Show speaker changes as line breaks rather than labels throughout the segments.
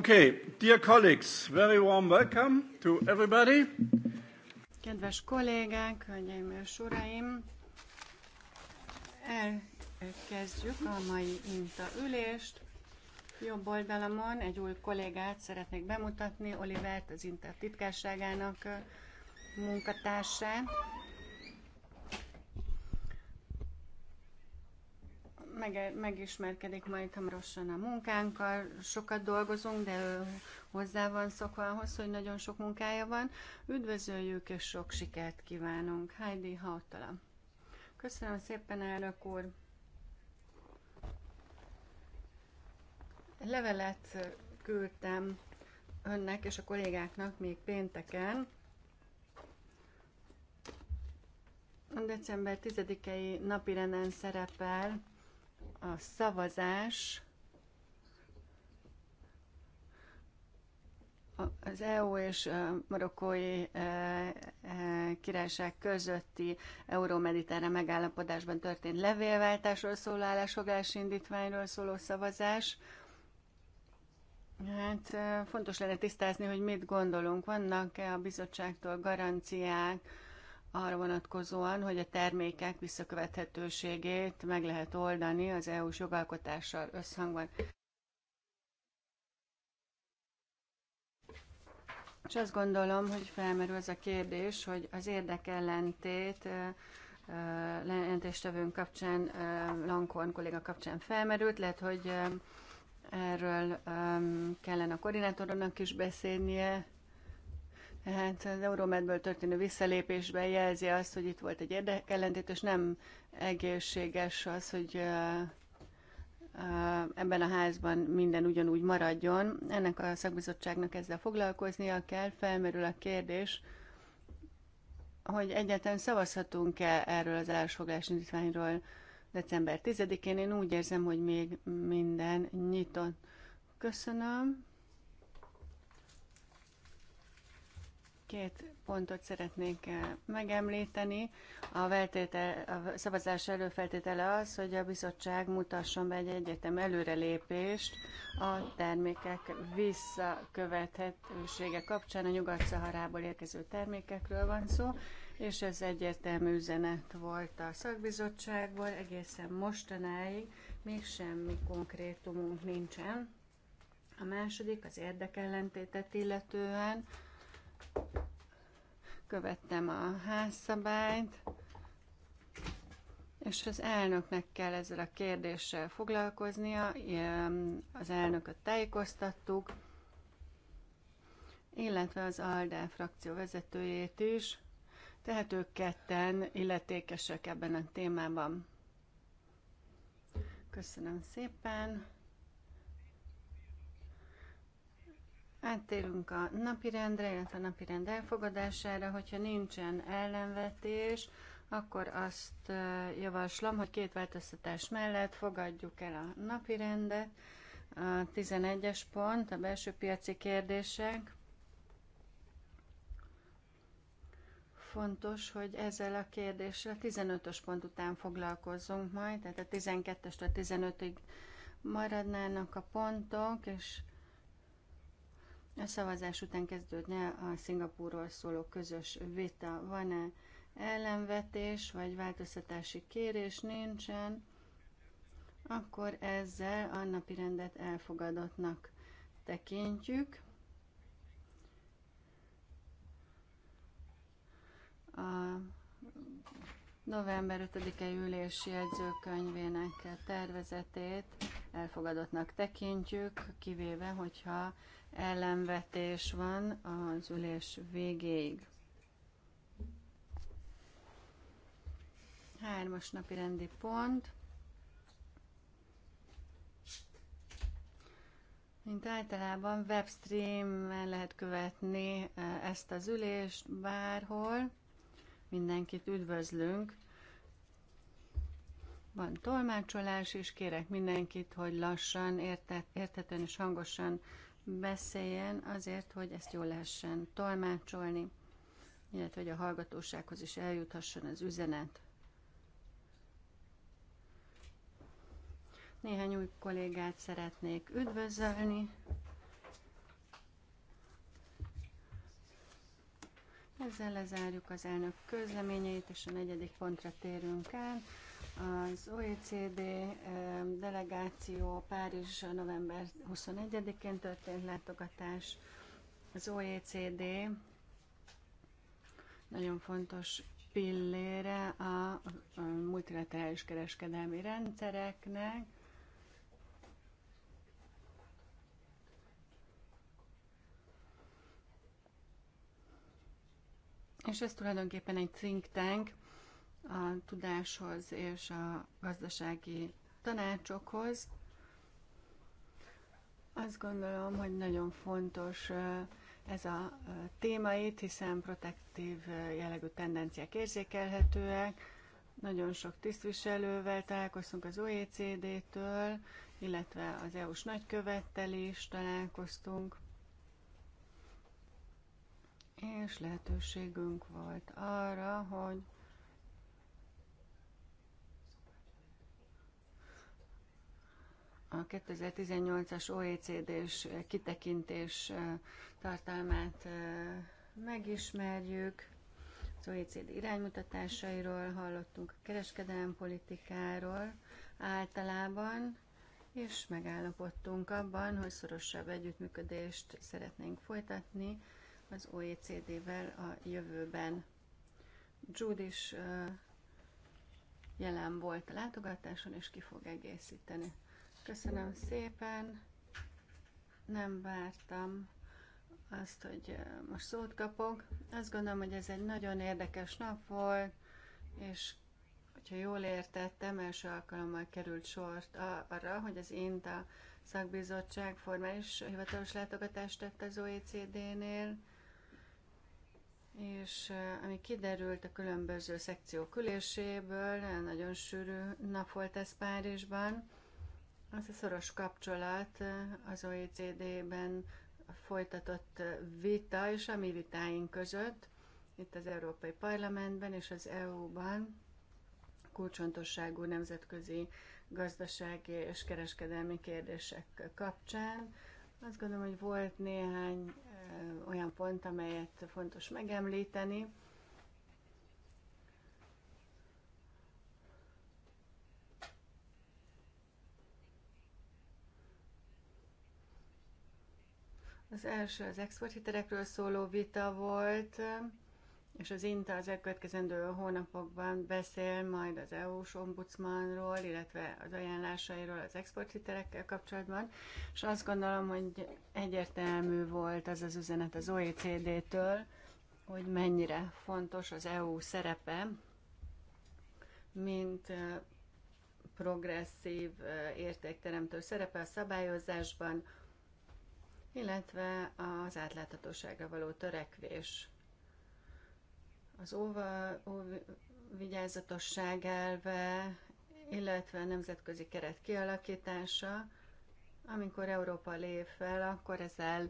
Okay, dear colleagues, very warm welcome to everybody.
Kedves kollégák, hölgyeim és uraim, elkezdjük a mai INTA ülést. Jobb oldalamon egy új kollégát szeretnék bemutatni, Olivert, az INTA titkárságának munkatársát. meg, megismerkedik majd hamarosan a munkánkkal, sokat dolgozunk, de ő hozzá van szokva ahhoz, hogy nagyon sok munkája van. Üdvözöljük és sok sikert kívánunk. Heidi Hautala. Köszönöm szépen, elnök úr! Levelet küldtem önnek és a kollégáknak még pénteken, a december 10-i napirenden szerepel a szavazás az EU és marokkói királyság közötti euró-mediterrán megállapodásban történt levélváltásról szóló állásfoglalási indítványról szóló szavazás. Hát fontos lenne tisztázni, hogy mit gondolunk. Vannak-e a bizottságtól garanciák, arra vonatkozóan, hogy a termékek visszakövethetőségét meg lehet oldani az EU-s jogalkotással összhangban. És azt gondolom, hogy felmerül az a kérdés, hogy az érdekellentét jelentéstevőnk kapcsán, Lankorn kolléga kapcsán felmerült, lehet, hogy erről kellene a koordinátornak is beszélnie, Hát, az Euromedből történő visszalépésben jelzi azt, hogy itt volt egy érdekellentét, és nem egészséges az, hogy ebben a házban minden ugyanúgy maradjon. Ennek a szakbizottságnak ezzel foglalkoznia kell, felmerül a kérdés, hogy egyáltalán szavazhatunk-e erről az állásfoglás indítványról december 10-én. Én úgy érzem, hogy még minden nyitott. Köszönöm. Két pontot szeretnék eh, megemlíteni. A, veltétel, a szavazás előfeltétele az, hogy a bizottság mutasson be egy egyetem előrelépést a termékek visszakövethetősége kapcsán. A Nyugat-Szaharából érkező termékekről van szó, és ez egyértelmű üzenet volt a szakbizottságból. Egészen mostanáig még semmi konkrétumunk nincsen. A második az érdekellentétet illetően követtem a házszabályt, és az elnöknek kell ezzel a kérdéssel foglalkoznia, az elnököt tájékoztattuk, illetve az ALDE frakció vezetőjét is, tehát ők ketten illetékesek ebben a témában. Köszönöm szépen! Áttérünk a napirendre, illetve a napirend elfogadására. Hogyha nincsen ellenvetés, akkor azt javaslom, hogy két változtatás mellett fogadjuk el a napirendet. A 11-es pont, a belső piaci kérdések. Fontos, hogy ezzel a kérdéssel a 15-ös pont után foglalkozzunk majd, tehát a 12-től 15-ig maradnának a pontok, és a szavazás után kezdődne a Szingapúrról szóló közös vita. Van-e ellenvetés vagy változtatási kérés? Nincsen. Akkor ezzel a napi rendet elfogadottnak tekintjük. A november 5-e ülési jegyzőkönyvének tervezetét elfogadottnak tekintjük, kivéve, hogyha ellenvetés van az ülés végéig. Hármas napi rendi pont. Mint általában webstreamen lehet követni eh, ezt az ülést bárhol. Mindenkit üdvözlünk. Van tolmácsolás is, kérek mindenkit, hogy lassan, értet, értetően és hangosan beszéljen azért, hogy ezt jól lehessen tolmácsolni, illetve hogy a hallgatósághoz is eljuthasson az üzenet. Néhány új kollégát szeretnék üdvözölni. Ezzel lezárjuk az elnök közleményeit, és a negyedik pontra térünk el. Az OECD delegáció Párizs november 21-én történt látogatás. Az OECD nagyon fontos pillére a multilaterális kereskedelmi rendszereknek, És ez tulajdonképpen egy think tank, a tudáshoz és a gazdasági tanácsokhoz. Azt gondolom, hogy nagyon fontos ez a téma itt, hiszen protektív jellegű tendenciák érzékelhetőek. Nagyon sok tisztviselővel találkoztunk az OECD-től, illetve az EU-s nagykövettel is találkoztunk. És lehetőségünk volt arra, hogy a 2018-as OECD-s kitekintés tartalmát megismerjük. Az OECD iránymutatásairól hallottunk, a kereskedelmi politikáról általában, és megállapodtunk abban, hogy szorosabb együttműködést szeretnénk folytatni az OECD-vel a jövőben. Jude is jelen volt a látogatáson, és ki fog egészíteni. Köszönöm szépen. Nem vártam azt, hogy most szót kapok. Azt gondolom, hogy ez egy nagyon érdekes nap volt, és hogyha jól értettem, első alkalommal került sort arra, hogy az INTA szakbizottság formális hivatalos látogatást tett az OECD-nél, és ami kiderült a különböző szekciók üléséből, nagyon sűrű nap volt ez Párizsban, az a szoros kapcsolat az OECD-ben folytatott vita és a mi vitáink között, itt az Európai Parlamentben és az EU-ban kulcsontosságú nemzetközi gazdasági és kereskedelmi kérdések kapcsán. Azt gondolom, hogy volt néhány olyan pont, amelyet fontos megemlíteni. Az első az exporthitelekről szóló vita volt, és az INTA az elkövetkezendő hónapokban beszél majd az EU-s ombudsmanról, illetve az ajánlásairól az exporthitelekkel kapcsolatban, és azt gondolom, hogy egyértelmű volt az az üzenet az OECD-től, hogy mennyire fontos az EU szerepe, mint progresszív értékteremtő szerepe a szabályozásban, illetve az átláthatóságra való törekvés. Az óva, óv, vigyázatosság elve, illetve a nemzetközi keret kialakítása, amikor Európa lép fel, akkor ezzel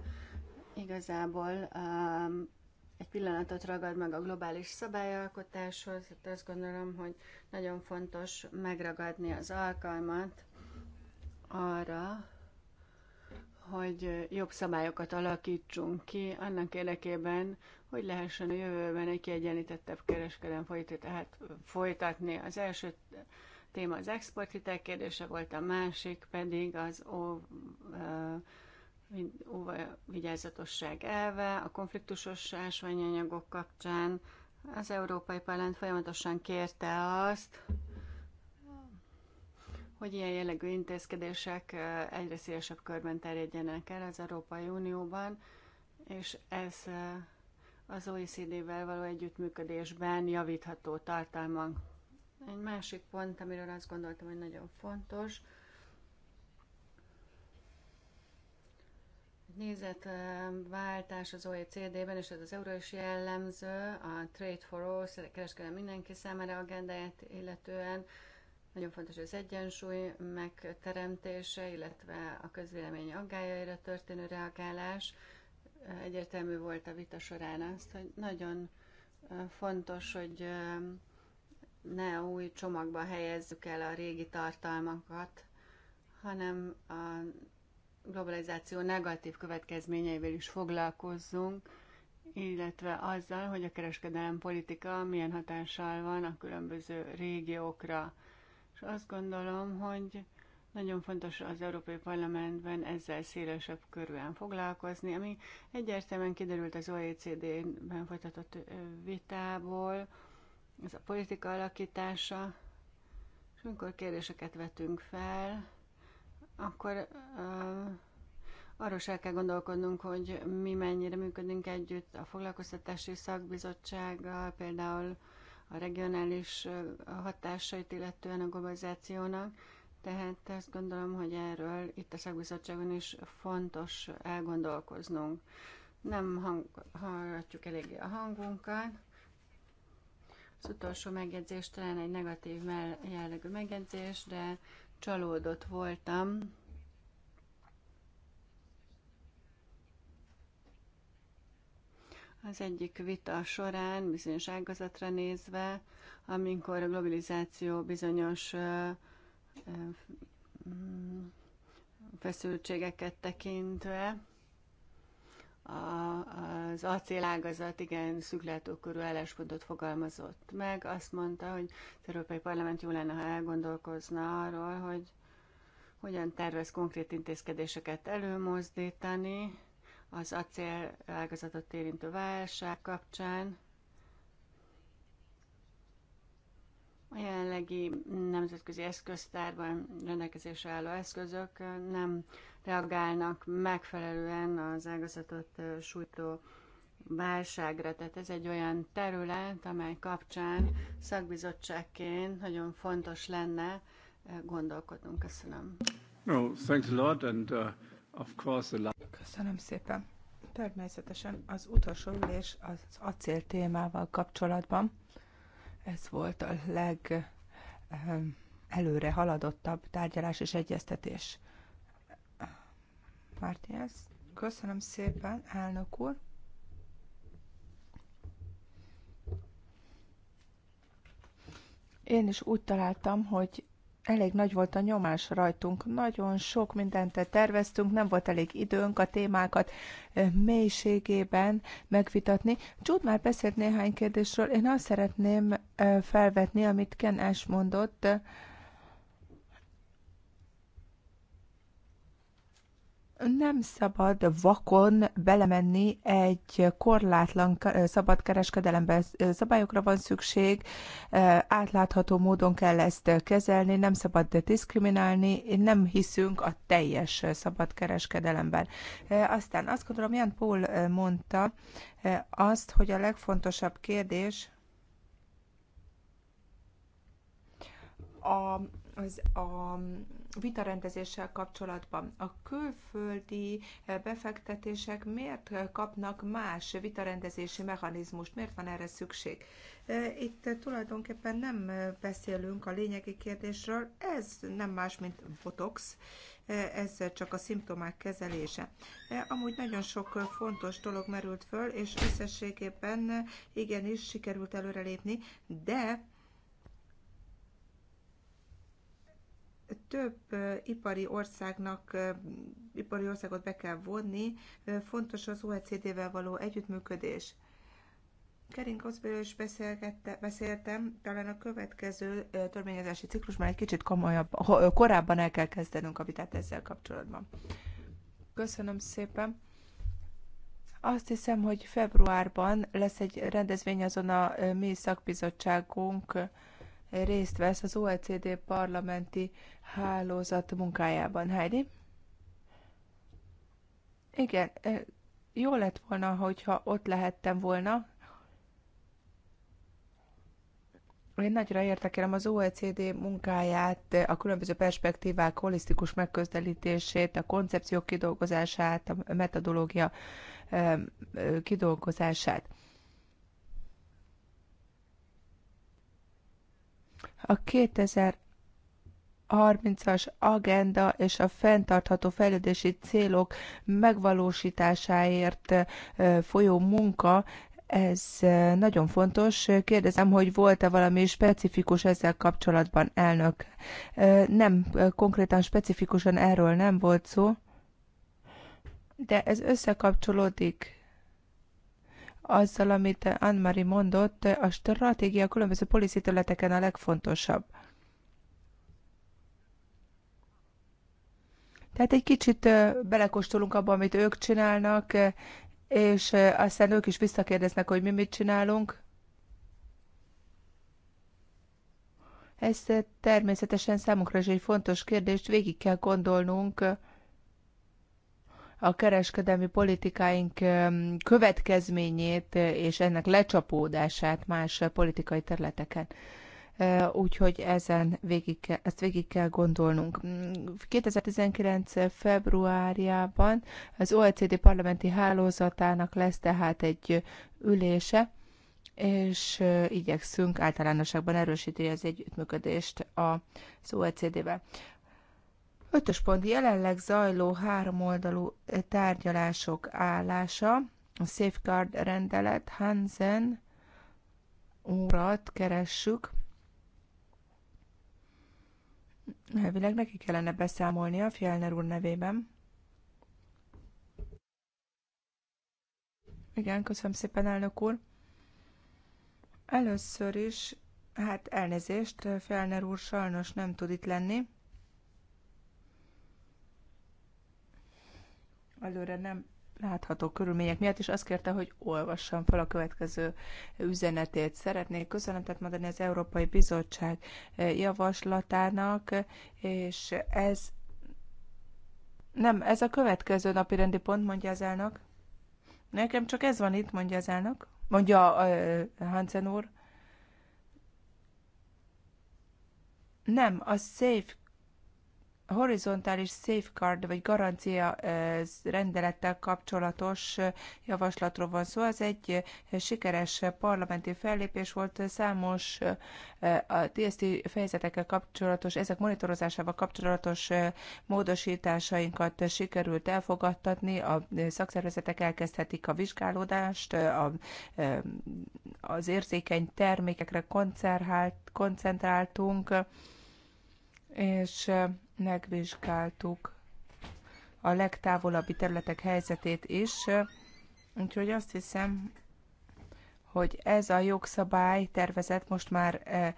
igazából um, egy pillanatot ragad meg a globális szabályalkotáshoz. Hát azt gondolom, hogy nagyon fontos megragadni az alkalmat arra, hogy jobb szabályokat alakítsunk ki annak érdekében, hogy lehessen a jövőben egy kiegyenlítettebb kereskedelem tehát folytatni. Az első téma az exporthitel kérdése volt, a másik pedig az ó, óva, vigyázatosság elve, a konfliktusos ásványanyagok kapcsán. Az Európai Parlament folyamatosan kérte azt, hogy ilyen jellegű intézkedések egyre szélesebb körben terjedjenek el az Európai Unióban, és ez az OECD-vel való együttműködésben javítható tartalmak. Egy másik pont, amiről azt gondoltam, hogy nagyon fontos, nézetváltás az OECD-ben, és ez az euró is jellemző, a Trade for All, kereskedelem mindenki számára agendáját illetően, nagyon fontos az egyensúly megteremtése, illetve a közvélemény aggájaira történő reagálás. Egyértelmű volt a vita során azt, hogy nagyon fontos, hogy ne új csomagba helyezzük el a régi tartalmakat, hanem a globalizáció negatív következményeivel is foglalkozzunk, illetve azzal, hogy a kereskedelem politika milyen hatással van a különböző régiókra. És azt gondolom, hogy nagyon fontos az Európai Parlamentben ezzel szélesebb körülön foglalkozni, ami egyértelműen kiderült az OECD-ben folytatott vitából, ez a politika alakítása, és amikor kérdéseket vetünk fel, akkor uh, arról sem kell gondolkodnunk, hogy mi mennyire működünk együtt a foglalkoztatási szakbizottsággal, például a regionális hatásait illetően a globalizációnak, tehát azt gondolom, hogy erről itt a szakbizottságon is fontos elgondolkoznunk. Nem hang, hallgatjuk eléggé a hangunkat. Az utolsó megjegyzés talán egy negatív jellegű megjegyzés, de csalódott voltam Az egyik vita során, bizonyos ágazatra nézve, amikor a globalizáció bizonyos mm, feszültségeket tekintve, az acélágazat igen szükletókorú álláspontot fogalmazott meg. Azt mondta, hogy az Európai Parlament jó lenne, ha elgondolkozna arról, hogy hogyan tervez konkrét intézkedéseket előmozdítani, az acél ágazatot érintő válság kapcsán. A jelenlegi nemzetközi eszköztárban rendelkezésre álló eszközök nem reagálnak megfelelően az ágazatot sújtó válságra. Tehát ez egy olyan terület, amely kapcsán szakbizottságként nagyon fontos lenne gondolkodnunk. Köszönöm.
No, thanks a lot and, uh... Köszönöm
szépen. Természetesen az utolsó ülés az acél témával kapcsolatban. Ez volt a leg ehm, előre haladottabb tárgyalás és egyeztetés. Mártiász, köszönöm szépen, elnök úr. Én is úgy találtam, hogy elég nagy volt a nyomás rajtunk. Nagyon sok mindent terveztünk, nem volt elég időnk a témákat mélységében megvitatni. Csúd már beszélt néhány kérdésről. Én azt szeretném felvetni, amit Ken Ash mondott, Nem szabad vakon belemenni egy korlátlan szabad kereskedelembe. Szabályokra van szükség, átlátható módon kell ezt kezelni, nem szabad diszkriminálni, nem hiszünk a teljes szabad kereskedelemben. Aztán azt gondolom, Jan Paul mondta azt, hogy a legfontosabb kérdés a, az a vitarendezéssel kapcsolatban. A külföldi eh, befektetések miért eh, kapnak más vitarendezési mechanizmust, miért van erre szükség? Eh, itt tulajdonképpen nem beszélünk a lényegi kérdésről, ez nem más, mint botox, ez csak a szimptomák kezelése. Amúgy nagyon sok fontos dolog merült föl, és összességében igenis sikerült előrelépni, de több ipari országnak, ipari országot be kell vonni, fontos az OECD-vel való együttműködés. Kering Koszbéről is beszéltem, talán a következő törvényezési ciklusban egy kicsit komolyabb, korábban el kell kezdenünk a vitát ezzel kapcsolatban. Köszönöm szépen! Azt hiszem, hogy februárban lesz egy rendezvény azon a mi szakbizottságunk, részt vesz az OECD parlamenti hálózat munkájában. Heidi? Igen, jó lett volna, hogyha ott lehettem volna. Én nagyra értekelem az OECD munkáját, a különböző perspektívák holisztikus megközelítését, a koncepciók kidolgozását, a metodológia kidolgozását. A 2030-as agenda és a fenntartható fejlődési célok megvalósításáért folyó munka ez nagyon fontos. Kérdezem, hogy volt-e valami specifikus ezzel kapcsolatban, elnök? Nem, konkrétan specifikusan erről nem volt szó, de ez összekapcsolódik azzal, amit Anne-Marie mondott, a stratégia a különböző policy területeken a legfontosabb. Tehát egy kicsit belekóstolunk abba, amit ők csinálnak, és aztán ők is visszakérdeznek, hogy mi mit csinálunk. Ez természetesen számunkra is egy fontos kérdést, végig kell gondolnunk, a kereskedelmi politikáink következményét és ennek lecsapódását más politikai területeken. Úgyhogy ezen végig, kell, ezt végig kell gondolnunk. 2019. Mm, februárjában az OECD parlamenti hálózatának lesz tehát egy ülése, és igyekszünk általánosságban erősíteni az együttműködést az OECD-vel. Ötös pont jelenleg zajló háromoldalú eh, tárgyalások állása, a Safeguard rendelet Hansen urat keressük. Elvileg neki kellene beszámolni a Fjellner úr nevében. Igen, köszönöm szépen, elnök úr. Először is, hát elnézést, Fjellner úr sajnos nem tud itt lenni. előre nem látható körülmények miatt, és azt kérte, hogy olvassam fel a következő üzenetét. Szeretnék köszönetet mondani az Európai Bizottság eh, javaslatának, és ez nem, ez a következő napi rendi pont, mondja az elnök. Nekem csak ez van itt, mondja az elnök. Mondja uh, Hansen úr. Nem, a Safe horizontális safeguard vagy garancia rendelettel kapcsolatos javaslatról van szó. Ez egy sikeres parlamenti fellépés volt számos a TST fejezetekkel kapcsolatos, ezek monitorozásával kapcsolatos módosításainkat sikerült elfogadtatni, a szakszervezetek elkezdhetik a vizsgálódást, a, az érzékeny termékekre koncentráltunk, és megvizsgáltuk a legtávolabbi területek helyzetét is, úgyhogy azt hiszem, hogy ez a jogszabály tervezet most már e,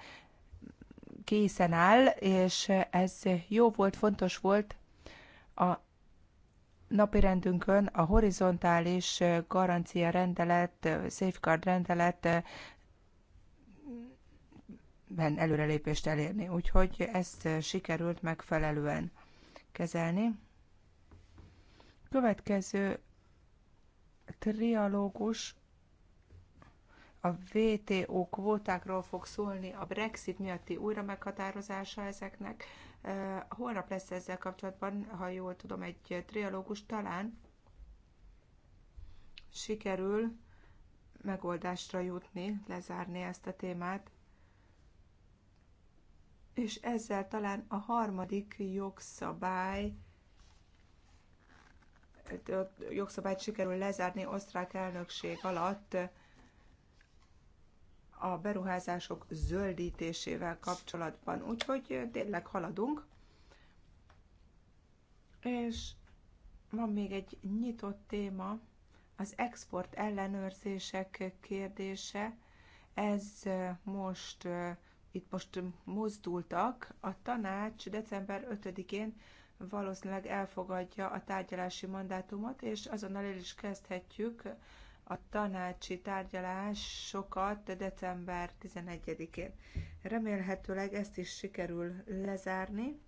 készen áll, és ez jó volt, fontos volt a napirendünkön a horizontális garancia rendelet, safeguard rendelet ben előrelépést elérni. Úgyhogy ezt eh, sikerült megfelelően kezelni. Következő trialógus a VTO kvótákról fog szólni, a Brexit miatti újra meghatározása ezeknek. Eh, holnap lesz ezzel kapcsolatban, ha jól tudom, egy trialógus talán sikerül megoldásra jutni, lezárni ezt a témát és ezzel talán a harmadik jogszabály jogszabályt sikerül lezárni osztrák elnökség alatt a beruházások zöldítésével kapcsolatban. Úgyhogy tényleg haladunk. És van még egy nyitott téma, az export ellenőrzések kérdése. Ez most itt most mozdultak. A tanács december 5-én valószínűleg elfogadja a tárgyalási mandátumot, és azonnal el is kezdhetjük a tanácsi tárgyalásokat december 11-én. Remélhetőleg ezt is sikerül lezárni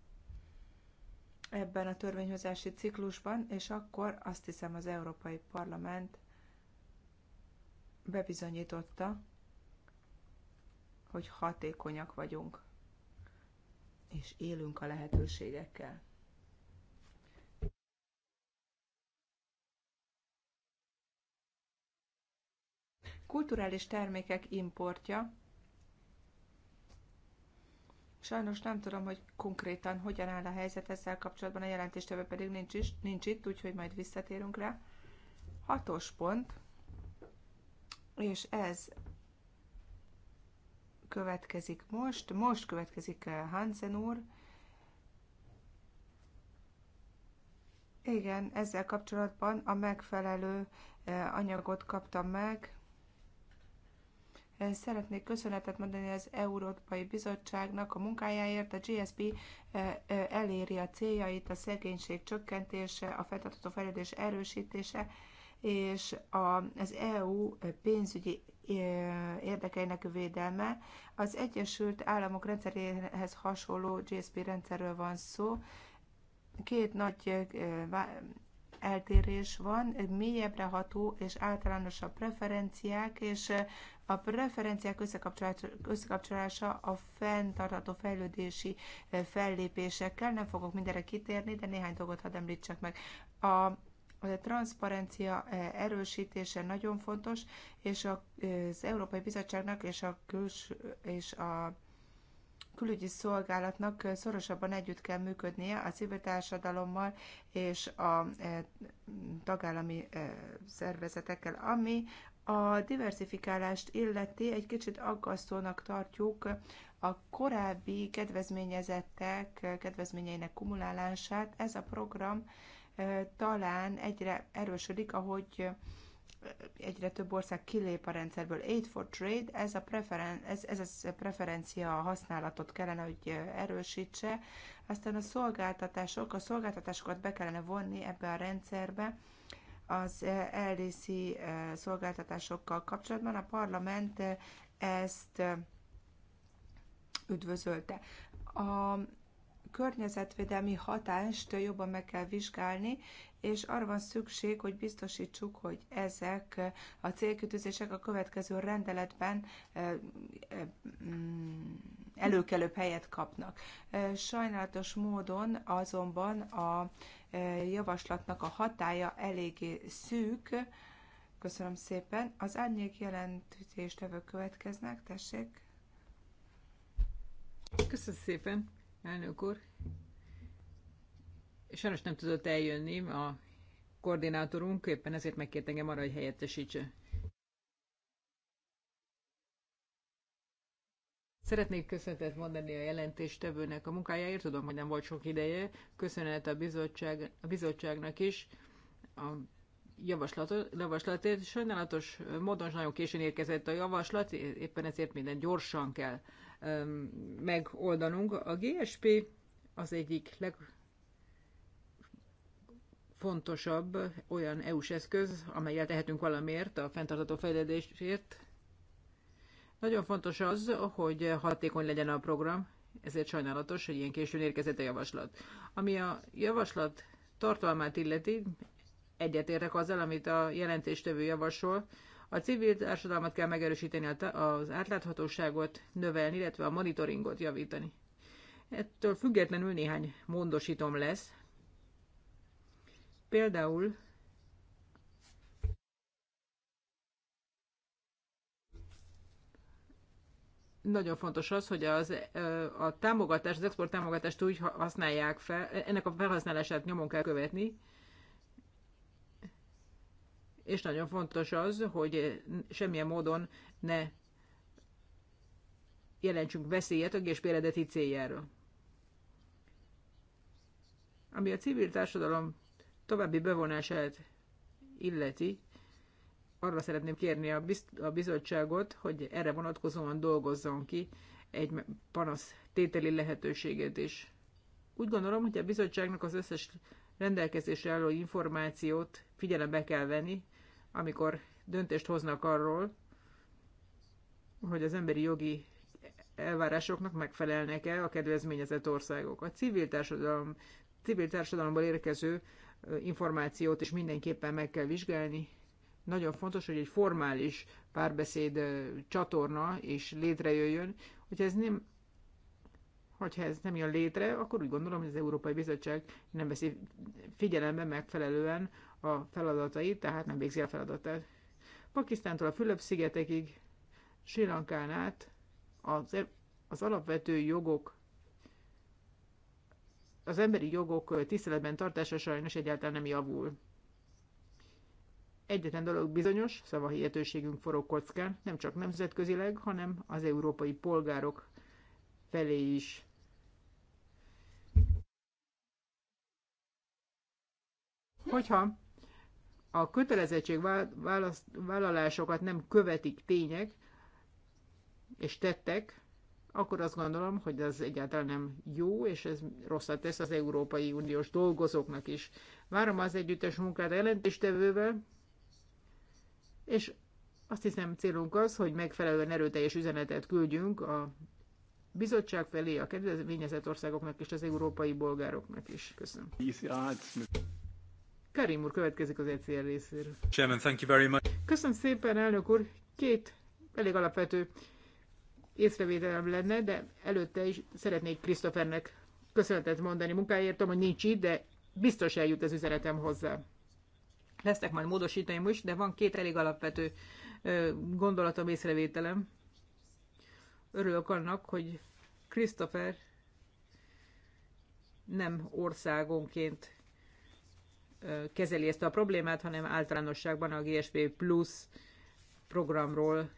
ebben a törvényhozási ciklusban, és akkor azt hiszem az Európai Parlament bebizonyította, hogy hatékonyak vagyunk, és élünk a lehetőségekkel. Kulturális termékek importja. Sajnos nem tudom, hogy konkrétan hogyan áll a helyzet ezzel kapcsolatban, a jelentéstevő pedig nincs, is, nincs itt, úgyhogy majd visszatérünk rá. Hatos pont, és ez következik most. Most következik eh, Hansen úr. Igen, ezzel kapcsolatban a megfelelő eh, anyagot kaptam meg. Eh, szeretnék köszönetet mondani az Európai Bizottságnak a munkájáért. A GSP eléri a céljait, a szegénység csökkentése, a fenntartható fejlődés erősítése és a az EU pénzügyi e, érdekeinek védelme. Az Egyesült Államok rendszeréhez hasonló GSP rendszerről van szó. Két nagy e, eltérés van, mélyebbre ható és általánosabb preferenciák, és e, a preferenciák összekapcsolása a fenntartható fejlődési fellépésekkel. Nem fogok mindenre kitérni, de néhány dolgot hadd említsek meg. A hogy a transzparencia e, erősítése nagyon fontos, és az Európai Bizottságnak és a, küls, és a külügyi szolgálatnak szorosabban együtt kell működnie a civil társadalommal és a e, tagállami e, szervezetekkel, ami a diversifikálást illeti egy kicsit aggasztónak tartjuk a korábbi kedvezményezettek kedvezményeinek kumulálását. Ez a program talán egyre erősödik, ahogy egyre több ország kilép a rendszerből. Aid for Trade, ez a, preferen, ez, ez a preferencia használatot kellene, hogy erősítse. Aztán a szolgáltatások, a szolgáltatásokat be kellene vonni ebbe a rendszerbe, az LDC szolgáltatásokkal kapcsolatban a parlament ezt üdvözölte. A környezetvédelmi hatást jobban meg kell vizsgálni, és arra van szükség, hogy biztosítsuk, hogy ezek a célkütőzések a következő rendeletben mm, előkelőbb helyet kapnak. Sajnálatos módon azonban a javaslatnak a hatája eléggé szűk. Köszönöm szépen. Az árnyék jelentéstevő következnek, tessék.
Köszönöm szépen elnök úr. Sajnos nem tudott eljönni a koordinátorunk, éppen ezért megkért engem arra, hogy helyettesítse. Szeretnék köszönetet mondani a jelentéstevőnek a munkájáért, tudom, hogy nem volt sok ideje. Köszönet a, bizottság, a bizottságnak is a javaslatért. Sajnálatos módon nagyon későn érkezett a javaslat, éppen ezért minden gyorsan kell megoldanunk. A GSP az egyik legfontosabb olyan EU-s eszköz, amelyel tehetünk valamiért a fenntartható fejlődésért. Nagyon fontos az, hogy hatékony legyen a program, ezért sajnálatos, hogy ilyen későn érkezett a javaslat. Ami a javaslat tartalmát illeti, egyetértek azzal, amit a jelentéstevő javasol, a civil társadalmat kell megerősíteni, az átláthatóságot növelni, illetve a monitoringot javítani. Ettől függetlenül néhány módosítom lesz. Például nagyon fontos az, hogy az, a támogatás, az export támogatást úgy használják fel, ennek a felhasználását nyomon kell követni, és nagyon fontos az, hogy semmilyen módon ne jelentsünk veszélyet a gésp eredeti céljáról. Ami a civil társadalom további bevonását illeti, arra szeretném kérni a, bizt- a bizottságot, hogy erre vonatkozóan dolgozzon ki egy panasz tételi lehetőséget is. Úgy gondolom, hogy a bizottságnak az összes rendelkezésre álló információt figyelembe kell venni, amikor döntést hoznak arról, hogy az emberi jogi elvárásoknak megfelelnek-e a kedvezményezett országok. A civil, társadalom, civil társadalomból érkező információt is mindenképpen meg kell vizsgálni. Nagyon fontos, hogy egy formális párbeszéd csatorna is létrejöjjön. Hogyha ez nem, hogyha ez nem jön létre, akkor úgy gondolom, hogy az Európai Bizottság nem veszi figyelembe megfelelően a feladatait, tehát nem végzi a feladatát. Pakisztántól a Fülöp-szigetekig, Sri Lankán át az, e- az alapvető jogok, az emberi jogok tiszteletben tartása sajnos egyáltalán nem javul. Egyetlen dolog bizonyos, szavahihetőségünk forog kockán, nem csak nemzetközileg, hanem az európai polgárok felé is. Hogyha a kötelezettségvállalásokat nem követik tények és tettek, akkor azt gondolom, hogy ez egyáltalán nem jó, és ez rosszat tesz az Európai Uniós dolgozóknak is. Várom az együttes munkát a jelentéstevővel, és azt hiszem célunk az, hogy megfelelően erőteljes üzenetet küldjünk a bizottság felé, a kedvezményezett országoknak és az európai bolgároknak is. Köszönöm. Karim úr következik az ECR részéről.
Chairman, thank you very much.
Köszönöm szépen, elnök úr. Két elég alapvető észrevételem lenne, de előtte is szeretnék Krisztofernek köszönetet mondani munkáért. Tudom, hogy nincs itt, de biztos eljut az üzenetem hozzá. Lesznek majd módosítani is, de van két elég alapvető gondolatom, észrevételem. Örülök annak, hogy Christopher nem országonként kezeli ezt a problémát, hanem általánosságban a GSP Plus programról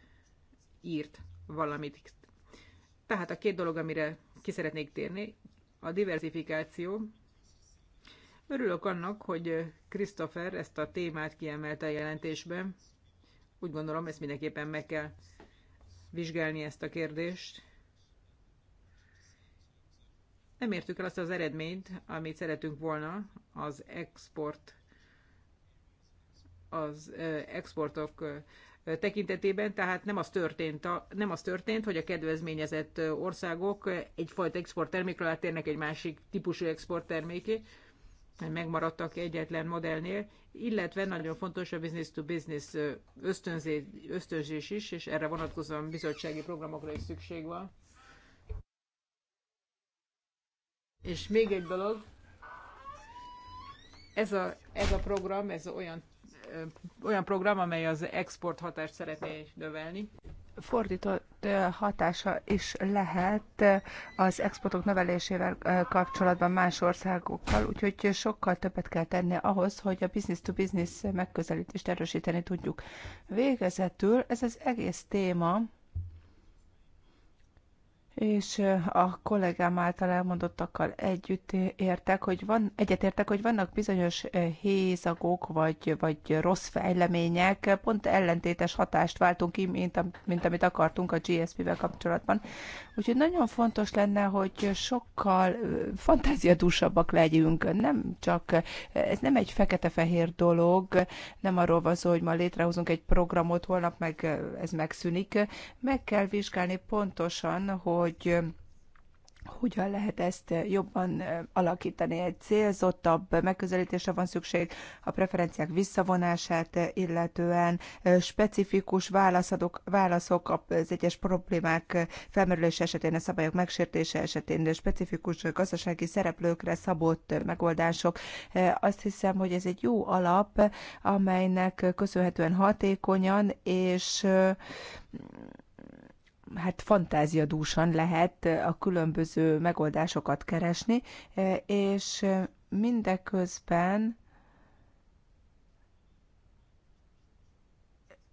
írt valamit. Tehát a két dolog, amire ki szeretnék térni, a diversifikáció. Örülök annak, hogy Christopher ezt a témát kiemelte a jelentésben. Úgy gondolom, ezt mindenképpen meg kell vizsgálni ezt a kérdést. Nem értük el azt az eredményt, amit szeretünk volna az export az exportok tekintetében, tehát nem az, történt, nem az történt, hogy a kedvezményezett országok egyfajta exporttermékről áttérnek egy másik típusú exportterméké, megmaradtak egyetlen modellnél, illetve nagyon fontos a business-to-business business ösztönzés is, és erre vonatkozóan bizottsági programokra is szükség van. És még egy dolog, ez a, ez a program, ez olyan, olyan program, amely az export hatást szeretné növelni.
Fordított hatása is lehet az exportok növelésével kapcsolatban más országokkal, úgyhogy sokkal többet kell tenni ahhoz, hogy a business-to-business -business megközelítést erősíteni tudjuk. Végezetül ez az egész téma, és a kollégám által elmondottakkal együtt értek, hogy van, egyetértek, hogy vannak bizonyos hézagok, vagy, vagy rossz fejlemények, pont ellentétes hatást váltunk ki, mint, mint amit akartunk a GSP-vel kapcsolatban. Úgyhogy nagyon fontos lenne, hogy sokkal fantáziadúsabbak legyünk, nem csak, ez nem egy fekete-fehér dolog, nem arról van szó, hogy ma létrehozunk egy programot, holnap meg ez megszűnik. Meg kell vizsgálni pontosan, hogy hogyan lehet ezt eh, jobban eh, alakítani. Egy célzottabb megközelítésre van szükség a preferenciák visszavonását, eh, illetően specifikus válaszadok, válaszok az egyes problémák felmerülés esetén, a szabályok megsértése esetén, de specifikus gazdasági szereplőkre szabott megoldások. Azt hiszem, hogy ez egy jó alap, amelynek köszönhetően hatékonyan és hát fantáziadúsan lehet a különböző megoldásokat keresni, és mindeközben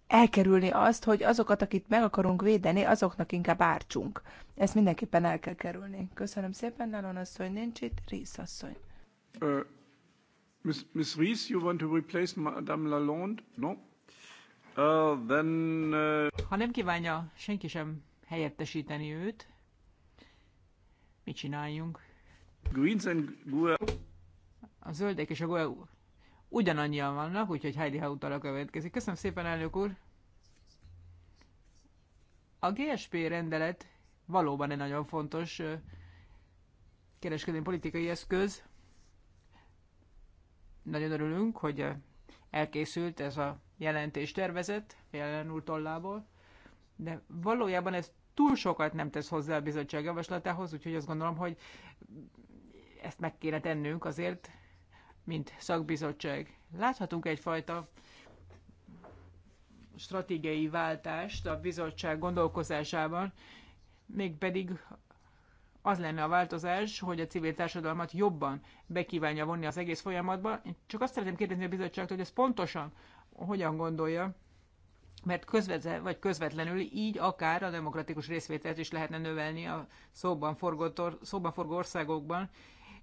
elkerülni azt, hogy azokat, akit meg akarunk védeni, azoknak inkább
ártsunk.
Ezt mindenképpen el kell kerülni. Köszönöm szépen, Nalon asszony nincs itt, Rész asszony.
Uh, Miss, Miss Rees, you want to replace Madame Lalonde? No? Uh, then, uh...
Ha nem kívánja senki sem helyettesíteni őt. Mit csináljunk?
Greens and Gua.
A zöldek és a Gua ugyanannyian vannak, úgyhogy Heidi Hautala következik. Köszönöm szépen, elnök úr! A GSP rendelet valóban egy nagyon fontos kereskedelmi politikai eszköz. Nagyon örülünk, hogy elkészült ez a jelentés tervezet, jelen úr tollából, de valójában ez túl sokat nem tesz hozzá a bizottság javaslatához, úgyhogy azt gondolom, hogy ezt meg kéne tennünk azért, mint szakbizottság. Láthatunk egyfajta stratégiai váltást a bizottság gondolkozásában, mégpedig az lenne a változás, hogy a civil társadalmat jobban bekívánja vonni az egész folyamatba. Én csak azt szeretném kérdezni a bizottságtól, hogy ez pontosan hogyan gondolja, mert közvetve, vagy közvetlenül így akár a demokratikus részvételt is lehetne növelni a szóban forgó, szóban forgó országokban.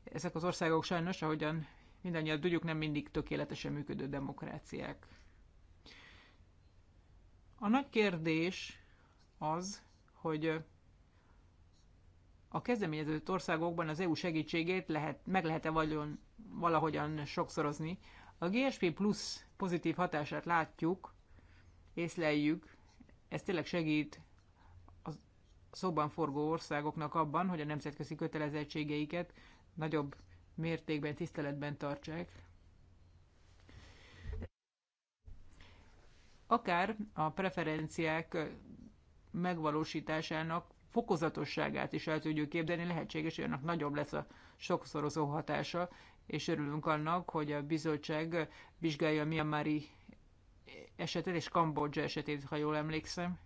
Ezek az országok sajnos, ahogyan mindannyian tudjuk, nem mindig tökéletesen működő demokráciák. A nagy kérdés az, hogy a kezdeményezett országokban az EU segítségét lehet, meg lehet-e valahogyan sokszorozni. A GSP plusz pozitív hatását látjuk, észleljük, ez tényleg segít a szóban forgó országoknak abban, hogy a nemzetközi kötelezettségeiket nagyobb mértékben, tiszteletben tartsák. Akár a preferenciák megvalósításának fokozatosságát is el tudjuk képzelni, lehetséges, hogy annak nagyobb lesz a sokszorozó hatása, és örülünk annak, hogy a bizottság vizsgálja a Myanmari esetet és Kambodzsa esetét, ha jól emlékszem.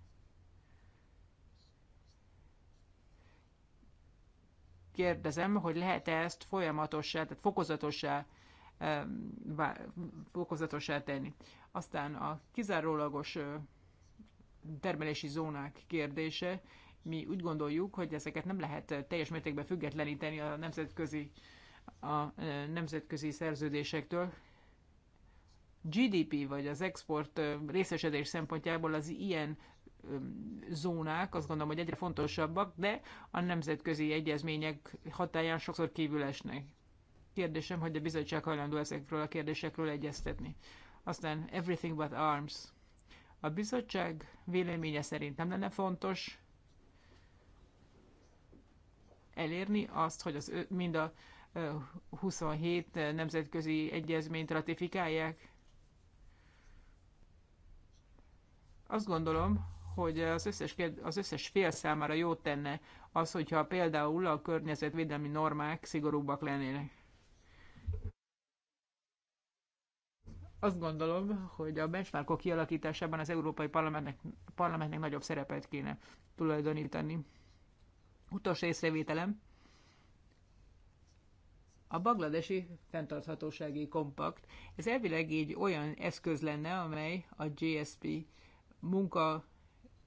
Kérdezem, hogy lehet-e ezt folyamatossá, tehát fokozatossá, fokozatossá tenni. Aztán a kizárólagos termelési zónák kérdése. Mi úgy gondoljuk, hogy ezeket nem lehet teljes mértékben függetleníteni a nemzetközi, a nemzetközi szerződésektől, GDP vagy az export részesedés szempontjából az ilyen zónák, azt gondolom, hogy egyre fontosabbak, de a nemzetközi egyezmények hatáján sokszor kívül esnek. Kérdésem, hogy a bizottság hajlandó ezekről a kérdésekről egyeztetni. Aztán Everything But Arms. A bizottság véleménye szerint nem lenne fontos elérni azt, hogy az mind a 27 nemzetközi egyezményt ratifikálják? Azt gondolom, hogy az összes, az összes fél számára jót tenne az, hogyha például a környezetvédelmi normák szigorúbbak lennének. Azt gondolom, hogy a benchmarkok kialakításában az Európai Parlamentnek, parlamentnek nagyobb szerepet kéne tulajdonítani. Utolsó észrevételem. A Bangladesi Fentarthatósági Kompakt. Ez elvileg egy olyan eszköz lenne, amely a GSP munka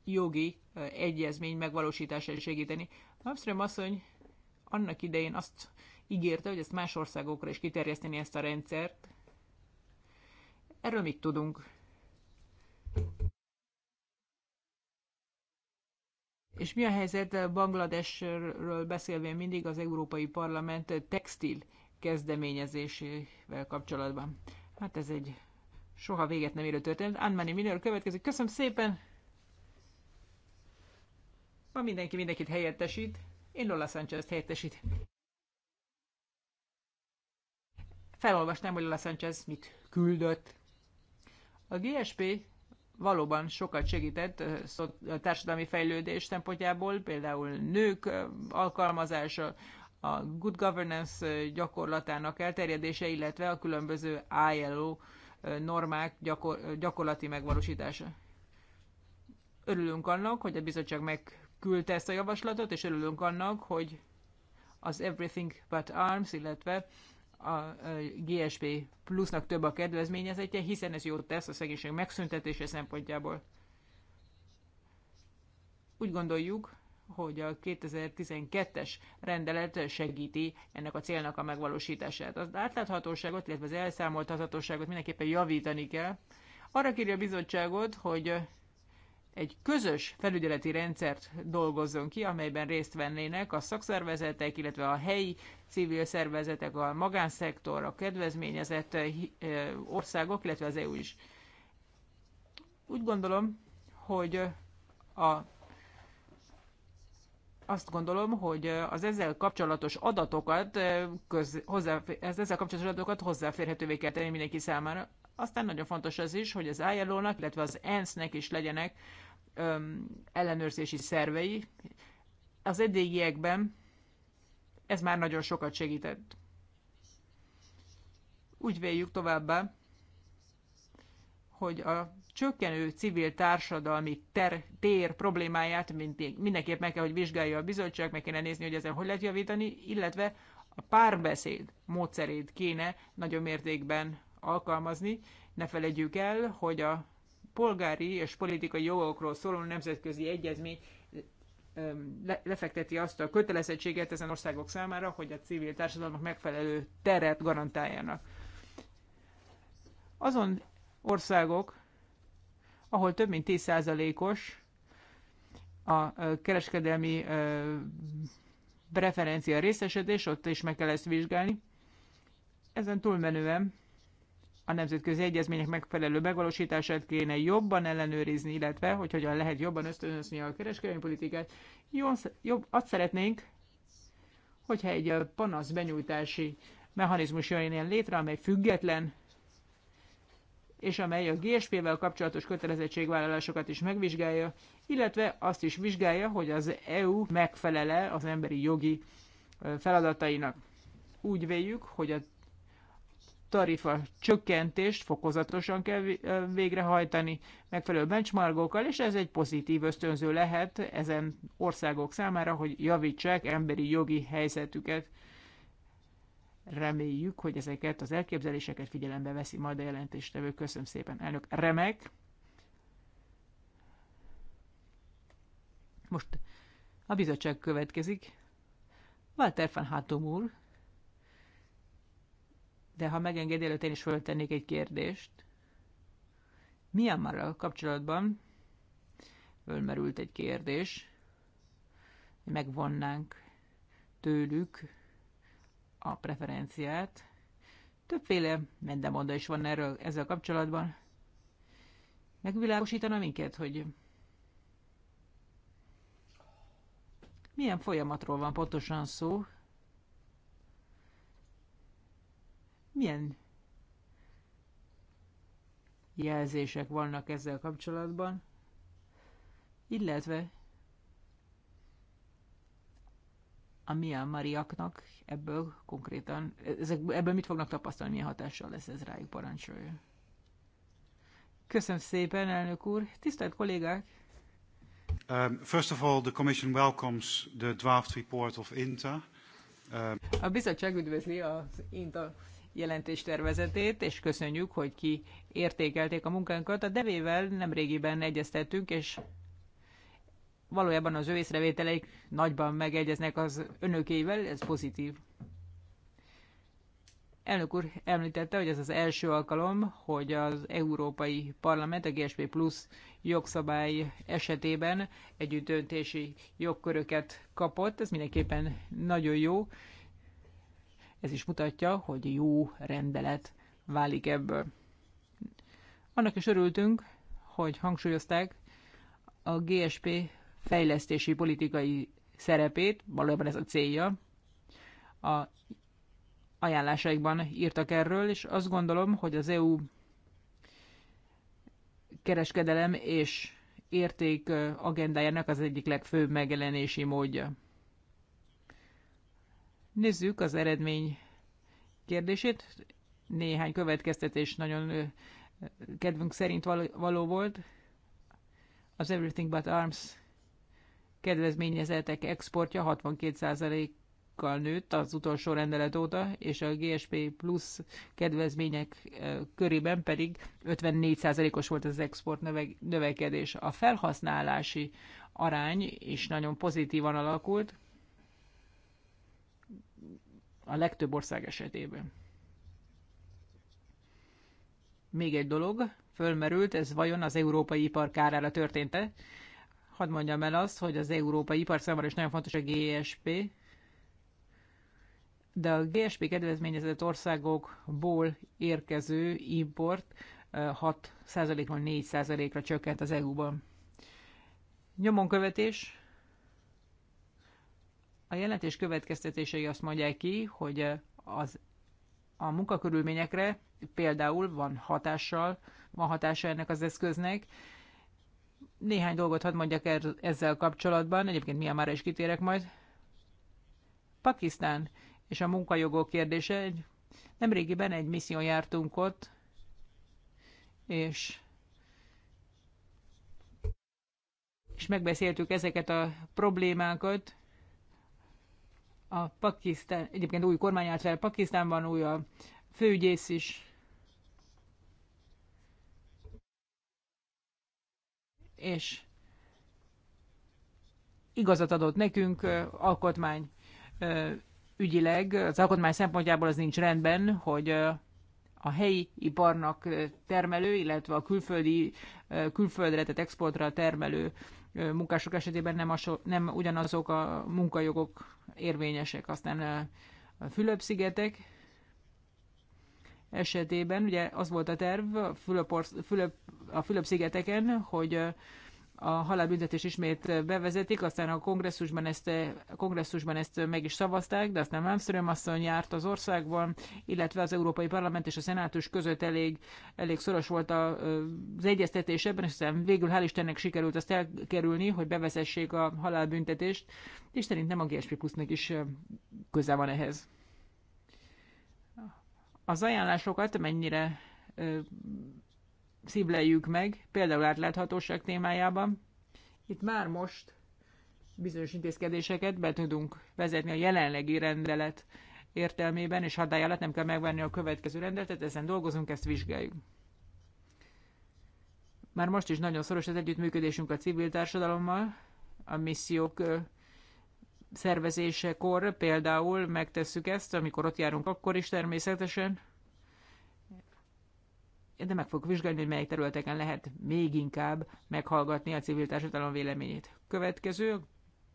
jogi egyezmény megvalósítását segíteni. Malmström asszony annak idején azt ígérte, hogy ezt más országokra is kiterjeszteni ezt a rendszert. Erről mit tudunk? És mi a helyzet Bangladesről beszélve mindig az Európai Parlament textil kezdeményezésével kapcsolatban? Hát ez egy soha véget nem érő történet. Anmani Miller következik. Köszönöm szépen! Ma mindenki mindenkit helyettesít. Én Lola Sanchez-t helyettesít. Felolvasnám, hogy Lola Sanchez mit küldött. A GSP valóban sokat segített a társadalmi fejlődés szempontjából, például nők alkalmazása, a good governance gyakorlatának elterjedése, illetve a különböző ILO normák gyakor, gyakorlati megvalósítása. Örülünk annak, hogy a bizottság megküldte ezt a javaslatot, és örülünk annak, hogy az Everything But Arms, illetve a GSP plusznak több a kedvezményezetje, hiszen ez jót tesz a szegénység megszüntetése szempontjából. Úgy gondoljuk, hogy a 2012-es rendelet segíti ennek a célnak a megvalósítását. Az átláthatóságot, illetve az elszámoltathatóságot mindenképpen javítani kell. Arra kérje a bizottságot, hogy egy közös felügyeleti rendszert dolgozzon ki, amelyben részt vennének a szakszervezetek, illetve a helyi civil szervezetek, a magánszektor, a kedvezményezett eh, eh, országok, illetve az EU is. Úgy gondolom, hogy a azt gondolom, hogy az ezzel kapcsolatos adatokat, köz, hozzáfér, az ezzel kapcsolatos adatokat hozzáférhetővé kell tenni mindenki számára. Aztán nagyon fontos az is, hogy az ILO-nak, illetve az ENSZ-nek is legyenek öm, ellenőrzési szervei. Az eddigiekben ez már nagyon sokat segített. Úgy véljük továbbá, hogy a csökkenő civil társadalmi ter, tér problémáját mindenképp meg kell, hogy vizsgálja a bizottság, meg kéne nézni, hogy ezen hogy lehet javítani, illetve a párbeszéd módszerét kéne nagyon mértékben alkalmazni. Ne felejtjük el, hogy a polgári és politikai jogokról szóló nemzetközi egyezmény lefekteti azt a kötelezettséget ezen országok számára, hogy a civil társadalmak megfelelő teret garantáljanak. Azon országok, ahol több mint 10%-os a kereskedelmi preferencia részesedés, ott is meg kell ezt vizsgálni. Ezen túlmenően a nemzetközi egyezmények megfelelő megvalósítását kéne jobban ellenőrizni, illetve hogy hogyan lehet jobban ösztönözni a kereskedelmi politikát. Jobb, jobb, azt szeretnénk, hogyha egy panasz benyújtási mechanizmus jön létre, amely független, és amely a GSP-vel kapcsolatos kötelezettségvállalásokat is megvizsgálja, illetve azt is vizsgálja, hogy az EU megfelele az emberi jogi feladatainak. Úgy véljük, hogy a tarifa csökkentést fokozatosan kell végrehajtani megfelelő benchmarkokkal, és ez egy pozitív ösztönző lehet ezen országok számára, hogy javítsák emberi jogi helyzetüket. Reméljük, hogy ezeket az elképzeléseket figyelembe veszi majd a jelentéstevő. Köszönöm szépen, elnök. Remek! Most a bizottság következik. Walter van Hátom úr, de ha megengedi, előtt én is föltennék egy kérdést. a kapcsolatban fölmerült egy kérdés, hogy megvonnánk tőlük a preferenciát. Többféle mendemonda is van erről ezzel kapcsolatban. Megvilágosítana minket, hogy milyen folyamatról van pontosan szó, milyen jelzések vannak ezzel kapcsolatban, illetve a Mariaknak ebből konkrétan, ezek, ebből mit fognak tapasztalni, milyen hatással lesz ez rájuk parancsolja. Köszönöm szépen, elnök úr. Tisztelt kollégák!
Um, first of all, the Commission welcomes the draft report of INTA. Um...
A bizottság üdvözli az INTA jelentéstervezetét, és köszönjük, hogy ki értékelték a munkánkat. A devével nemrégiben egyeztettünk, és valójában az ő észrevételeik nagyban megegyeznek az önökével, ez pozitív. Elnök úr említette, hogy ez az első alkalom, hogy az Európai Parlament a GSP Plus jogszabály esetében együttdöntési jogköröket kapott. Ez mindenképpen nagyon jó. Ez is mutatja, hogy jó rendelet válik ebből. Annak is örültünk, hogy hangsúlyozták a GSP fejlesztési politikai szerepét, valójában ez a célja. A ajánlásaikban írtak erről, és azt gondolom, hogy az EU kereskedelem és érték agendájának az egyik legfőbb megjelenési módja. Nézzük az eredmény kérdését. Néhány következtetés nagyon kedvünk szerint való volt. Az Everything But Arms kedvezményezetek exportja 62%-kal nőtt az utolsó rendelet óta, és a GSP plusz kedvezmények körében pedig 54%-os volt az export növekedés. A felhasználási arány is nagyon pozitívan alakult a legtöbb ország esetében. Még egy dolog fölmerült, ez vajon az európai ipar kárára történt-e? hadd mondjam el azt, hogy az európai ipar számára is nagyon fontos a GSP, de a GSP kedvezményezett országokból érkező import 6%-ról 4%-ra csökkent az EU-ban. követés. A jelentés következtetései azt mondják ki, hogy az, a munkakörülményekre például van hatással, van hatása ennek az eszköznek, néhány dolgot hadd mondjak el, er, ezzel kapcsolatban, egyébként mi már is kitérek majd. Pakisztán és a munkajogok kérdése. Nemrégiben egy misszió jártunk ott, és és megbeszéltük ezeket a problémákat. A Pakisztán, egyébként új kormány állt fel Pakisztánban, új a főügyész is, és igazat adott nekünk alkotmány ügyileg. Az alkotmány szempontjából az nincs rendben, hogy a helyi iparnak termelő, illetve a külföldi, külföldre, tehát exportra termelő munkások esetében nem, aso, nem ugyanazok a munkajogok érvényesek. Aztán a Fülöp-szigetek esetében, ugye az volt a terv, a Fülöp, Fülöp a Fülöp-szigeteken, hogy a halálbüntetés ismét bevezetik, aztán a kongresszusban ezt, a kongresszusban ezt meg is szavazták, de aztán Malmström asszony járt az országban, illetve az Európai Parlament és a Szenátus között elég, elég szoros volt az egyeztetés ebben, és aztán végül hál' Istennek sikerült azt elkerülni, hogy bevezessék a halálbüntetést, és szerintem a GSP plusznak is köze van ehhez. Az ajánlásokat mennyire szívleljük meg, például átláthatóság témájában. Itt már most bizonyos intézkedéseket be tudunk vezetni a jelenlegi rendelet értelmében, és hatály alatt nem kell megvenni a következő rendeletet, ezen dolgozunk, ezt vizsgáljuk. Már most is nagyon szoros az együttműködésünk a civil társadalommal, a missziók szervezésekor például megtesszük ezt, amikor ott járunk, akkor is természetesen de meg fogok vizsgálni, hogy melyik területeken lehet még inkább meghallgatni a civil társadalom véleményét. Következő,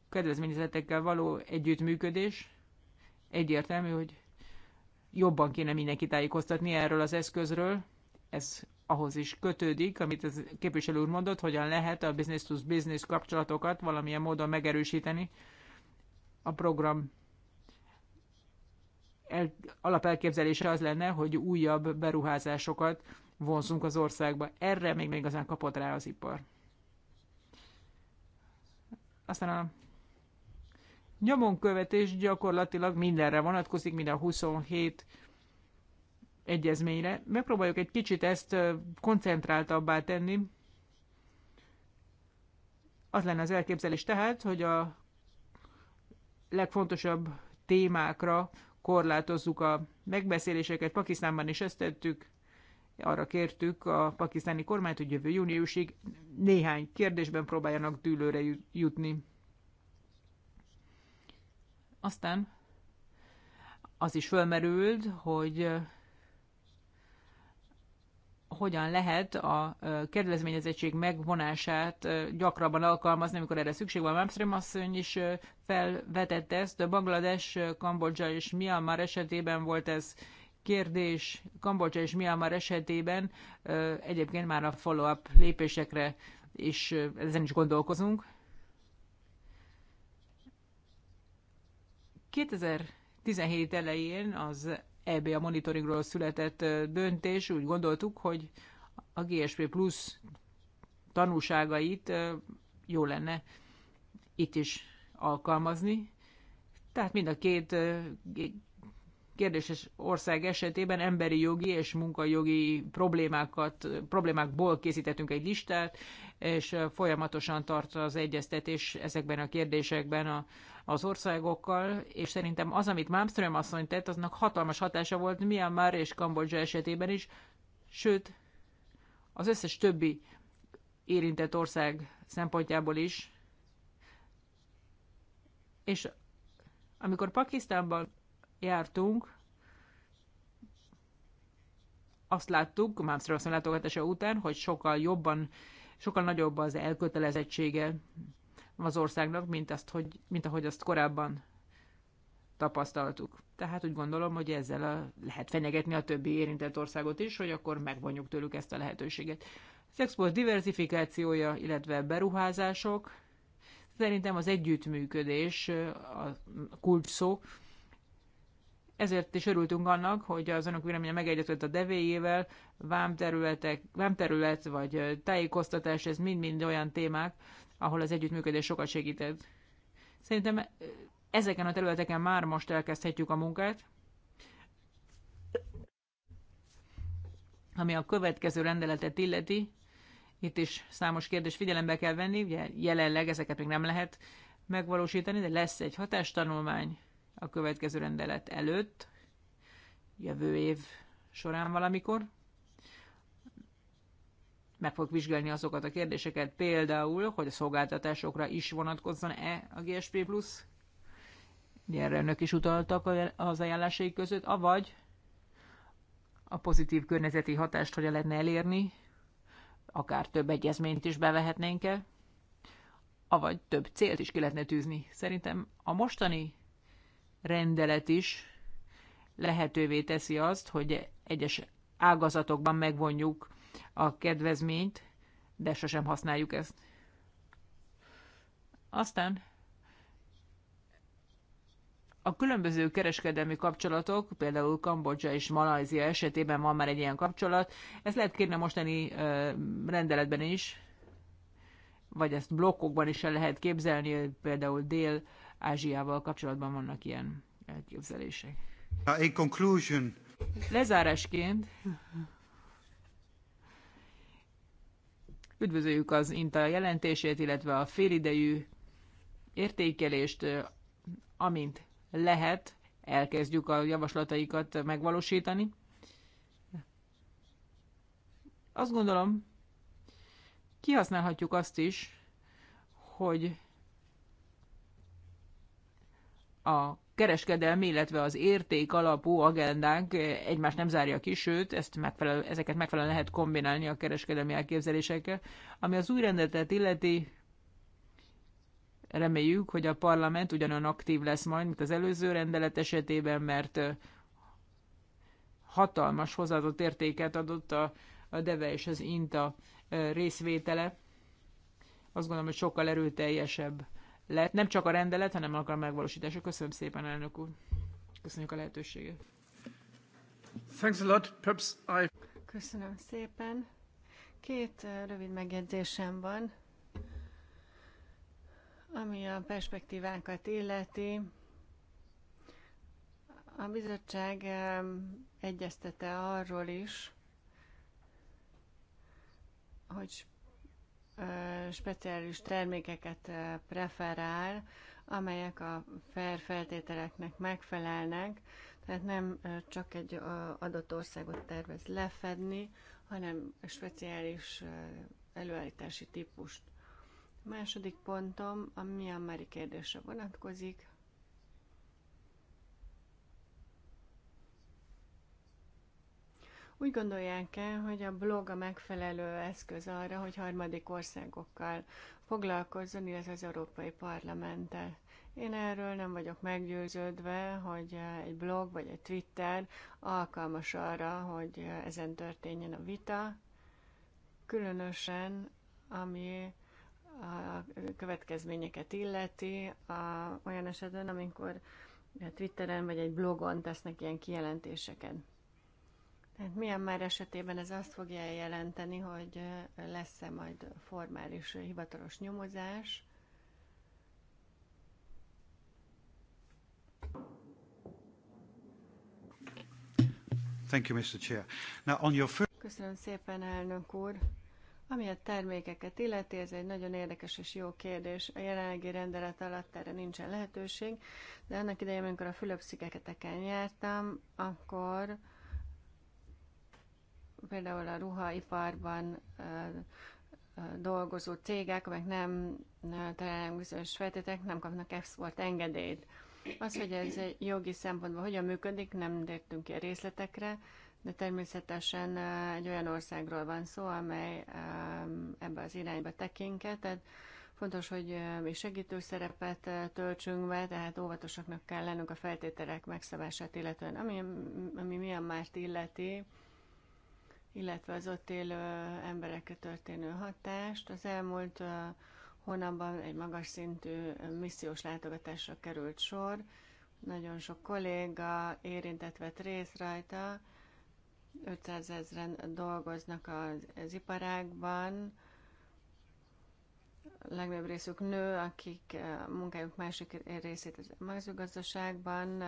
kedvezményezetekkel való együttműködés. Egyértelmű, hogy jobban kéne mindenki tájékoztatni erről az eszközről. Ez ahhoz is kötődik, amit a képviselő úr mondott, hogyan lehet a business-to-business -business kapcsolatokat valamilyen módon megerősíteni. A program el, alapelképzelése az lenne, hogy újabb beruházásokat vonzunk az országba. Erre még, még igazán kapott rá az ipar. Aztán a nyomonkövetés gyakorlatilag mindenre vonatkozik, minden 27 egyezményre. Megpróbáljuk egy kicsit ezt koncentráltabbá tenni. Az lenne az elképzelés tehát, hogy a legfontosabb témákra korlátozzuk a megbeszéléseket. Pakisztánban is ezt tettük arra kértük a pakisztáni kormányt, hogy jövő júniusig néhány kérdésben próbáljanak dűlőre jutni. Aztán az is fölmerült, hogy hogyan lehet a kedvezményezettség megvonását gyakrabban alkalmazni, amikor erre szükség van. Malmström asszony is felvetette ezt, Banglades, Kambodzsa és Myanmar esetében volt ez kérdés Kambodzsa és Myanmar esetében egyébként már a follow-up lépésekre is ezen is gondolkozunk. 2017 elején az EB a monitoringról született döntés, úgy gondoltuk, hogy a GSP Plus tanúságait jó lenne itt is alkalmazni. Tehát mind a két kérdéses ország esetében emberi jogi és munkajogi problémákat, problémákból készítettünk egy listát, és folyamatosan tart az egyeztetés ezekben a kérdésekben a, az országokkal, és szerintem az, amit Malmström asszony tett, aznak hatalmas hatása volt Myanmar és Kambodzsa esetében is, sőt, az összes többi érintett ország szempontjából is. És amikor Pakisztánban jártunk, azt láttuk Mámszoroszon látogatása után, hogy sokkal jobban, sokkal nagyobb az elkötelezettsége az országnak, mint, azt, hogy, mint ahogy azt korábban tapasztaltuk. Tehát úgy gondolom, hogy ezzel a, lehet fenyegetni a többi érintett országot is, hogy akkor megvonjuk tőlük ezt a lehetőséget. Az export diversifikációja, illetve beruházások, szerintem az együttműködés a kulcs szó, ezért is örültünk annak, hogy az önök véleménye megegyezett a devéjével, vámterületek, vámterület vagy tájékoztatás, ez mind-mind olyan témák, ahol az együttműködés sokat segített. Szerintem ezeken a területeken már most elkezdhetjük a munkát, ami a következő rendeletet illeti, itt is számos kérdés figyelembe kell venni, ugye jelenleg ezeket még nem lehet megvalósítani, de lesz egy hatástanulmány, a következő rendelet előtt, jövő év során valamikor. Meg fogok vizsgálni azokat a kérdéseket, például, hogy a szolgáltatásokra is vonatkozzon-e a GSP+, erre önök is utaltak az ajánlásai között, avagy a pozitív környezeti hatást hogyan lehetne elérni, akár több egyezményt is bevehetnénk e avagy több célt is ki lehetne tűzni. Szerintem a mostani rendelet is lehetővé teszi azt, hogy egyes ágazatokban megvonjuk a kedvezményt, de sosem használjuk ezt. Aztán a különböző kereskedelmi kapcsolatok, például Kambodzsa és Malajzia esetében van már egy ilyen kapcsolat, ezt lehet kérni a mostani rendeletben is, vagy ezt blokkokban is el lehet képzelni, például dél Ázsiával kapcsolatban vannak ilyen elképzelések.
A conclusion.
Lezárásként üdvözöljük az INTA jelentését, illetve a félidejű értékelést, amint lehet, elkezdjük a javaslataikat megvalósítani. Azt gondolom, kihasználhatjuk azt is, hogy a kereskedelmi, illetve az érték alapú agendánk egymást nem zárja ki, sőt, ezt megfelelő, ezeket megfelelően lehet kombinálni a kereskedelmi elképzelésekkel. Ami az új rendetet illeti, reméljük, hogy a parlament ugyanolyan aktív lesz majd, mint az előző rendelet esetében, mert hatalmas hozzáadott értéket adott a, a DEVE és az INTA részvétele. Azt gondolom, hogy sokkal erőteljesebb lehet nem csak a rendelet, hanem akar megvalósítása. Köszönöm szépen, elnök úr. Köszönjük a lehetőséget. Thanks a lot. Perhaps I...
Köszönöm szépen. Két eh, rövid megjegyzésem van. Ami a perspektívánkat illeti, a bizottság egyeztete arról is, hogy speciális termékeket preferál, amelyek a fair feltételeknek megfelelnek, tehát nem csak egy adott országot tervez lefedni, hanem speciális előállítási típust. A második pontom a mi kérdésre vonatkozik. Úgy gondolják el, hogy a blog a megfelelő eszköz arra, hogy harmadik országokkal foglalkozzon, illetve az Európai Parlamenttel? Én erről nem vagyok meggyőződve, hogy egy blog vagy egy Twitter alkalmas arra, hogy ezen történjen a vita, különösen ami a következményeket illeti, a, olyan esetben, amikor Twitteren vagy egy blogon tesznek ilyen kijelentéseket. Tehát milyen már esetében ez azt fogja jelenteni, hogy lesz-e majd formális hivatalos nyomozás,
Thank you, Mr. Chair. Now, on your first...
Köszönöm szépen, elnök úr. Ami a termékeket illeti, ez egy nagyon érdekes és jó kérdés. A jelenlegi rendelet alatt erre nincsen lehetőség, de annak idején, amikor a Fülöp-szigeteken jártam, akkor például a ruhaiparban dolgozó cégek, amelyek nem találnak bizonyos feltételek, nem kapnak export engedélyt. Az, hogy ez jogi szempontból hogyan működik, nem dértünk ki a részletekre, de természetesen egy olyan országról van szó, amely ebbe az irányba tekinket, tehát fontos, hogy mi segítő szerepet töltsünk be, tehát óvatosaknak kell lennünk a feltételek megszabását illetően. Ami, ami milyen mást illeti, illetve az ott élő emberekre történő hatást. Az elmúlt hónapban egy magas szintű missziós látogatásra került sor. Nagyon sok kolléga érintett vett részt rajta. 500 ezeren dolgoznak az, az iparákban. A legnagyobb részük nő, akik a munkájuk másik részét az mezőgazdaságban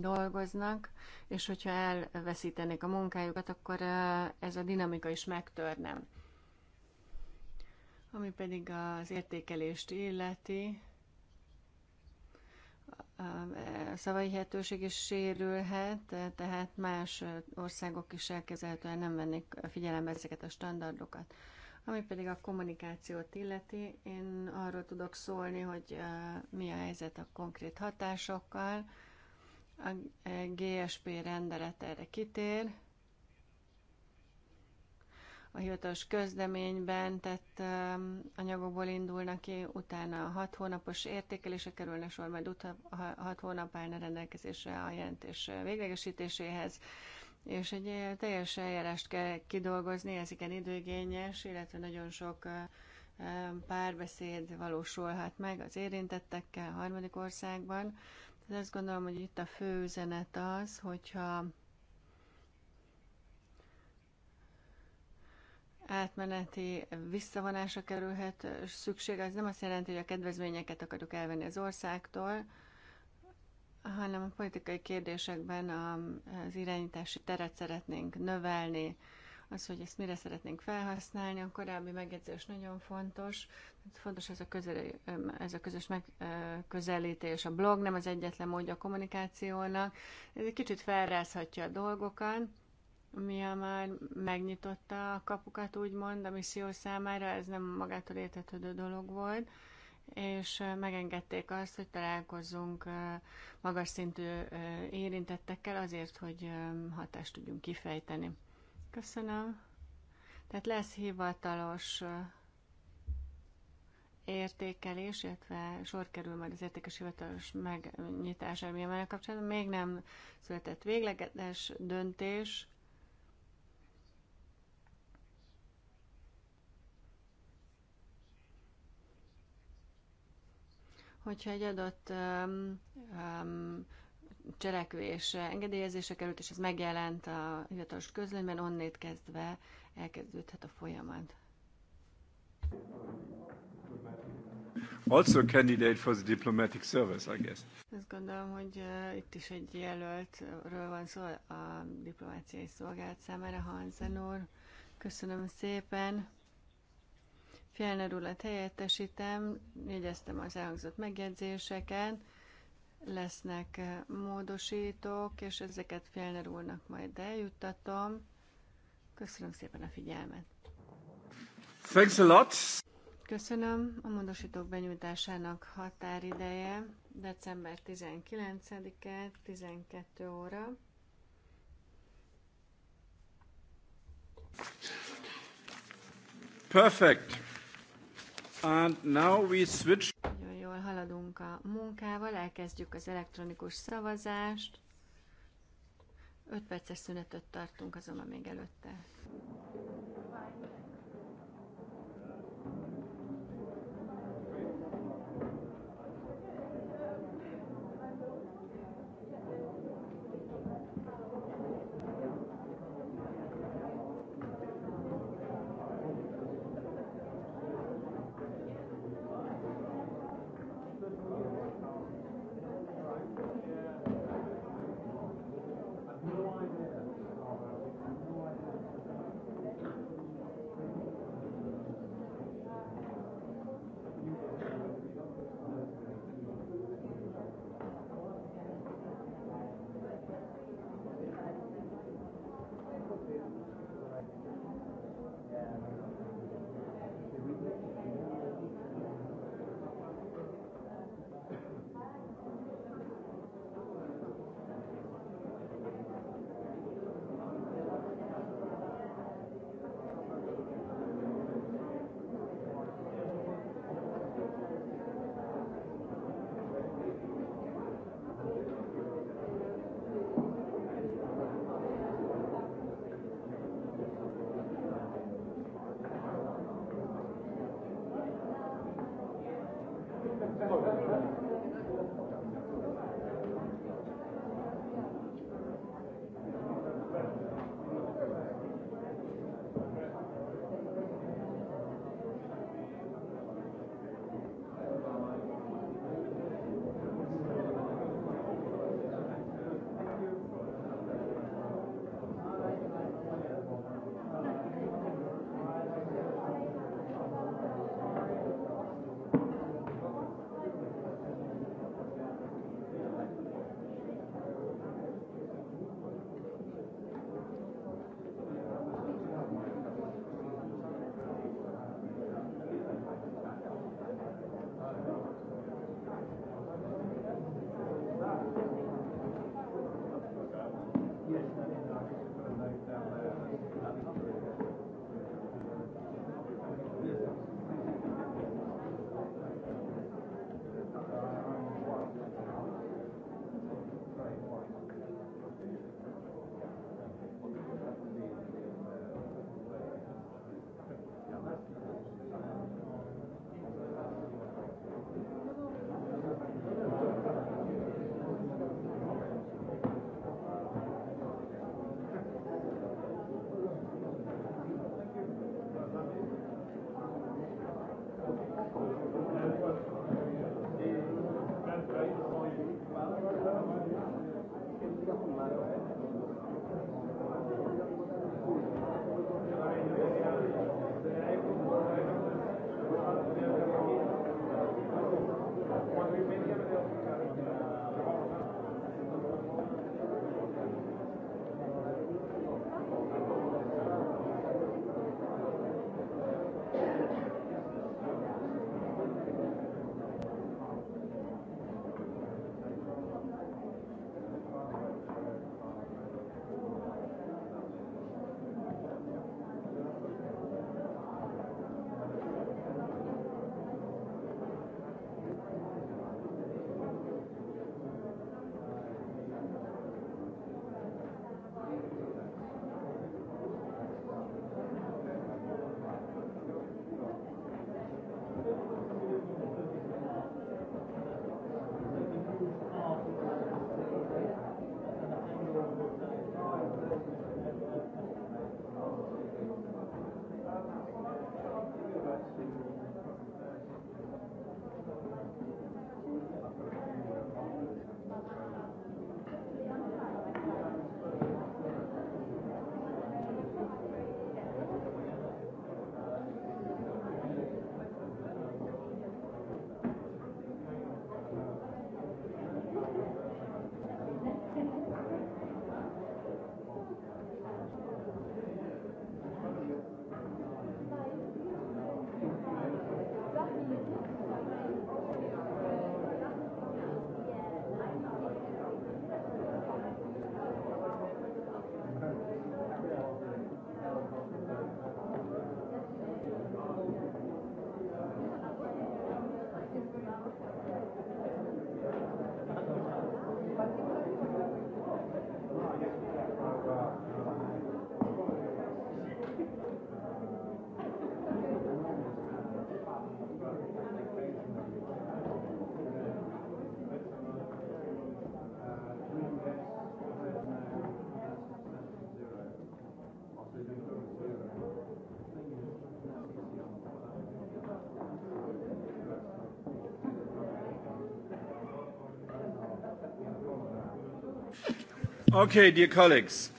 dolgoznak, és hogyha elveszítenék a munkájukat, akkor ez a dinamika is megtörne. Ami pedig az értékelést illeti, a szavai hetőség is sérülhet, tehát más országok is elkezelhetően nem vennék figyelembe ezeket a standardokat. Ami pedig a kommunikációt illeti, én arról tudok szólni, hogy mi a helyzet a konkrét hatásokkal, a GSP rendelet erre kitér. A hivatalos közleményben tett um, anyagokból indulnak ki, utána a hat hónapos értékelése kerülne sor, majd utána hat hónap állna rendelkezésre a jelentés véglegesítéséhez és egy teljes eljárást kell kidolgozni, ez igen időgényes, illetve nagyon sok uh, um, párbeszéd valósulhat meg az érintettekkel a harmadik országban, tehát azt gondolom, hogy itt a fő üzenet az, hogyha átmeneti visszavonásra kerülhet szükség, az nem azt jelenti, hogy a kedvezményeket akarjuk elvenni az országtól, hanem a politikai kérdésekben az irányítási teret szeretnénk növelni, az, hogy ezt mire szeretnénk felhasználni, a korábbi megjegyzés nagyon fontos. Fontos ez a, közel, ez a közös megközelítés. A blog nem az egyetlen módja a kommunikációnak. Ez egy kicsit felrázhatja a dolgokat, mi már megnyitotta a kapukat, úgymond, a misszió számára, ez nem magától értetődő dolog volt és megengedték azt, hogy találkozzunk magas szintű érintettekkel azért, hogy hatást tudjunk kifejteni. Köszönöm. Tehát lesz hivatalos értékelés, illetve sor kerül majd az értékes hivatalos megnyitására mivel kapcsolatban. Még nem született végleges döntés. Hogyha egy adott cselekvés engedélyezése került, és ez megjelent a hivatalos közlönyben, onnét kezdve elkezdődhet a folyamat.
Also candidate for the diplomatic service, I guess.
Azt gondolom, hogy uh, itt is egy jelöltről van szó a diplomáciai szolgálat számára, Hansen úr. Köszönöm szépen. Fjellner urat hát helyettesítem, jegyeztem az elhangzott megjegyzéseket lesznek eh, módosítók, és ezeket Fjellner úrnak majd eljuttatom. Köszönöm szépen a figyelmet.
Thanks a lot.
Köszönöm. A módosítók benyújtásának határideje december 19-e 12 óra.
Perfect. And now we switch
szóval haladunk a munkával, elkezdjük az elektronikus szavazást. 5 perces szünetet tartunk azonban még előtte.
Okay, dear colleagues.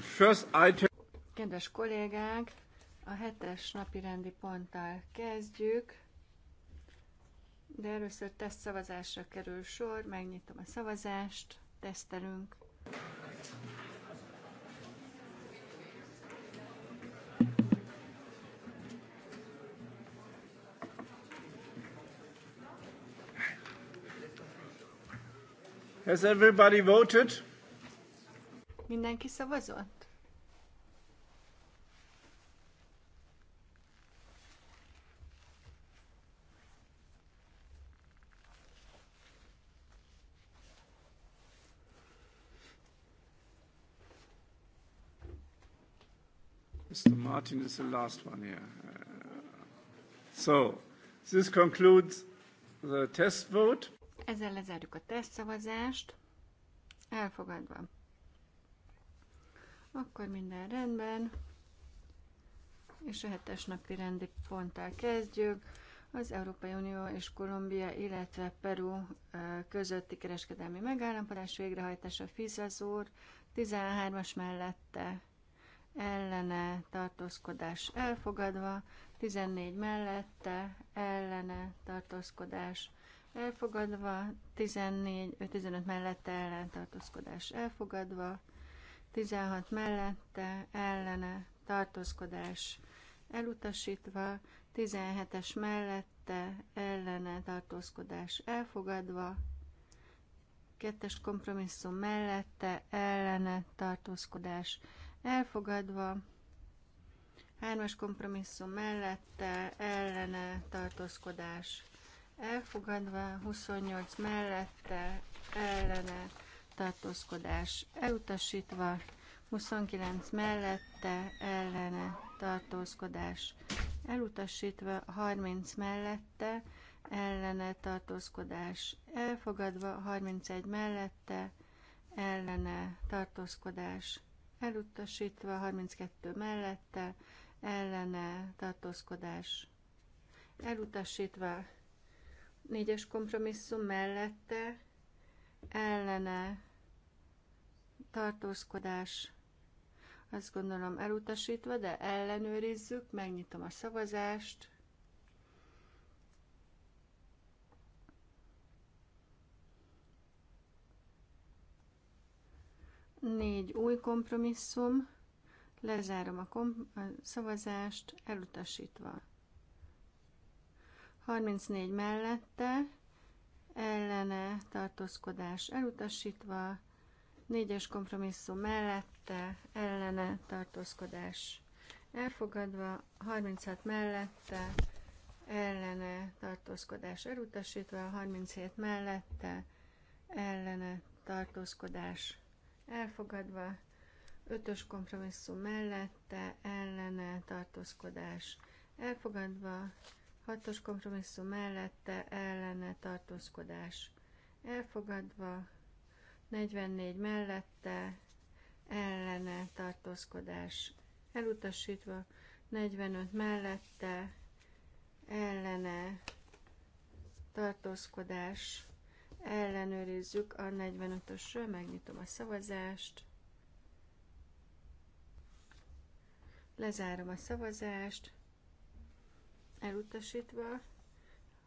First item.
Kedves kollégák, a hetes napi rendi ponttal kezdjük, de először tesztszavazásra kerül sor, megnyitom a szavazást, tesztelünk.
Has everybody
voted? Mindenki szavazott?
Mr. Martin is the last one here. Uh, So, this concludes the test vote.
Ezzel lezárjuk a tesztszavazást. Elfogadva. Akkor minden rendben. És a hetes napi rendi ponttal kezdjük. Az Európai Unió és Kolumbia, illetve Peru közötti kereskedelmi megállapodás végrehajtása Fizazur 13-as mellette ellene tartózkodás elfogadva, 14 mellette ellene tartózkodás elfogadva elfogadva, 14-15 mellette ellentartózkodás elfogadva, 16 mellette ellene tartózkodás elutasítva, 17-es mellette ellene tartózkodás elfogadva, kettes kompromisszum mellette ellene tartózkodás elfogadva, hármas kompromisszum mellette ellene tartózkodás elfogadva, 28 mellette, ellene, tartózkodás elutasítva, 29 mellette, ellene, tartózkodás elutasítva, 30 mellette, ellene, tartózkodás elfogadva, 31 mellette, ellene, tartózkodás elutasítva, 32 mellette, ellene, tartózkodás elutasítva, Négyes kompromisszum mellette ellene tartózkodás azt gondolom elutasítva, de ellenőrizzük, megnyitom a szavazást. Négy új kompromisszum, lezárom a, kom- a szavazást, elutasítva. 34 mellette, ellene tartózkodás elutasítva, 4-es kompromisszum mellette, ellene tartózkodás elfogadva, 36 mellette, ellene tartózkodás elutasítva, 37 mellette, ellene tartózkodás elfogadva, 5-ös kompromisszum mellette, ellene tartózkodás elfogadva, Hatos kompromisszum mellette ellene tartózkodás elfogadva. 44 mellette ellene tartózkodás elutasítva. 45 mellette ellene tartózkodás ellenőrizzük a 45-ösről, megnyitom a szavazást, lezárom a szavazást, elutasítva,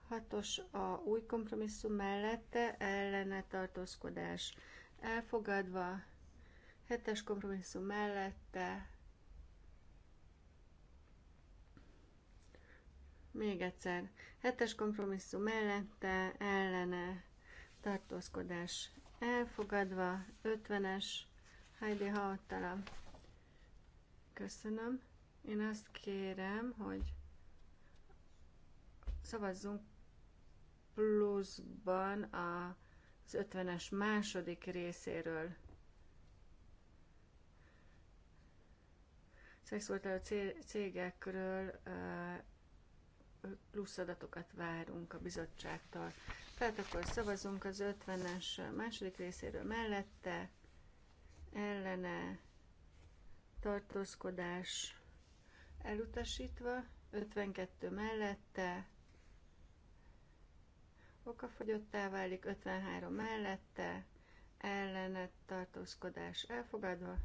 hatos a új kompromisszum mellette ellene tartózkodás elfogadva, hetes kompromisszum mellette, még egyszer, hetes kompromisszum mellette ellene tartózkodás elfogadva, 50-es Heidi Hautala. Köszönöm. Én azt kérem, hogy Szavazzunk pluszban az 50-es második részéről. a cégekről plusz adatokat várunk a bizottságtól. Tehát akkor szavazunk az 50-es második részéről mellette, ellene, tartózkodás elutasítva, 52 mellette, okafogyottá válik, 53 mellette, ellene tartózkodás elfogadva,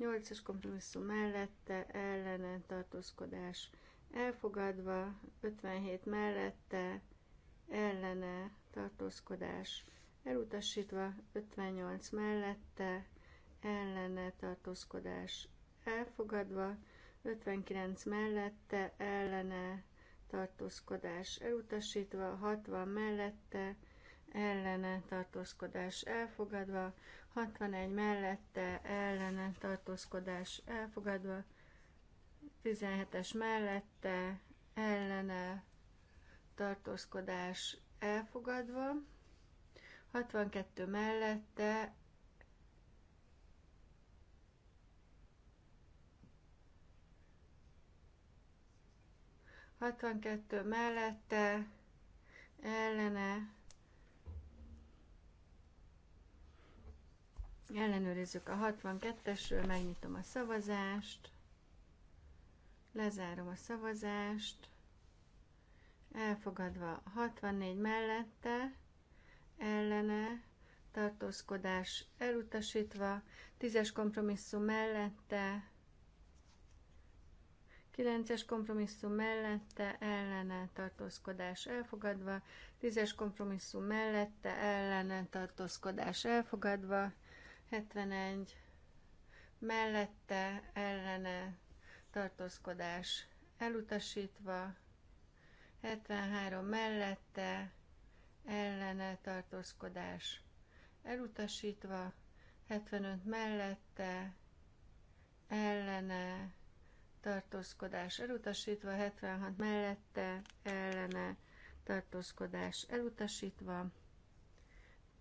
8-as kompromisszum mellette, ellene tartózkodás elfogadva, 57 mellette, ellene tartózkodás elutasítva, 58 mellette, ellene tartózkodás elfogadva, 59 mellette, ellene tartózkodás elutasítva, 60 mellette, ellene tartózkodás elfogadva, 61 mellette, ellene tartózkodás elfogadva, 17-es mellette, ellene tartózkodás elfogadva, 62 mellette, 62 mellette, ellene, ellenőrizzük a 62-esről, megnyitom a szavazást, lezárom a szavazást, elfogadva 64 mellette, ellene, tartózkodás elutasítva, 10-es kompromisszum mellette, 9-es kompromisszum mellette ellene tartózkodás elfogadva, 10-es kompromisszum mellette ellene tartózkodás elfogadva, 71 mellette ellene tartózkodás elutasítva, 73 mellette ellene tartózkodás elutasítva, 75 mellette ellene tartózkodás elutasítva, 76 mellette ellene tartózkodás elutasítva,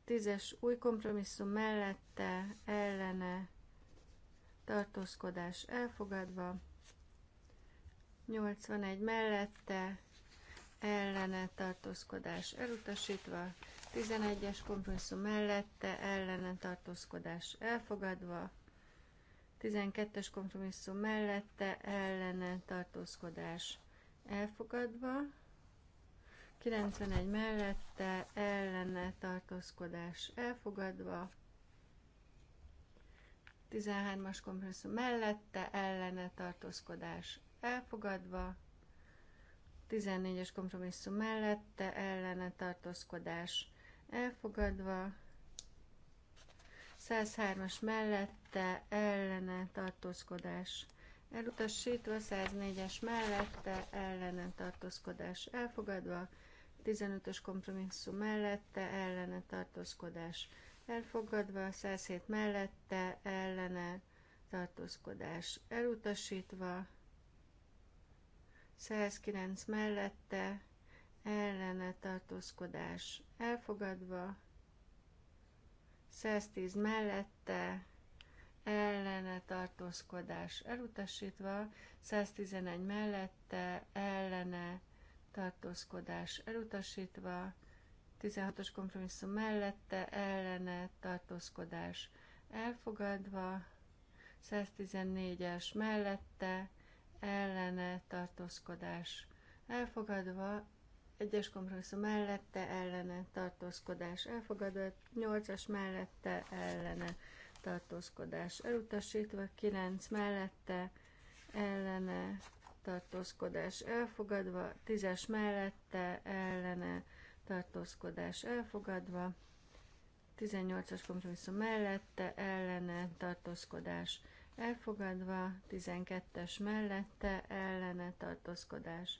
10-es új kompromisszum mellette ellene tartózkodás elfogadva, 81 mellette ellene tartózkodás elutasítva, 11-es kompromisszum mellette ellene tartózkodás elfogadva, 12-es kompromisszum mellette ellene tartózkodás elfogadva, 91 mellette ellene tartózkodás elfogadva, 13-as kompromisszum mellette ellene tartózkodás elfogadva, 14-es kompromisszum mellette ellene tartózkodás elfogadva, 103-as mellette ellene tartózkodás elutasítva, 104-es mellette ellene tartózkodás elfogadva, 15-ös kompromisszum mellette ellene tartózkodás elfogadva, 107 mellette ellene tartózkodás elutasítva, 109 mellette ellene tartózkodás elfogadva, 110 mellette ellene tartózkodás elutasítva, 111 mellette ellene tartózkodás elutasítva, 16-os kompromisszum mellette ellene tartózkodás elfogadva, 114-es mellette ellene tartózkodás elfogadva, egyes kompromisszum mellette ellene tartózkodás elfogadott, 8-as mellette ellene tartózkodás elutasítva, 9 mellette ellene tartózkodás elfogadva, 10-es mellette ellene tartózkodás elfogadva, 18-as kompromisszum mellette ellene tartózkodás elfogadva, 12-es mellette ellene tartózkodás elfogadva,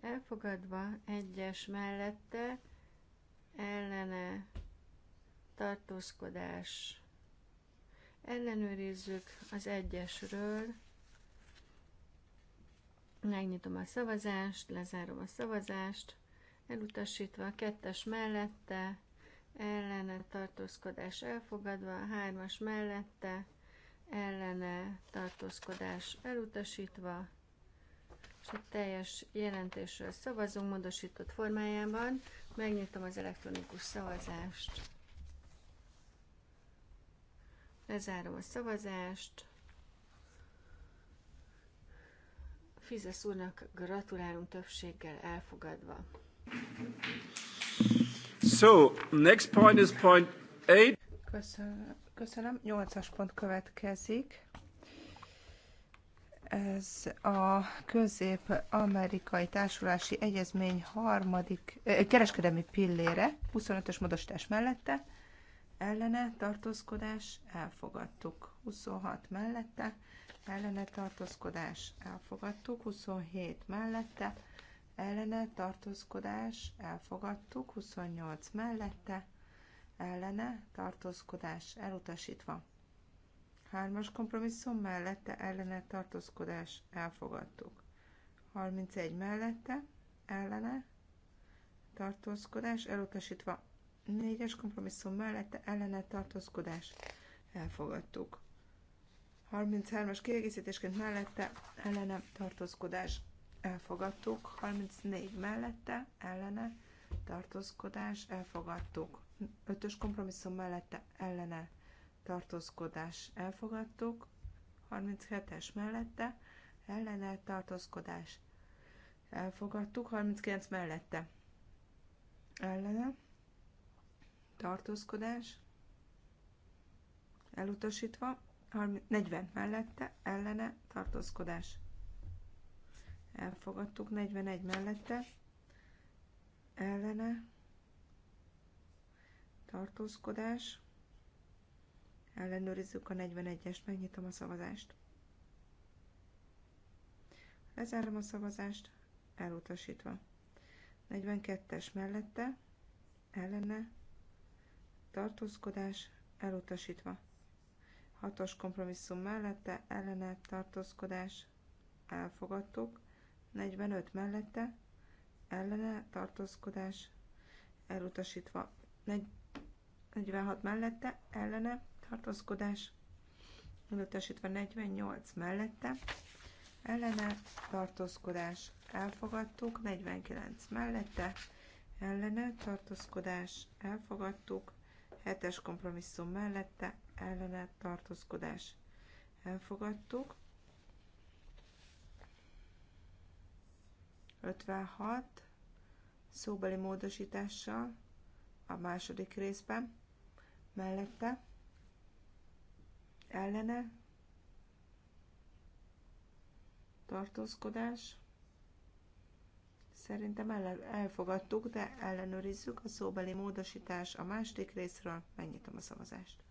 Elfogadva egyes mellette ellene tartózkodás. Ellenőrizzük az egyesről. Megnyitom a szavazást, lezárom a szavazást, elutasítva a kettes mellette, ellene tartózkodás elfogadva, a hármas mellette, ellene tartózkodás elutasítva, a teljes jelentésről szavazunk módosított formájában. Megnyitom az elektronikus szavazást. Lezárom a szavazást. Fizesz úrnak gratulálunk többséggel elfogadva.
So, next point is point eight.
Köszönöm. Köszönöm.
pont következik. Ez a közép-amerikai társulási egyezmény harmadik eh, kereskedelmi pillére, 25-ös módosítás mellette, ellene tartózkodás elfogadtuk. 26 mellette, ellene tartózkodás elfogadtuk. 27 mellette, ellene tartózkodás elfogadtuk. 28 mellette, ellene tartózkodás elutasítva. Hármas kompromisszum mellette ellene tartózkodás elfogadtuk. 31 mellette ellene tartózkodás elutasítva. Négyes kompromisszum mellette ellene tartózkodás elfogadtuk. 33-as kiegészítésként mellette ellene tartózkodás elfogadtuk. 34 mellette ellene tartózkodás elfogadtuk. 5-ös kompromisszum mellette ellene tartózkodás elfogadtuk, 37-es mellette, ellene tartózkodás elfogadtuk, 39 mellette, ellene tartózkodás elutasítva, 40 mellette, ellene tartózkodás elfogadtuk, 41 mellette, ellene tartózkodás Ellenőrizzük a 41-est, megnyitom a szavazást. Lezárom a szavazást, elutasítva. 42-es mellette, ellene, tartózkodás, elutasítva. 6-os kompromisszum mellette, ellene, tartózkodás, elfogadtuk. 45 mellette, ellene, tartózkodás, elutasítva. 46 mellette, ellene, tartózkodás, elutasítva 48 mellette, ellene tartózkodás, elfogadtuk, 49 mellette, ellene tartózkodás, elfogadtuk, 7-es kompromisszum mellette, ellene tartózkodás, elfogadtuk, 56 szóbeli módosítással a második részben, mellette, ellene tartózkodás. Szerintem el, elfogadtuk, de ellenőrizzük a szóbeli módosítás a második részről. Megnyitom a szavazást.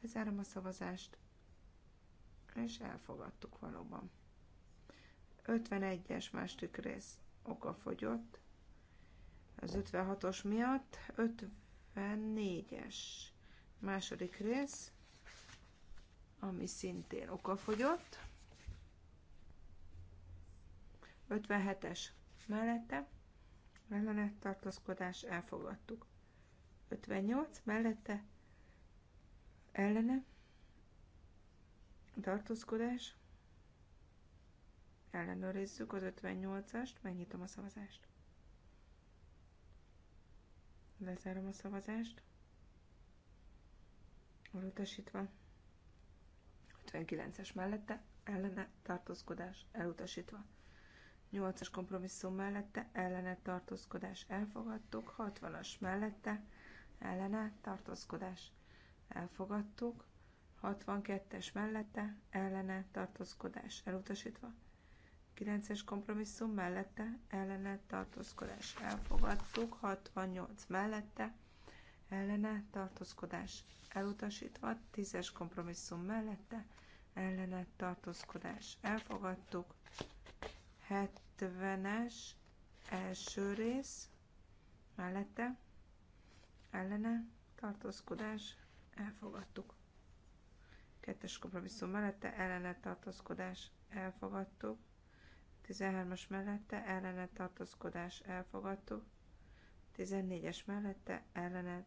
Lezárom a szavazást, és elfogadtuk valóban. 51-es második rész oka fogyott. Az 56-os miatt 54-es második rész ami szintén okafogyott. 57-es mellette, ellene tartózkodás elfogadtuk. 58 mellette, ellene tartózkodás, ellenőrizzük az 58-ast, megnyitom a szavazást. Lezárom a szavazást. Elutasítva. 59-es mellette ellene tartózkodás elutasítva. 8-as kompromisszum mellette ellene tartózkodás elfogadtuk, 60-as mellette ellene tartózkodás elfogadtuk, 62-es mellette ellene tartózkodás elutasítva, 9-es kompromisszum mellette ellene tartózkodás elfogadtuk, 68 mellette ellene tartózkodás elutasítva, 10-es kompromisszum mellette ellenet tartózkodás elfogadtuk. 70-es első rész mellette ellene tartózkodás elfogadtuk. Kettes kompromisszum mellette ellene tartózkodás elfogadtuk. 13-as mellette ellene tartózkodás elfogadtuk. 14-es mellette ellene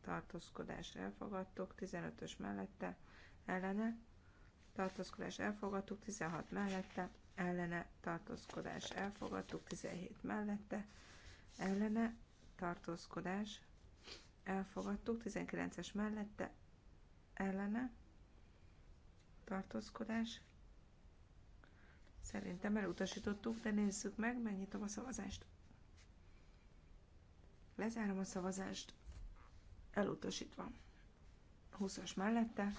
tartózkodás elfogadtuk. 15-ös mellette ellene tartózkodás elfogadtuk, 16 mellette, ellene tartózkodás elfogadtuk, 17 mellette, ellene tartózkodás elfogadtuk, 19-es mellette, ellene tartózkodás Szerintem elutasítottuk, de nézzük meg, megnyitom a szavazást. Lezárom a szavazást, elutasítva. 20-as mellette,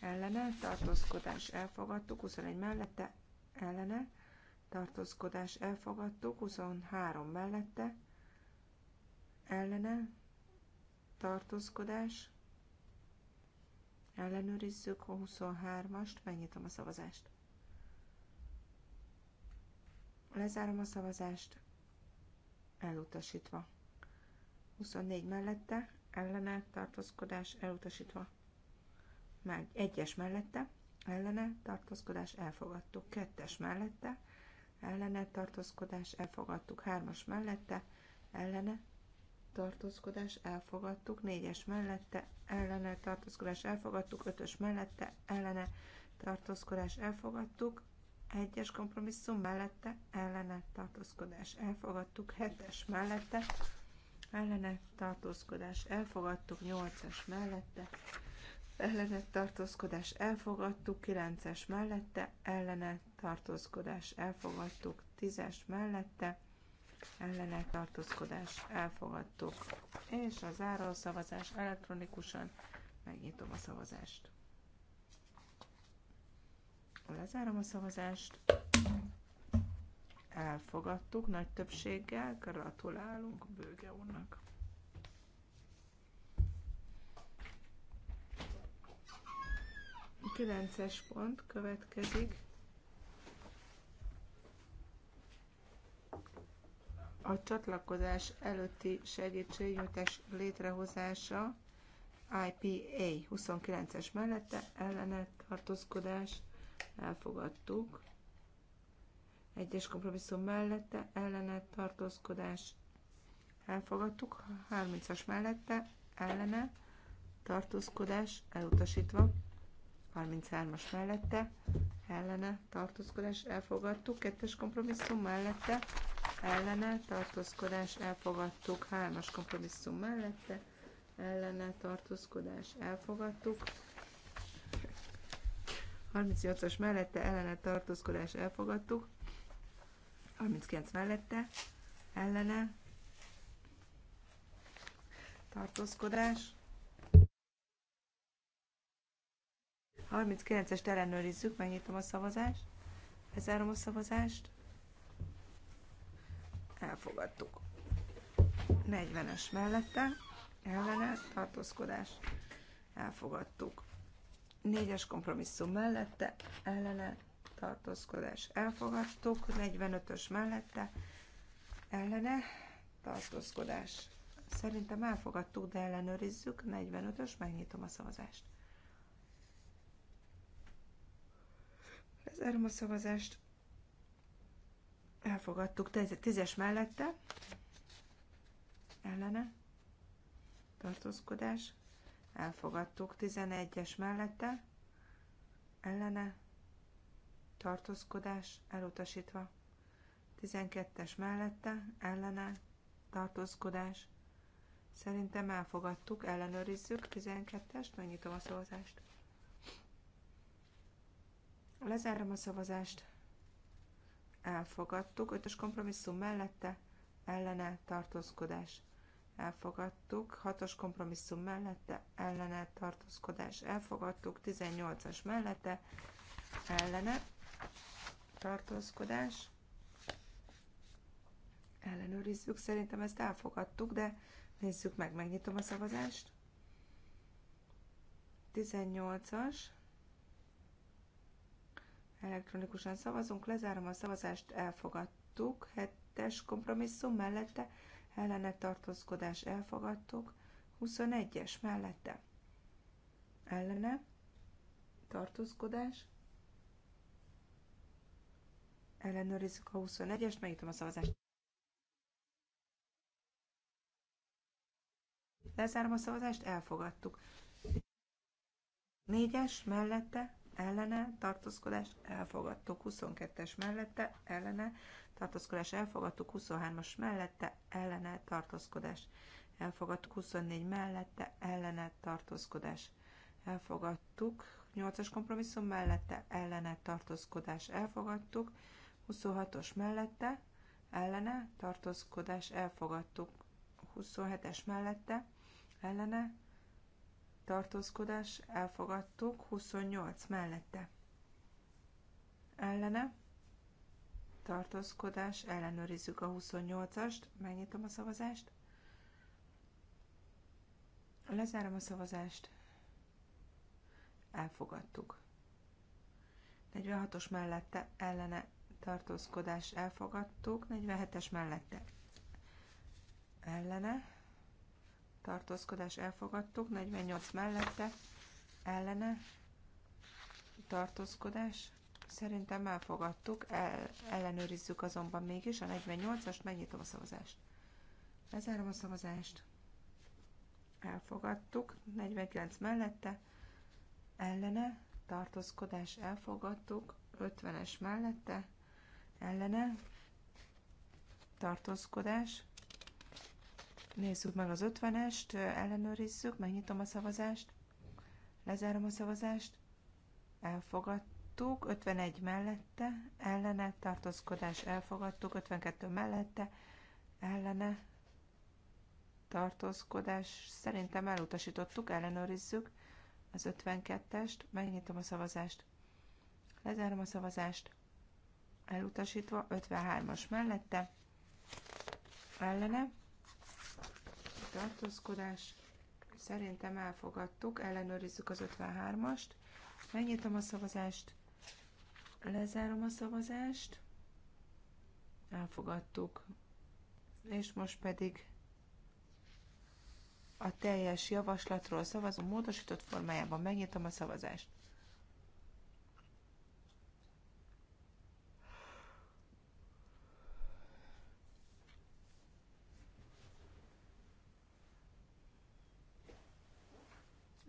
ellene, tartózkodás elfogadtuk, 21 mellette, ellene, tartózkodás elfogadtuk, 23 mellette, ellene, tartózkodás, ellenőrizzük a 23-ast, megnyitom a szavazást. Lezárom a szavazást, elutasítva. 24 mellette, ellene, tartózkodás, elutasítva meg egyes mellette, ellene tartózkodás elfogadtuk, kettes mellette, ellene tartózkodás elfogadtuk, hármas mellette, ellene tartózkodás elfogadtuk, négyes mellette, ellene tartózkodás elfogadtuk, ötös mellette, ellene tartózkodás elfogadtuk, egyes kompromisszum mellette, ellene tartózkodás elfogadtuk, hetes mellette, ellene tartózkodás elfogadtuk, nyolcas mellette, ellene tartózkodás elfogadtuk, 9-es mellette ellene tartózkodás elfogadtuk, 10-es mellette ellene tartózkodás elfogadtuk. És a záró szavazás elektronikusan megnyitom a szavazást. Lezárom a szavazást. Elfogadtuk nagy többséggel, gratulálunk Bőge úrnak. Kilences pont következik. A csatlakozás előtti segítségnyújtás létrehozása IPA 29-es mellette ellene tartózkodás elfogadtuk. Egyes kompromisszum mellette ellene tartózkodás elfogadtuk. 30-as mellette ellene tartózkodás elutasítva. 33-as mellette, ellene tartózkodás elfogadtuk, 2-es kompromisszum mellette, ellene tartózkodás elfogadtuk, 3-as kompromisszum mellette, ellene tartózkodás elfogadtuk, 38-as mellette ellene tartózkodás elfogadtuk, 39 mellette ellene tartózkodás 39-est ellenőrizzük, megnyitom a szavazást, Bezárom a szavazást, elfogadtuk. 40-es mellette, ellene, tartózkodás, elfogadtuk. 4-es kompromisszum mellette, ellene, tartózkodás, elfogadtuk. 45-ös mellette, ellene, tartózkodás. Szerintem elfogadtuk, de ellenőrizzük. 45-ös, megnyitom a szavazást. Lezárom a szavazást. Elfogadtuk. Tízes mellette. Ellene. Tartózkodás. Elfogadtuk. 11-es mellette. Ellene. Tartózkodás. Elutasítva. 12-es mellette. Ellene. Tartózkodás. Szerintem elfogadtuk, ellenőrizzük. 12-est, megnyitom a szavazást. Lezárom a szavazást. Elfogadtuk. Ötös kompromisszum mellette ellene tartózkodás. Elfogadtuk. Hatos kompromisszum mellette ellene tartózkodás. Elfogadtuk. 18-as mellette ellene tartózkodás. Ellenőrizzük. Szerintem ezt elfogadtuk, de nézzük meg. Megnyitom a szavazást. 18-as. Elektronikusan szavazunk, lezárom a szavazást, elfogadtuk. Hetes kompromisszum mellette, ellene tartózkodás elfogadtuk. 21-es mellette, ellene tartózkodás. Ellenőrizzük a 21-est, megnyitom a szavazást. Lezárom a szavazást, elfogadtuk. Négyes mellette ellene tartózkodást elfogadtuk, 22-es mellette ellene tartózkodást elfogadtuk, 23-as mellette ellene tartózkodást elfogadtuk, 24 mellette ellene tartózkodást elfogadtuk, 8-as kompromisszum mellette ellene tartózkodást elfogadtuk, 26-os mellette ellene tartózkodást elfogadtuk, 27-es mellette ellene tartózkodás, elfogadtuk, 28 mellette. Ellene, tartózkodás, ellenőrizzük a 28-ast, megnyitom a szavazást, lezárom a szavazást, elfogadtuk. 46-os mellette ellene tartózkodás elfogadtuk, 47-es mellette ellene tartózkodás elfogadtuk, 48 mellette, ellene, tartózkodás, szerintem elfogadtuk, el, ellenőrizzük azonban mégis a 48 as megnyitom a szavazást. Lezárom a szavazást. Elfogadtuk, 49 mellette, ellene, tartózkodás, elfogadtuk, 50-es mellette, ellene, tartózkodás, Nézzük meg az 50-est, ellenőrizzük, megnyitom a szavazást, lezárom a szavazást, elfogadtuk, 51 mellette, ellene, tartózkodás, elfogadtuk, 52 mellette, ellene, tartózkodás, szerintem elutasítottuk, ellenőrizzük az 52-est, megnyitom a szavazást, lezárom a szavazást, elutasítva, 53-as mellette, ellene, tartózkodás. Szerintem elfogadtuk, ellenőrizzük az 53-ast. Megnyitom a szavazást, lezárom a szavazást, elfogadtuk. És most pedig a teljes javaslatról szavazom módosított formájában. Megnyitom a szavazást.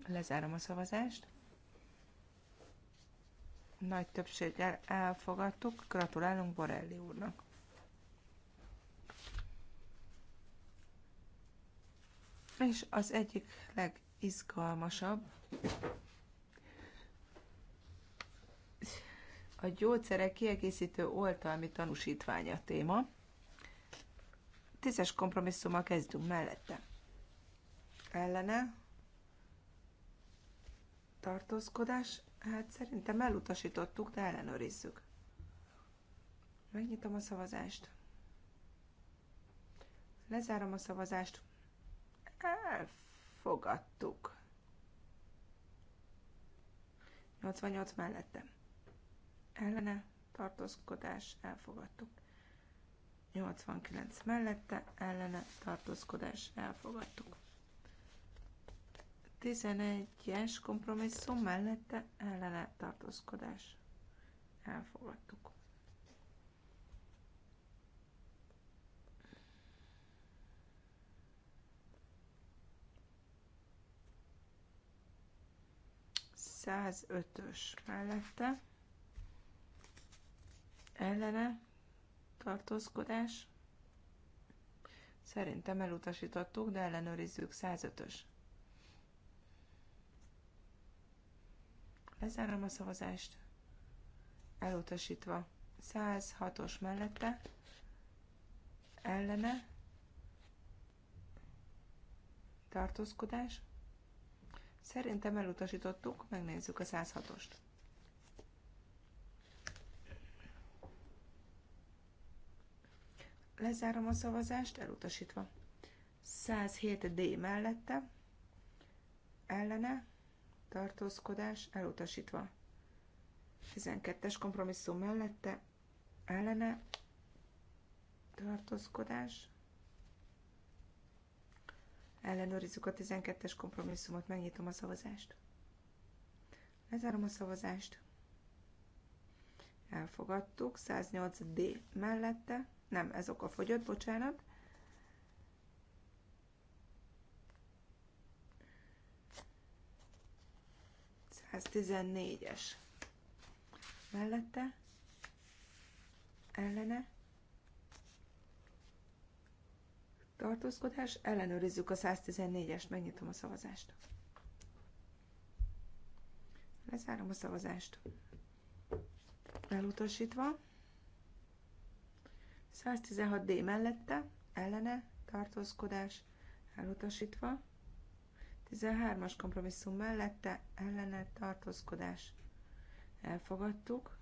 Lezárom a szavazást. Nagy többséggel elfogadtuk. Gratulálunk Borelli úrnak. És az egyik legizgalmasabb a gyógyszerek kiegészítő oltalmi tanúsítványa téma. Tízes kompromisszummal kezdünk mellette. Ellene tartózkodás, hát szerintem elutasítottuk, de ellenőrizzük. Megnyitom a szavazást. Lezárom a szavazást. Elfogadtuk. 88 mellette. Ellene tartózkodás elfogadtuk. 89 mellette ellene tartózkodás elfogadtuk. 11-es kompromisszum mellette ellene tartózkodás. Elfogadtuk. ös mellette ellene tartózkodás. Szerintem elutasítottuk, de ellenőrizzük 105-ös. Lezárom a szavazást. Elutasítva. 106-os mellette. Ellene. Tartózkodás. Szerintem elutasítottuk, megnézzük a 106-ost. Lezárom a szavazást, elutasítva. 107D mellette, ellene, tartózkodás elutasítva. 12-es kompromisszum mellette ellene tartózkodás. Ellenőrizzük a 12-es kompromisszumot, megnyitom a szavazást. Lezárom a szavazást. Elfogadtuk. 108D mellette. Nem, ez oka fogyott, bocsánat. 14 es Mellette, ellene, tartózkodás, ellenőrizzük a 114-est, megnyitom a szavazást. Lezárom a szavazást. Elutasítva. 116D mellette, ellene, tartózkodás, elutasítva. 13-as kompromisszum mellette ellene tartózkodás elfogadtuk.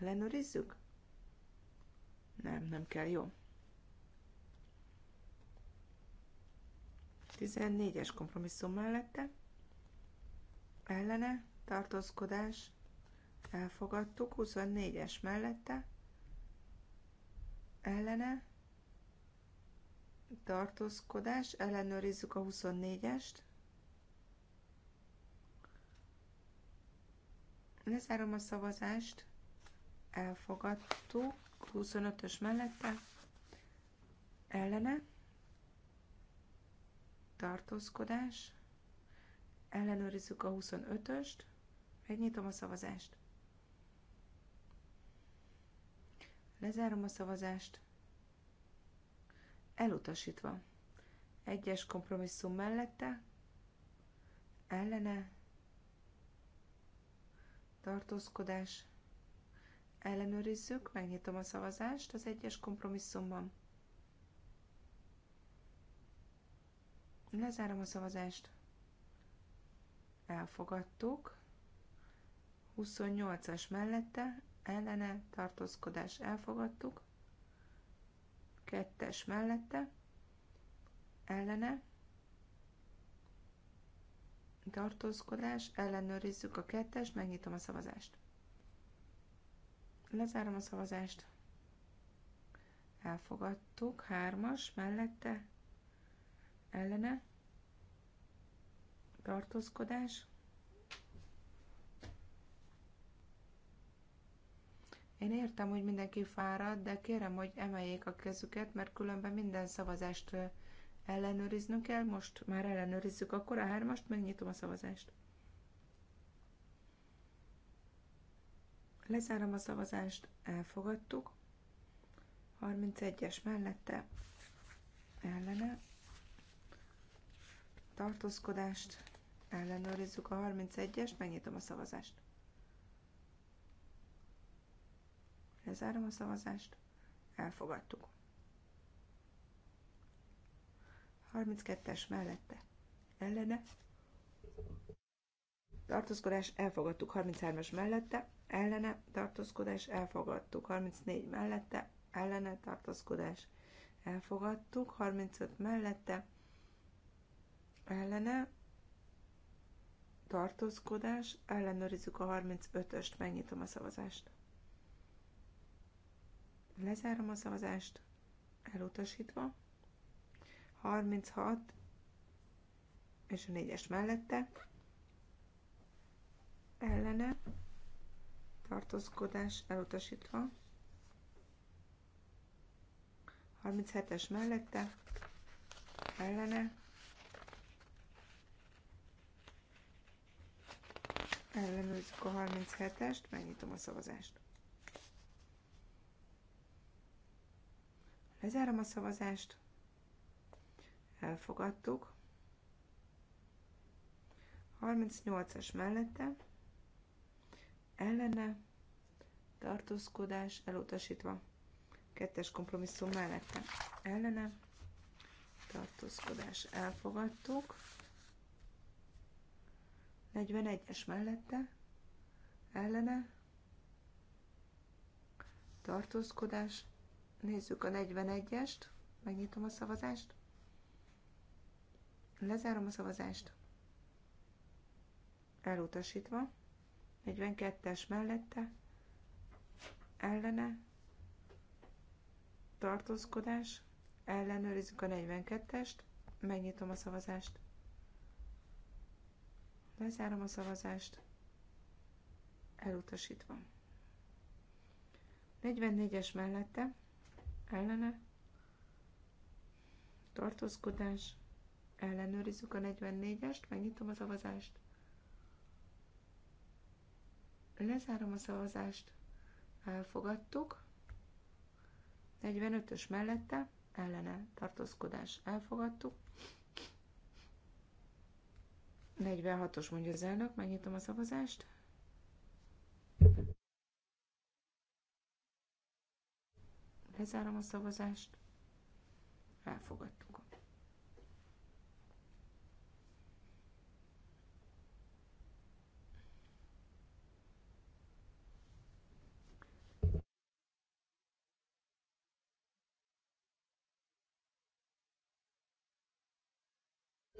Ellenőrizzük? Nem, nem kell, jó. 14-es kompromisszum mellette ellene tartózkodás elfogadtuk, 24-es mellette ellene tartózkodás, ellenőrizzük a 24-est. Lezárom a szavazást, elfogadtuk, 25-ös mellette, ellene, tartózkodás, ellenőrizzük a 25-öst, megnyitom a szavazást. Lezárom a szavazást elutasítva. Egyes kompromisszum mellette, ellene, tartózkodás, ellenőrizzük, megnyitom a szavazást az egyes kompromisszumban. Lezárom a szavazást. Elfogadtuk. 28-as mellette, ellene, tartózkodás, elfogadtuk kettes mellette, ellene, tartózkodás, ellenőrizzük a kettest, megnyitom a szavazást. Lezárom a szavazást. Elfogadtuk, hármas, mellette, ellene, tartózkodás, Én értem, hogy mindenki fáradt, de kérem, hogy emeljék a kezüket, mert különben minden szavazást ellenőriznünk kell. Most már ellenőrizzük, akkor a hármast megnyitom a szavazást. Lezárom a szavazást, elfogadtuk. 31-es mellette ellene tartózkodást, ellenőrizzük a 31-est, megnyitom a szavazást. Lezárom a szavazást. Elfogadtuk. 32-es mellette. Ellene. Tartózkodás elfogadtuk 33-as mellette, ellene tartózkodás elfogadtuk 34 mellette, ellene tartózkodás elfogadtuk 35 mellette, ellene tartózkodás, ellenőrizzük a 35-öst, megnyitom a szavazást. Lezárom a szavazást, elutasítva. 36 és a 4-es mellette ellene tartózkodás elutasítva. 37-es mellette ellene ellenőrzik a 37-est, megnyitom a szavazást. Lezárom a szavazást. Elfogadtuk. 38-as mellette. Ellene. Tartózkodás elutasítva. Kettes kompromisszum mellette. Ellene. Tartózkodás elfogadtuk. 41-es mellette. Ellene. Tartózkodás Nézzük a 41-est. Megnyitom a szavazást. Lezárom a szavazást. Elutasítva. 42-es mellette. Ellene. Tartózkodás. Ellenőrizzük a 42-est. Megnyitom a szavazást. Lezárom a szavazást. Elutasítva. 44-es mellette ellene, tartózkodás, ellenőrizzük a 44-est, megnyitom a szavazást, lezárom a szavazást, elfogadtuk, 45-ös mellette, ellene, tartózkodás, elfogadtuk, 46-os mondja az elnök, megnyitom a szavazást, Lezárom a szavazást.
Elfogadtuk.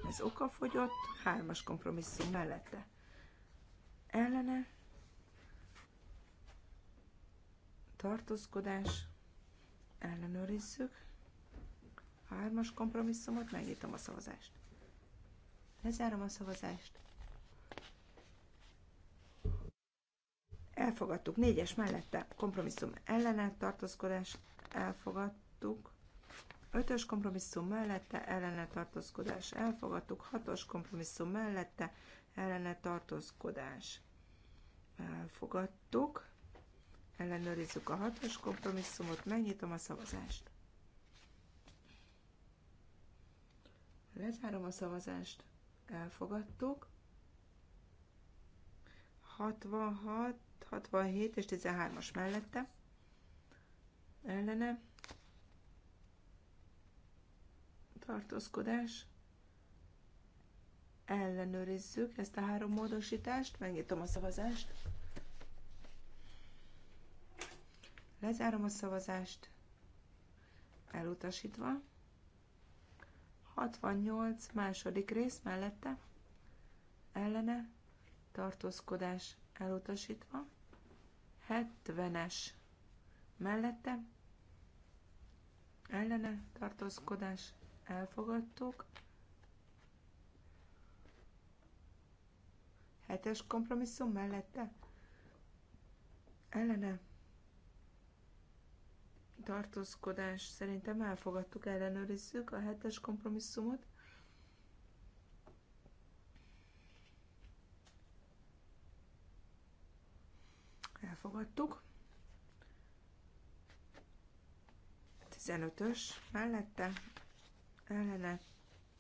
Ez fogyott, hármas kompromisszum mellette. Ellene tartózkodás, ellenőrizzük. Hármas kompromisszumot, megnyitom a szavazást. Lezárom a szavazást. Elfogadtuk. Négyes mellette kompromisszum ellenállt tartózkodás. Elfogadtuk. Ötös kompromisszum mellette ellene tartózkodás. Elfogadtuk. Hatos kompromisszum mellette ellene tartózkodás. Elfogadtuk ellenőrizzük a hatos kompromisszumot, megnyitom a szavazást. Lezárom a szavazást, elfogadtuk. 66, 67 és 13-as mellette, ellene, tartózkodás, ellenőrizzük ezt a három módosítást, megnyitom a szavazást. Lezárom a szavazást. Elutasítva. 68. Második rész mellette. Ellene. Tartózkodás elutasítva. 70-es mellette. Ellene. Tartózkodás elfogadtuk. 7-es kompromisszum mellette. Ellene tartózkodás szerintem elfogadtuk, ellenőrizzük a hetes kompromisszumot. Elfogadtuk. 15-ös mellette ellene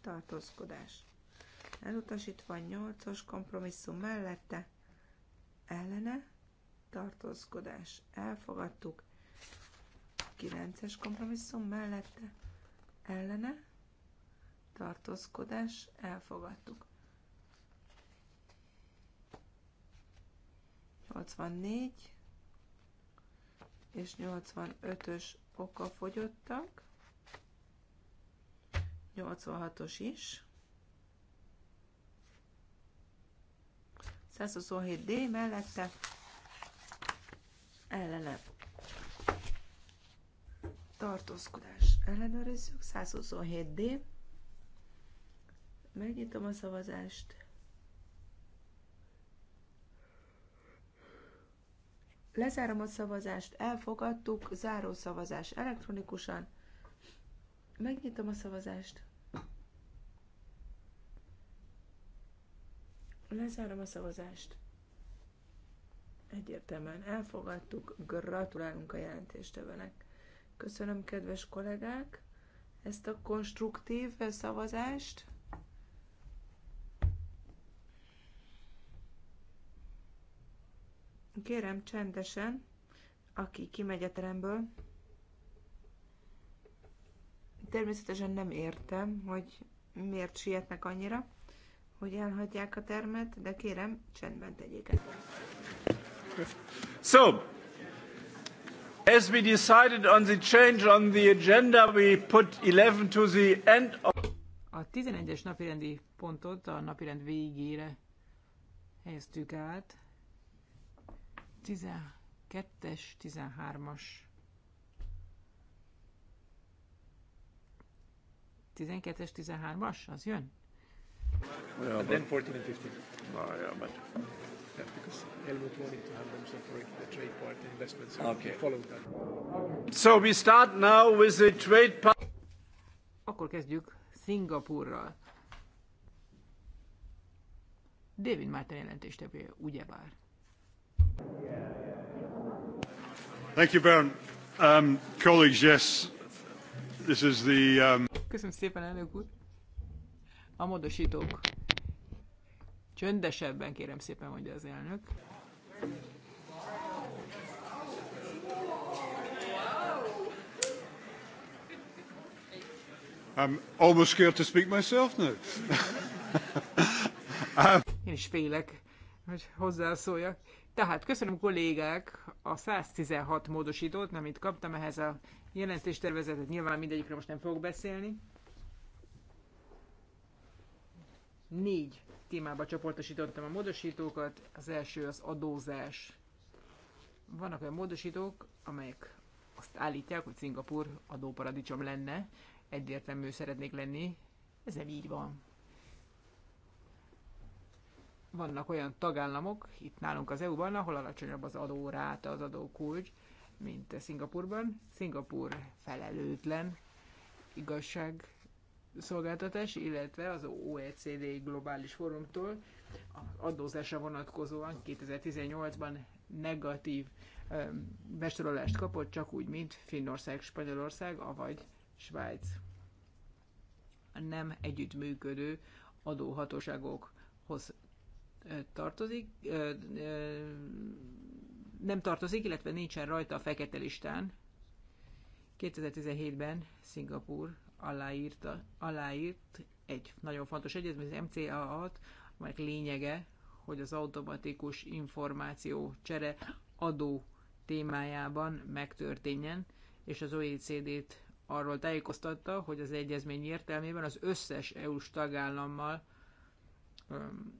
tartózkodás. Elutasítva 8-os kompromisszum mellette ellene tartózkodás. Elfogadtuk 9-es kompromisszum mellette ellene tartózkodás elfogadtuk. 84 és 85-ös oka fogyottak, 86-os is. 127D mellette ellene tartózkodás ellenőrizzük, 127D, megnyitom a szavazást, lezárom a szavazást, elfogadtuk, záró szavazás elektronikusan, megnyitom a szavazást, lezárom a szavazást, egyértelműen elfogadtuk, gratulálunk a jelentéstevőnek. Köszönöm, kedves kollégák, ezt a konstruktív szavazást. Kérem csendesen, aki kimegy a teremből. Természetesen nem értem, hogy miért sietnek annyira, hogy elhagyják a termet, de kérem, csendben tegyék ezt.
So, As we decided on the change on the agenda, we put 11 to the
end of... A 11-es napirendi pontot a napirend végére helyeztük át. 12-es, 13-as. 12-es, 13-as, az jön?
Yeah, but... then 14 and 15. Oh, yeah, but that because Helmut wanted to have them separate the trade part and investment. So okay. we followed that. So we start now with the trade
part. Akkor kezdjük Szingapurral. David Márten jelentéstevője, ugyebár.
Thank you, Baron. Um, colleagues, yes,
this is the... Um... Köszönöm szépen, elnök úr. A módosítók Csöndesebben kérem szépen, mondja az elnök.
I'm almost scared to speak myself now.
Um, Én is félek, hogy hozzászóljak. Tehát köszönöm kollégák a 116 módosítót, amit kaptam ehhez a jelentéstervezetet. Nyilván mindegyikről most nem fogok beszélni. Négy témába csoportosítottam a módosítókat. Az első az adózás. Vannak olyan módosítók, amelyek azt állítják, hogy Szingapur adóparadicsom lenne, egyértelmű szeretnék lenni. Ez nem így van. Vannak olyan tagállamok, itt nálunk az EU-ban, ahol alacsonyabb az adóráta, az adókulcs, mint Szingapurban. Szingapur felelőtlen, igazság szolgáltatás, illetve az OECD globális fórumtól adózásra vonatkozóan 2018-ban negatív besorolást kapott, csak úgy, mint Finnország, Spanyolország, avagy Svájc. A nem együttműködő adóhatóságokhoz tartozik, nem tartozik, illetve nincsen rajta a fekete listán. 2017-ben Szingapúr aláírta, aláírt egy nagyon fontos egyezmény, az mca t amelyek lényege, hogy az automatikus információ csere adó témájában megtörténjen, és az OECD-t arról tájékoztatta, hogy az egyezmény értelmében az összes EU-s tagállammal öm,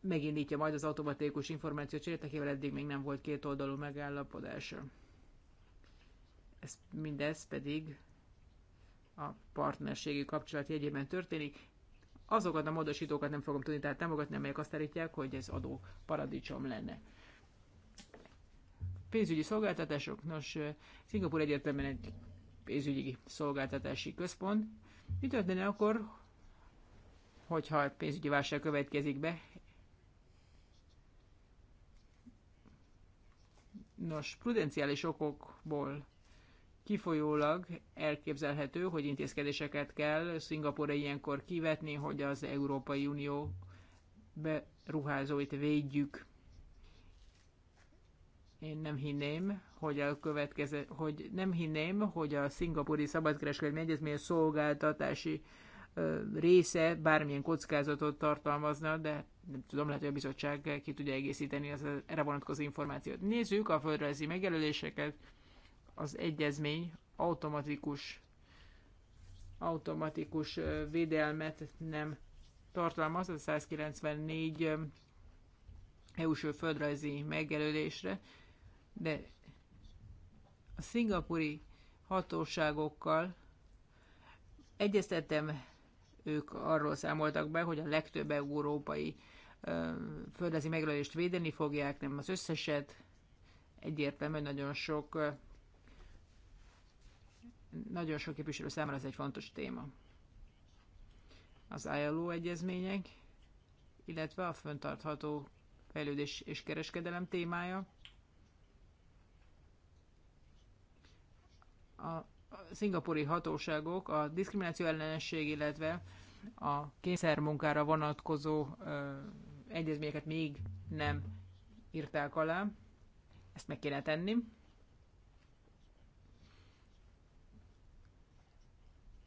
megindítja majd az automatikus információ cserét, akivel eddig még nem volt két oldalú megállapodása. Ez mindez pedig a partnerségi kapcsolat jegyében történik. Azokat a módosítókat nem fogom tudni tehát támogatni, amelyek azt állítják, hogy ez adó paradicsom lenne. Pénzügyi szolgáltatások. Nos, eh, Szingapur egyértelműen egy pénzügyi szolgáltatási központ. Mi történne akkor, hogyha a pénzügyi válság következik be? Nos, prudenciális okokból Kifolyólag elképzelhető, hogy intézkedéseket kell Szingapore ilyenkor kivetni, hogy az Európai Unió beruházóit védjük. Én nem hinném, hogy a következő, hogy nem hinném, hogy a szingapúri szabadkereskedelmi egyezmény szolgáltatási ö, része bármilyen kockázatot tartalmazna, de nem tudom, lehet, hogy a bizottság ki tudja egészíteni az erre vonatkozó információt. Nézzük a földrajzi megjelöléseket az egyezmény automatikus automatikus védelmet nem tartalmaz, a 194 EU-s földrajzi megjelölésre, de a szingapuri hatóságokkal egyeztettem, ők arról számoltak be, hogy a legtöbb európai földrajzi megjelölést védeni fogják, nem az összeset, egyértelműen nagyon sok nagyon sok képviselő számára ez egy fontos téma. Az ILO egyezmények, illetve a föntartható fejlődés és kereskedelem témája. A szingapúri hatóságok a diszkrimináció ellenesség, illetve a kényszermunkára vonatkozó ö, egyezményeket még nem írták alá. Ezt meg kéne tenni.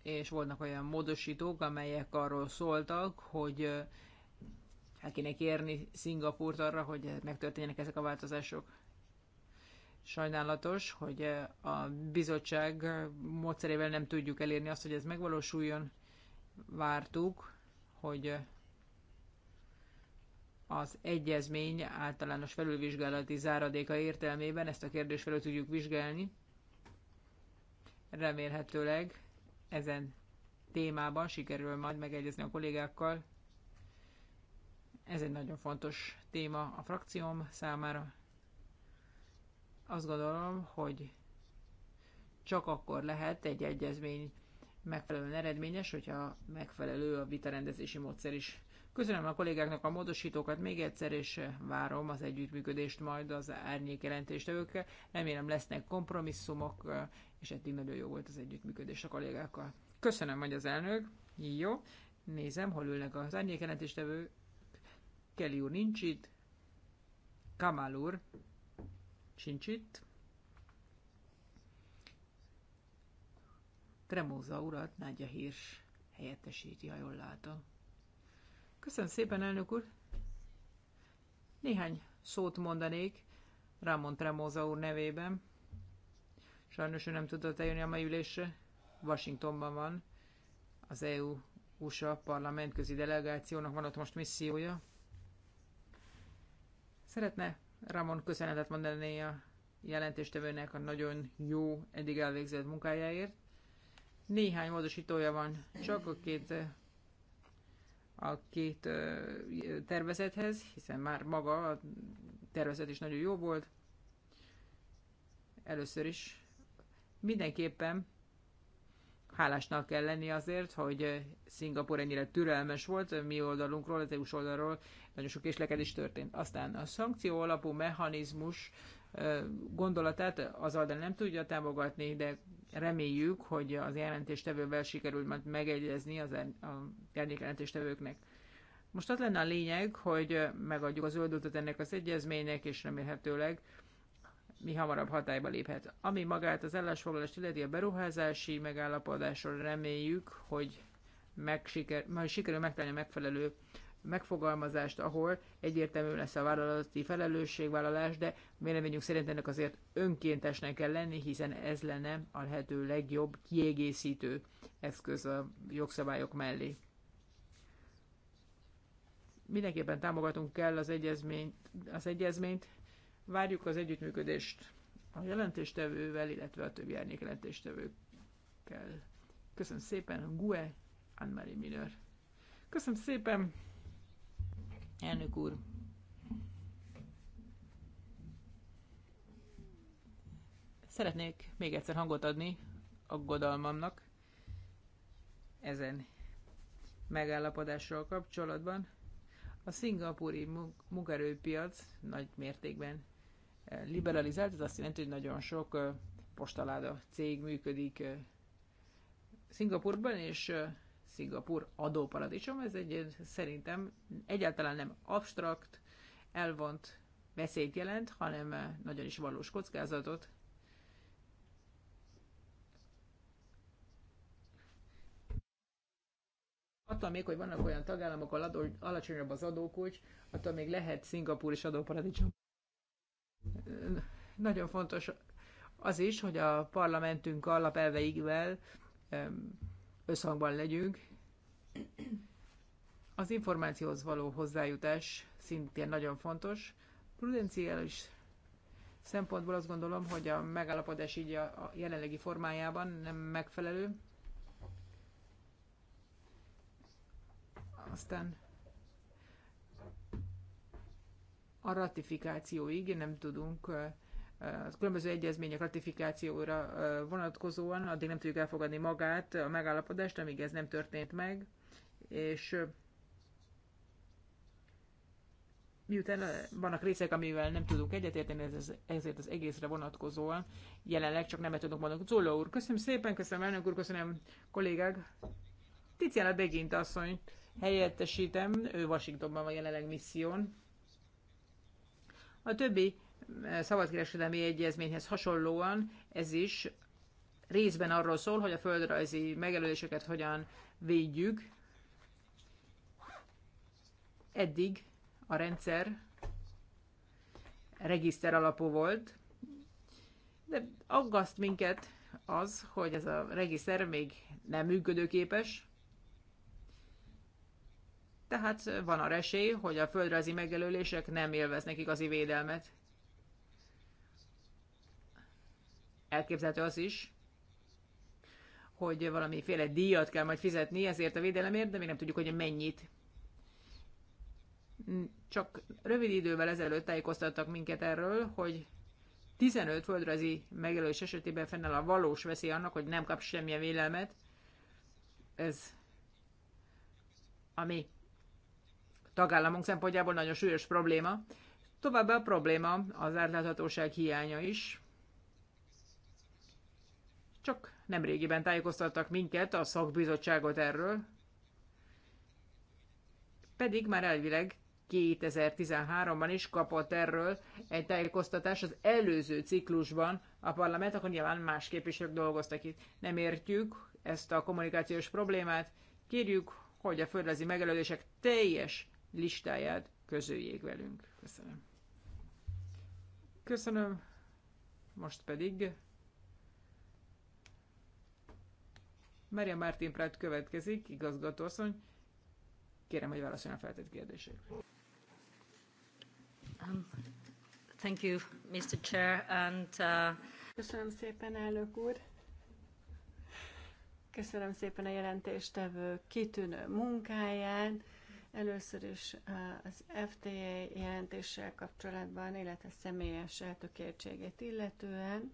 és voltak olyan módosítók, amelyek arról szóltak, hogy el hát kéne kérni Szingapurt arra, hogy megtörténjenek ezek a változások. Sajnálatos, hogy a bizottság módszerével nem tudjuk elérni azt, hogy ez megvalósuljon. Vártuk, hogy az egyezmény általános felülvizsgálati záradéka értelmében ezt a kérdést felül tudjuk vizsgálni. Remélhetőleg ezen témában sikerül majd megegyezni a kollégákkal. Ez egy nagyon fontos téma a frakcióm számára. Azt gondolom, hogy csak akkor lehet egy egyezmény megfelelően eredményes, hogyha megfelelő a vitarendezési módszer is. Köszönöm a kollégáknak a módosítókat még egyszer, és várom az együttműködést majd az árnyék jelentéstevőkkel. Remélem lesznek kompromisszumok, és eddig nagyon jó volt az együttműködés a kollégákkal. Köszönöm, hogy az elnök. Jó. Nézem, hol ülnek az árnyék jelentéstevők. Kelly úr nincs itt. Kamal úr sincs itt. Tremóza urat Nagyja Hírs helyettesíti, ha jól látom. Köszönöm szépen, elnök úr. Néhány szót mondanék Ramon Tremóza úr nevében. Sajnos ő nem tudott eljönni a mai ülésre. Washingtonban van. Az EU-USA parlamentközi delegációnak van ott most missziója. Szeretne Ramon köszönetet mondani a jelentéstevőnek a nagyon jó eddig elvégzett munkájáért. Néhány módosítója van, csak a két a két tervezethez, hiszen már maga a tervezet is nagyon jó volt. Először is mindenképpen hálásnak kell lenni azért, hogy Szingapur ennyire türelmes volt mi oldalunkról, az EU-s oldalról, nagyon sok késlekedés történt. Aztán a szankció alapú mechanizmus gondolatát az Alden nem tudja támogatni, de reméljük, hogy az jelentéstevővel sikerül majd megegyezni az a jelentéstevőknek. Most az lenne a lényeg, hogy megadjuk az zöldutat ennek az egyezménynek, és remélhetőleg mi hamarabb hatályba léphet. Ami magát az állásfoglalást illeti a beruházási megállapodásról reméljük, hogy meg siker, majd sikerül megtalálni a megfelelő megfogalmazást, ahol egyértelmű lesz a vállalati felelősségvállalás, de véleményünk szerint ennek azért önkéntesnek kell lenni, hiszen ez lenne a lehető legjobb kiegészítő eszköz a jogszabályok mellé. Mindenképpen támogatunk kell az egyezményt, az egyezményt. várjuk az együttműködést a jelentéstevővel, illetve a többi árnyék jelentéstevőkkel. Köszönöm szépen, Gue, Anne-Marie Köszönöm szépen! Elnök úr. Szeretnék még egyszer hangot adni aggodalmamnak ezen megállapodással kapcsolatban. A szingapúri munkerőpiac nagy mértékben eh, liberalizált, ez azt jelenti, hogy nagyon sok eh, postaláda cég működik eh, Szingapurban, és Szingapur adóparadicsom, ez egy szerintem egyáltalán nem abstrakt, elvont veszélyt jelent, hanem nagyon is valós kockázatot. Attól még, hogy vannak olyan tagállamok, ahol adó, alacsonyabb az adókulcs, attól még lehet Szingapur is adóparadicsom. Nagyon fontos az is, hogy a parlamentünk alapelveigvel összhangban legyünk. Az információhoz való hozzájutás szintén nagyon fontos. Prudenciális szempontból azt gondolom, hogy a megállapodás így a jelenlegi formájában nem megfelelő. Aztán a ratifikációig nem tudunk a különböző egyezmények ratifikációra vonatkozóan, addig nem tudjuk elfogadni magát a megállapodást, amíg ez nem történt meg, és miután vannak részek, amivel nem tudunk egyetérteni, ez, ezért az egészre vonatkozóan jelenleg csak nem tudunk mondani. Zulló úr, köszönöm szépen, köszönöm elnök úr, köszönöm kollégák. Tiziana Begint asszony helyettesítem, ő Washingtonban van jelenleg misszión. A többi szabadkereskedelmi egyezményhez hasonlóan ez is részben arról szól, hogy a földrajzi megelőléseket hogyan védjük. Eddig a rendszer regiszter alapú volt, de aggaszt minket az, hogy ez a regiszter még nem működőképes, tehát van a resély, hogy a földrajzi megelőlések nem élveznek igazi védelmet. Elképzelhető az is, hogy valamiféle díjat kell majd fizetni ezért a védelemért, de még nem tudjuk, hogy mennyit. Csak rövid idővel ezelőtt tájékoztattak minket erről, hogy 15 földrajzi megjelölés esetében fennáll a valós veszély annak, hogy nem kap semmilyen vélelmet. Ez ami tagállamunk szempontjából nagyon súlyos probléma. Továbbá a probléma az átláthatóság hiánya is. Csak nemrégiben tájékoztattak minket, a szakbizottságot erről, pedig már elvileg 2013-ban is kapott erről egy tájékoztatás az előző ciklusban a parlament, akkor nyilván más képviselők dolgoztak itt. Nem értjük ezt a kommunikációs problémát, kérjük, hogy a földrajzi megelőzések teljes listáját közöljék velünk. Köszönöm. Köszönöm. Most pedig Maria Martin Pratt következik, igazgatóasszony. Kérem, hogy válaszoljon
a feltett kérdését. Um, thank you, Mr. Chair, and, uh... Köszönöm szépen, elnök úr. Köszönöm szépen a jelentéstevő kitűnő munkáján. Először is uh, az FTA jelentéssel kapcsolatban, illetve személyes eltökéltségét illetően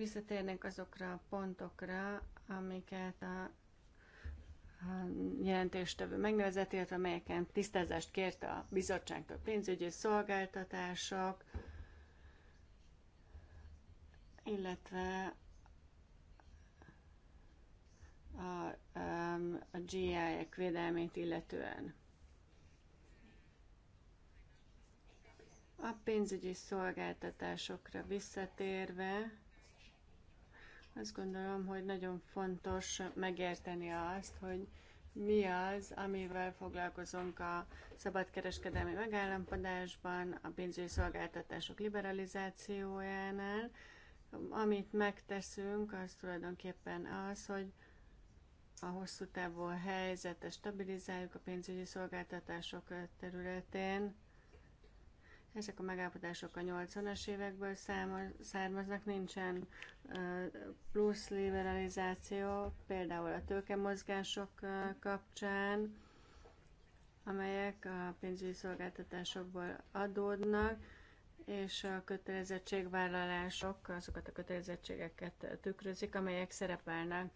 visszatérnénk azokra a pontokra, amiket a a jelentéstevő megnevezett, illetve amelyeken tisztázást kérte a bizottságtól pénzügyi szolgáltatások, illetve a, a GI-ek védelmét illetően. A pénzügyi szolgáltatásokra visszatérve, azt gondolom, hogy nagyon fontos megérteni azt, hogy mi az, amivel foglalkozunk a szabadkereskedelmi megállapodásban, a pénzügyi szolgáltatások liberalizációjánál. Amit megteszünk, az tulajdonképpen az, hogy a hosszú távú helyzetet stabilizáljuk a pénzügyi szolgáltatások területén, ezek a megállapodások a 80-as évekből származnak, nincsen plusz liberalizáció, például a tőkemozgások kapcsán, amelyek a pénzügyi szolgáltatásokból adódnak, és a kötelezettségvállalások azokat a kötelezettségeket tükrözik, amelyek szerepelnek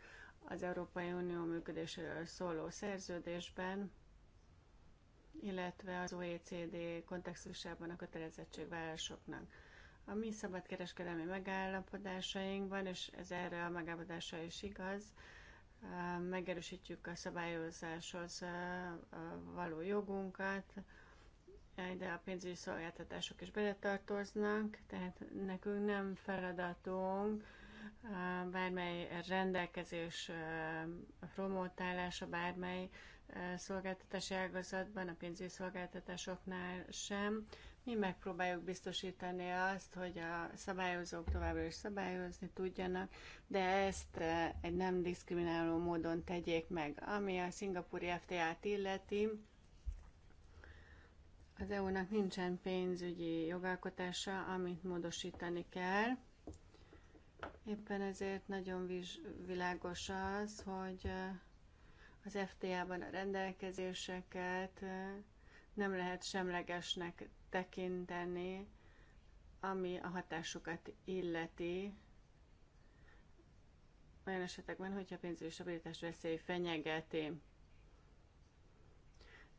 az Európai Unió működéséről szóló szerződésben, illetve az OECD kontextusában a kötelezettségvállalásoknak. A mi szabadkereskedelmi megállapodásainkban, és ez erre a megállapodásra is igaz, megerősítjük a szabályozáshoz való jogunkat, de a pénzügyi szolgáltatások is beletartoznak, tehát nekünk nem feladatunk bármely rendelkezés promotálása, bármely szolgáltatási ágazatban, a pénzügyi szolgáltatásoknál sem. Mi megpróbáljuk biztosítani azt, hogy a szabályozók továbbra is szabályozni tudjanak, de ezt eh, egy nem diszkrimináló módon tegyék meg. Ami a szingapúri FTA-t illeti, az EU-nak nincsen pénzügyi jogalkotása, amit módosítani kell. Éppen ezért nagyon világos az, hogy eh, az FTA-ban a rendelkezéseket nem lehet semlegesnek tekinteni, ami a hatásukat illeti, olyan esetekben, hogyha pénzügyi stabilitás veszély fenyegeti.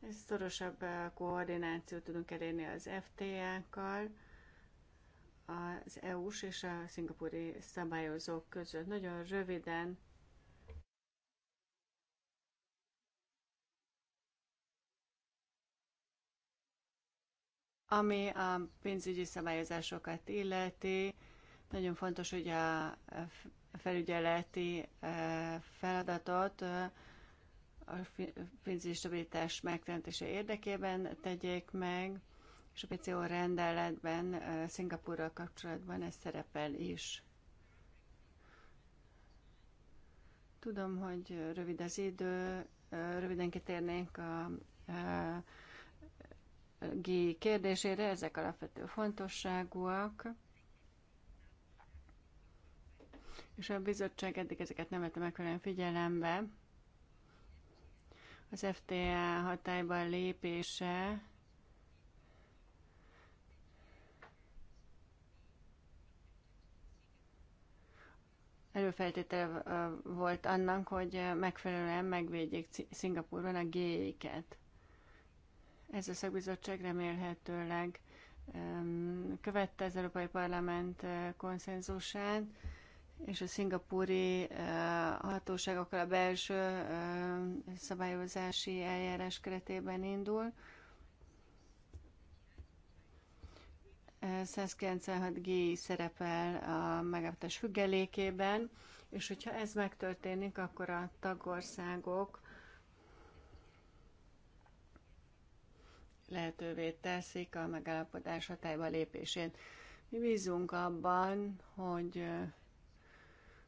Ez szorosabb eh, koordinációt tudunk elérni az FTA-kkal, az EU-s és a szingapúri szabályozók között. Nagyon röviden Ami a pénzügyi szabályozásokat illeti, nagyon fontos, hogy a felügyeleti eh, feladatot eh, a pénzügyi stabilitás megteremtése érdekében tegyék meg, és a PCO rendeletben eh, Szingapúrral kapcsolatban ez szerepel is. Tudom, hogy rövid az idő, röviden kitérnénk a, a G kérdésére, ezek alapvető fontosságúak. És a bizottság eddig ezeket nem vette megfelelően figyelembe. Az FTA hatályban lépése előfeltétele volt annak, hogy megfelelően megvédjék Szingapurban a G-iket. Ez a szakbizottság remélhetőleg követte az Európai Parlament eh, konszenzusán, és a szingapúri eh, hatóságokkal a belső eh, szabályozási eljárás keretében indul. 196G szerepel a megállapodás függelékében, és hogyha ez megtörténik, akkor a tagországok lehetővé teszik a megállapodás hatályba lépését. Mi bízunk abban, hogy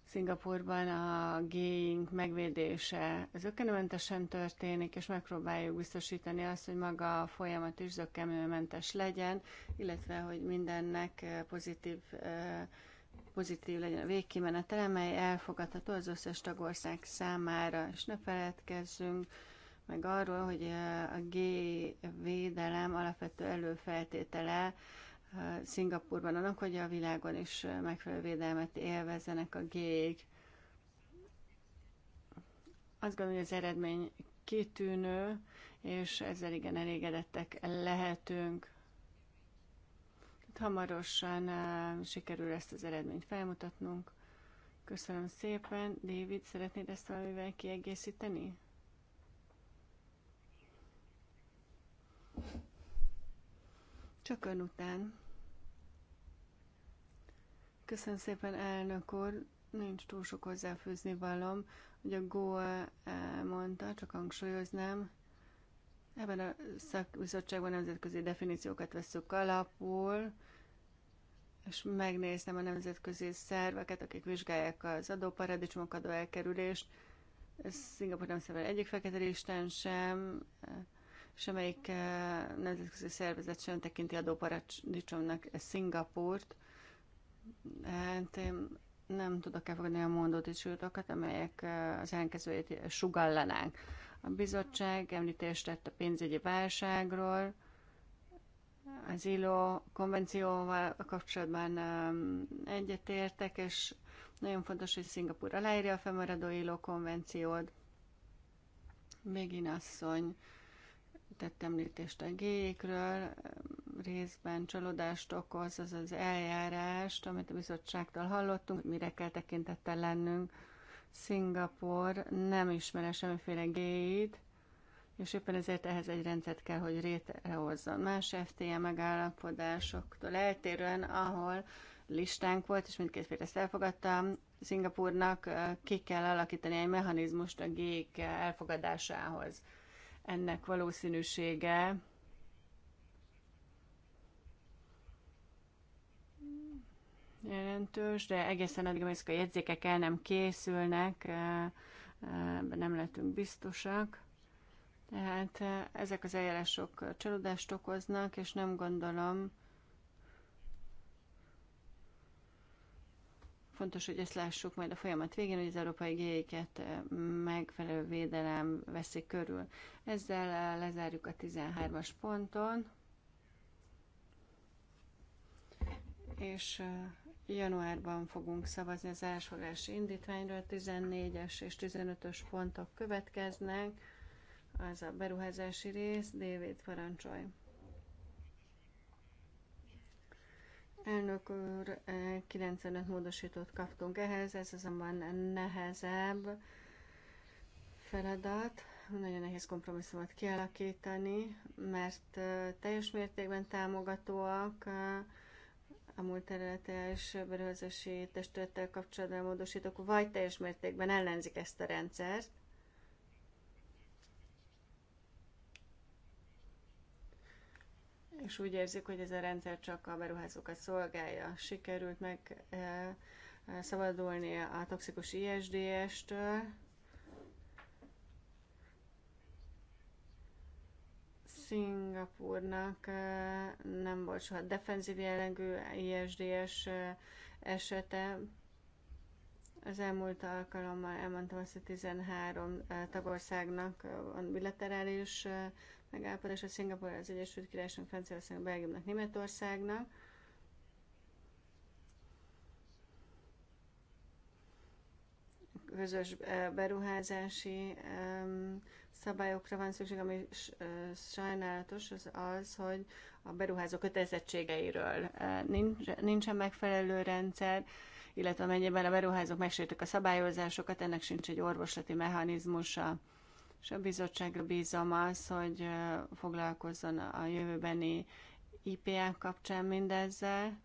Szingapurban a géink megvédése zökkenőmentesen történik, és megpróbáljuk biztosítani azt, hogy maga a folyamat is zökkenőmentes legyen, illetve hogy mindennek pozitív, pozitív legyen a végkimenetele, amely elfogadható az összes tagország számára, és ne feledkezzünk meg arról, hogy a G védelem alapvető előfeltétele Szingapurban annak, hogy a világon is megfelelő védelmet élvezzenek a gék. Azt gondolom, hogy az eredmény kitűnő, és ezzel igen elégedettek lehetünk. Hát hamarosan sikerül ezt az eredményt felmutatnunk. Köszönöm szépen. David, szeretnéd ezt valamivel kiegészíteni? Csak ön után. Köszönöm szépen, elnök úr. Nincs túl sok hozzáfűzni valam, hogy a Goa mondta, csak hangsúlyoznám. Ebben a szakbizottságban nemzetközi definíciókat veszük alapul, és megnéztem a nemzetközi szerveket, akik vizsgálják az adóparadicsomok, adóelkerülést. Szingapur nem szerve egyik fekete listán sem, semmelyik eh, nemzetközi szervezet sem tekinti adóparadicsomnak e Szingapurt. Hát én nem tudok elfogadni a mondott isútokat, amelyek eh, az ellenkezőjét sugallanánk. A bizottság említést tett a pénzügyi válságról, az ILO konvencióval kapcsolatban eh, egyetértek, és nagyon fontos, hogy Szingapur aláírja a fennmaradó ILO konvenciót. megint asszony tett említést a gékről, részben csalódást okoz az az eljárást, amit a bizottságtól hallottunk, mire kell tekintettel lennünk. Szingapur nem ismer semmiféle géit, és éppen ezért ehhez egy rendszert kell, hogy rétrehozzon. Más FTA e megállapodásoktól eltérően, ahol listánk volt, és mindkét fél ezt elfogadta, Szingapurnak ki kell alakítani egy mechanizmust a gék elfogadásához ennek valószínűsége jelentős, de egészen addig, amíg a jegyzékek el nem készülnek, eh, eh, nem lehetünk biztosak. Tehát eh, ezek az eljárások csalódást okoznak, és nem gondolom, Fontos, hogy ezt lássuk majd a folyamat végén, hogy az európai géiket megfelelő védelem veszi körül. Ezzel lezárjuk a 13-as ponton. És januárban fogunk szavazni az elsorási indítványról, 14-es és 15-ös pontok következnek, az a beruházási rész, David parancsolj. Elnök úr, 95 módosítót kaptunk ehhez, ez azonban nehezebb feladat, nagyon nehéz kompromisszumot kialakítani, mert teljes mértékben támogatóak a múlt multilaterális beruházási testülettel kapcsolatban módosítók, vagy teljes mértékben ellenzik ezt a rendszert. és úgy érzik, hogy ez a rendszer csak a beruházókat szolgálja. Sikerült meg eh, eh, szabadulni a toxikus ISDS-től, Szingapúrnak eh, nem volt soha defenzív jellegű ISDS esete. Az elmúlt alkalommal elmondtam azt, hogy 13 tagországnak van bilaterális megállapodás a Szingapur, az Egyesült Királyság, Franciaország, Belgiumnak, Németországnak. Közös beruházási szabályokra van szükség, ami sajnálatos, az az, hogy a beruházó kötelezettségeiről nincsen megfelelő rendszer, illetve amennyiben a beruházók megsértik a szabályozásokat, ennek sincs egy orvoslati mechanizmusa és a bizottságra bízom az, hogy foglalkozzon a jövőbeni IPA kapcsán mindezzel,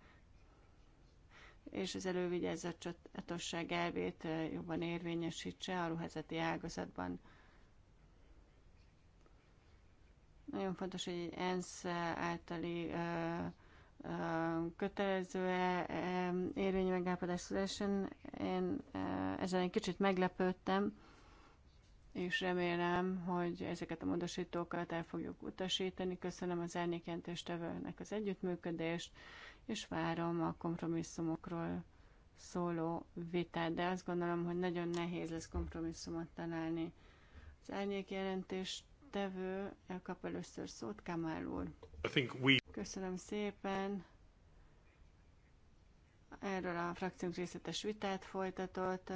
és az elővigyázatosság elvét jobban érvényesítse a ruházati ágazatban. Nagyon fontos, hogy egy ENSZ általi kötelező érvényi megállapodás szülessen. Én ezen egy kicsit meglepődtem, és remélem, hogy ezeket a módosítókat el fogjuk utasítani. Köszönöm az árnyékjelentéstevőnek az együttműködést, és várom a kompromisszumokról szóló vitát, de azt gondolom, hogy nagyon nehéz lesz kompromisszumot találni. Az árnyékjelentéstevő elkap először szót, Kamál úr. We... Köszönöm szépen. Erről a frakciónk részletes vitát folytatott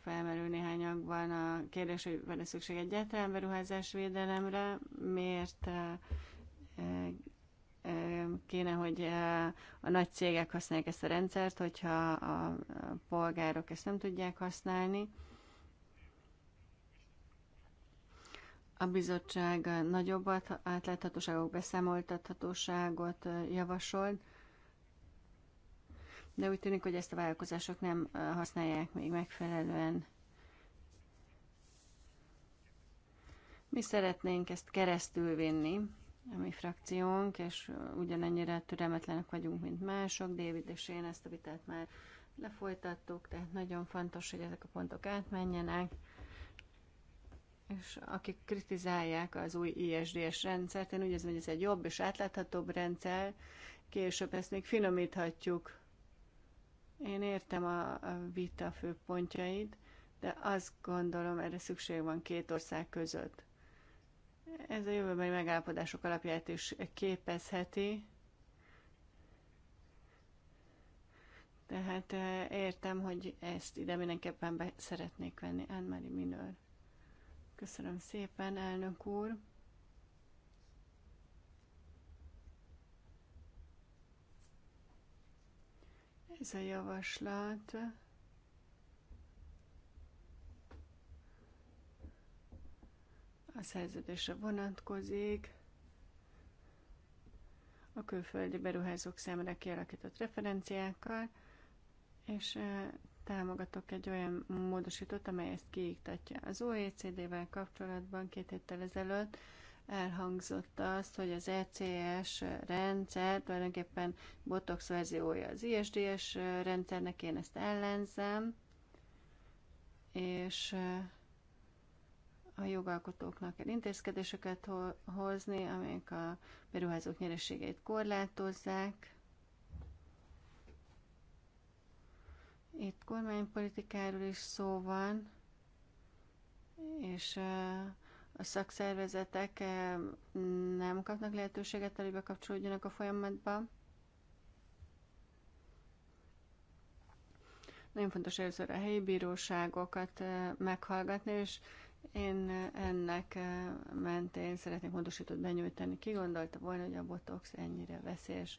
felmerül néhányakban a kérdés, hogy van-e szükség egyáltalán beruházás védelemre, miért eh, eh, eh, kéne, hogy a nagy cégek használják ezt a rendszert, hogyha a polgárok ezt nem tudják használni. A bizottság nagyobb átláthatóságok beszámoltathatóságot javasolt, de úgy tűnik, hogy ezt a vállalkozások nem használják még megfelelően. Mi szeretnénk ezt keresztül vinni, a mi frakciónk, és ugyanannyira türelmetlenek vagyunk, mint mások. David és én ezt a vitát már lefolytattuk, tehát nagyon fontos, hogy ezek a pontok átmenjenek. És akik kritizálják az új ISDS rendszert, én úgy érzem, hogy ez egy jobb és átláthatóbb rendszer, később ezt még finomíthatjuk. Én értem a, a vita főpontjaid, de azt gondolom, erre szükség van két ország között. Ez a jövőbeni megállapodások alapját is képezheti. Tehát eh, értem, hogy ezt ide mindenképpen be szeretnék venni. Anne-Marie Minőr. Köszönöm szépen, elnök úr. Ez a javaslat a szerződésre vonatkozik, a külföldi beruházók számára kialakított referenciákkal, és eh, támogatok egy olyan módosítót, amely ezt kiiktatja. Az OECD-vel kapcsolatban két héttel ezelőtt elhangzott azt, hogy az ECS rendszer tulajdonképpen botox verziója az ISDS rendszernek, én ezt ellenzem, és eh, a jogalkotóknak kell intézkedéseket hozni, amelyek a beruházók nyereségeit korlátozzák. Itt kormánypolitikáról is szó van, és eh, a szakszervezetek eh, nem kapnak lehetőséget, hogy bekapcsolódjanak a folyamatba. Nagyon fontos először a helyi bíróságokat eh, meghallgatni, és én ennek eh, mentén szeretnék módosítót benyújtani. Ki gondolta volna, hogy a botox ennyire veszélyes?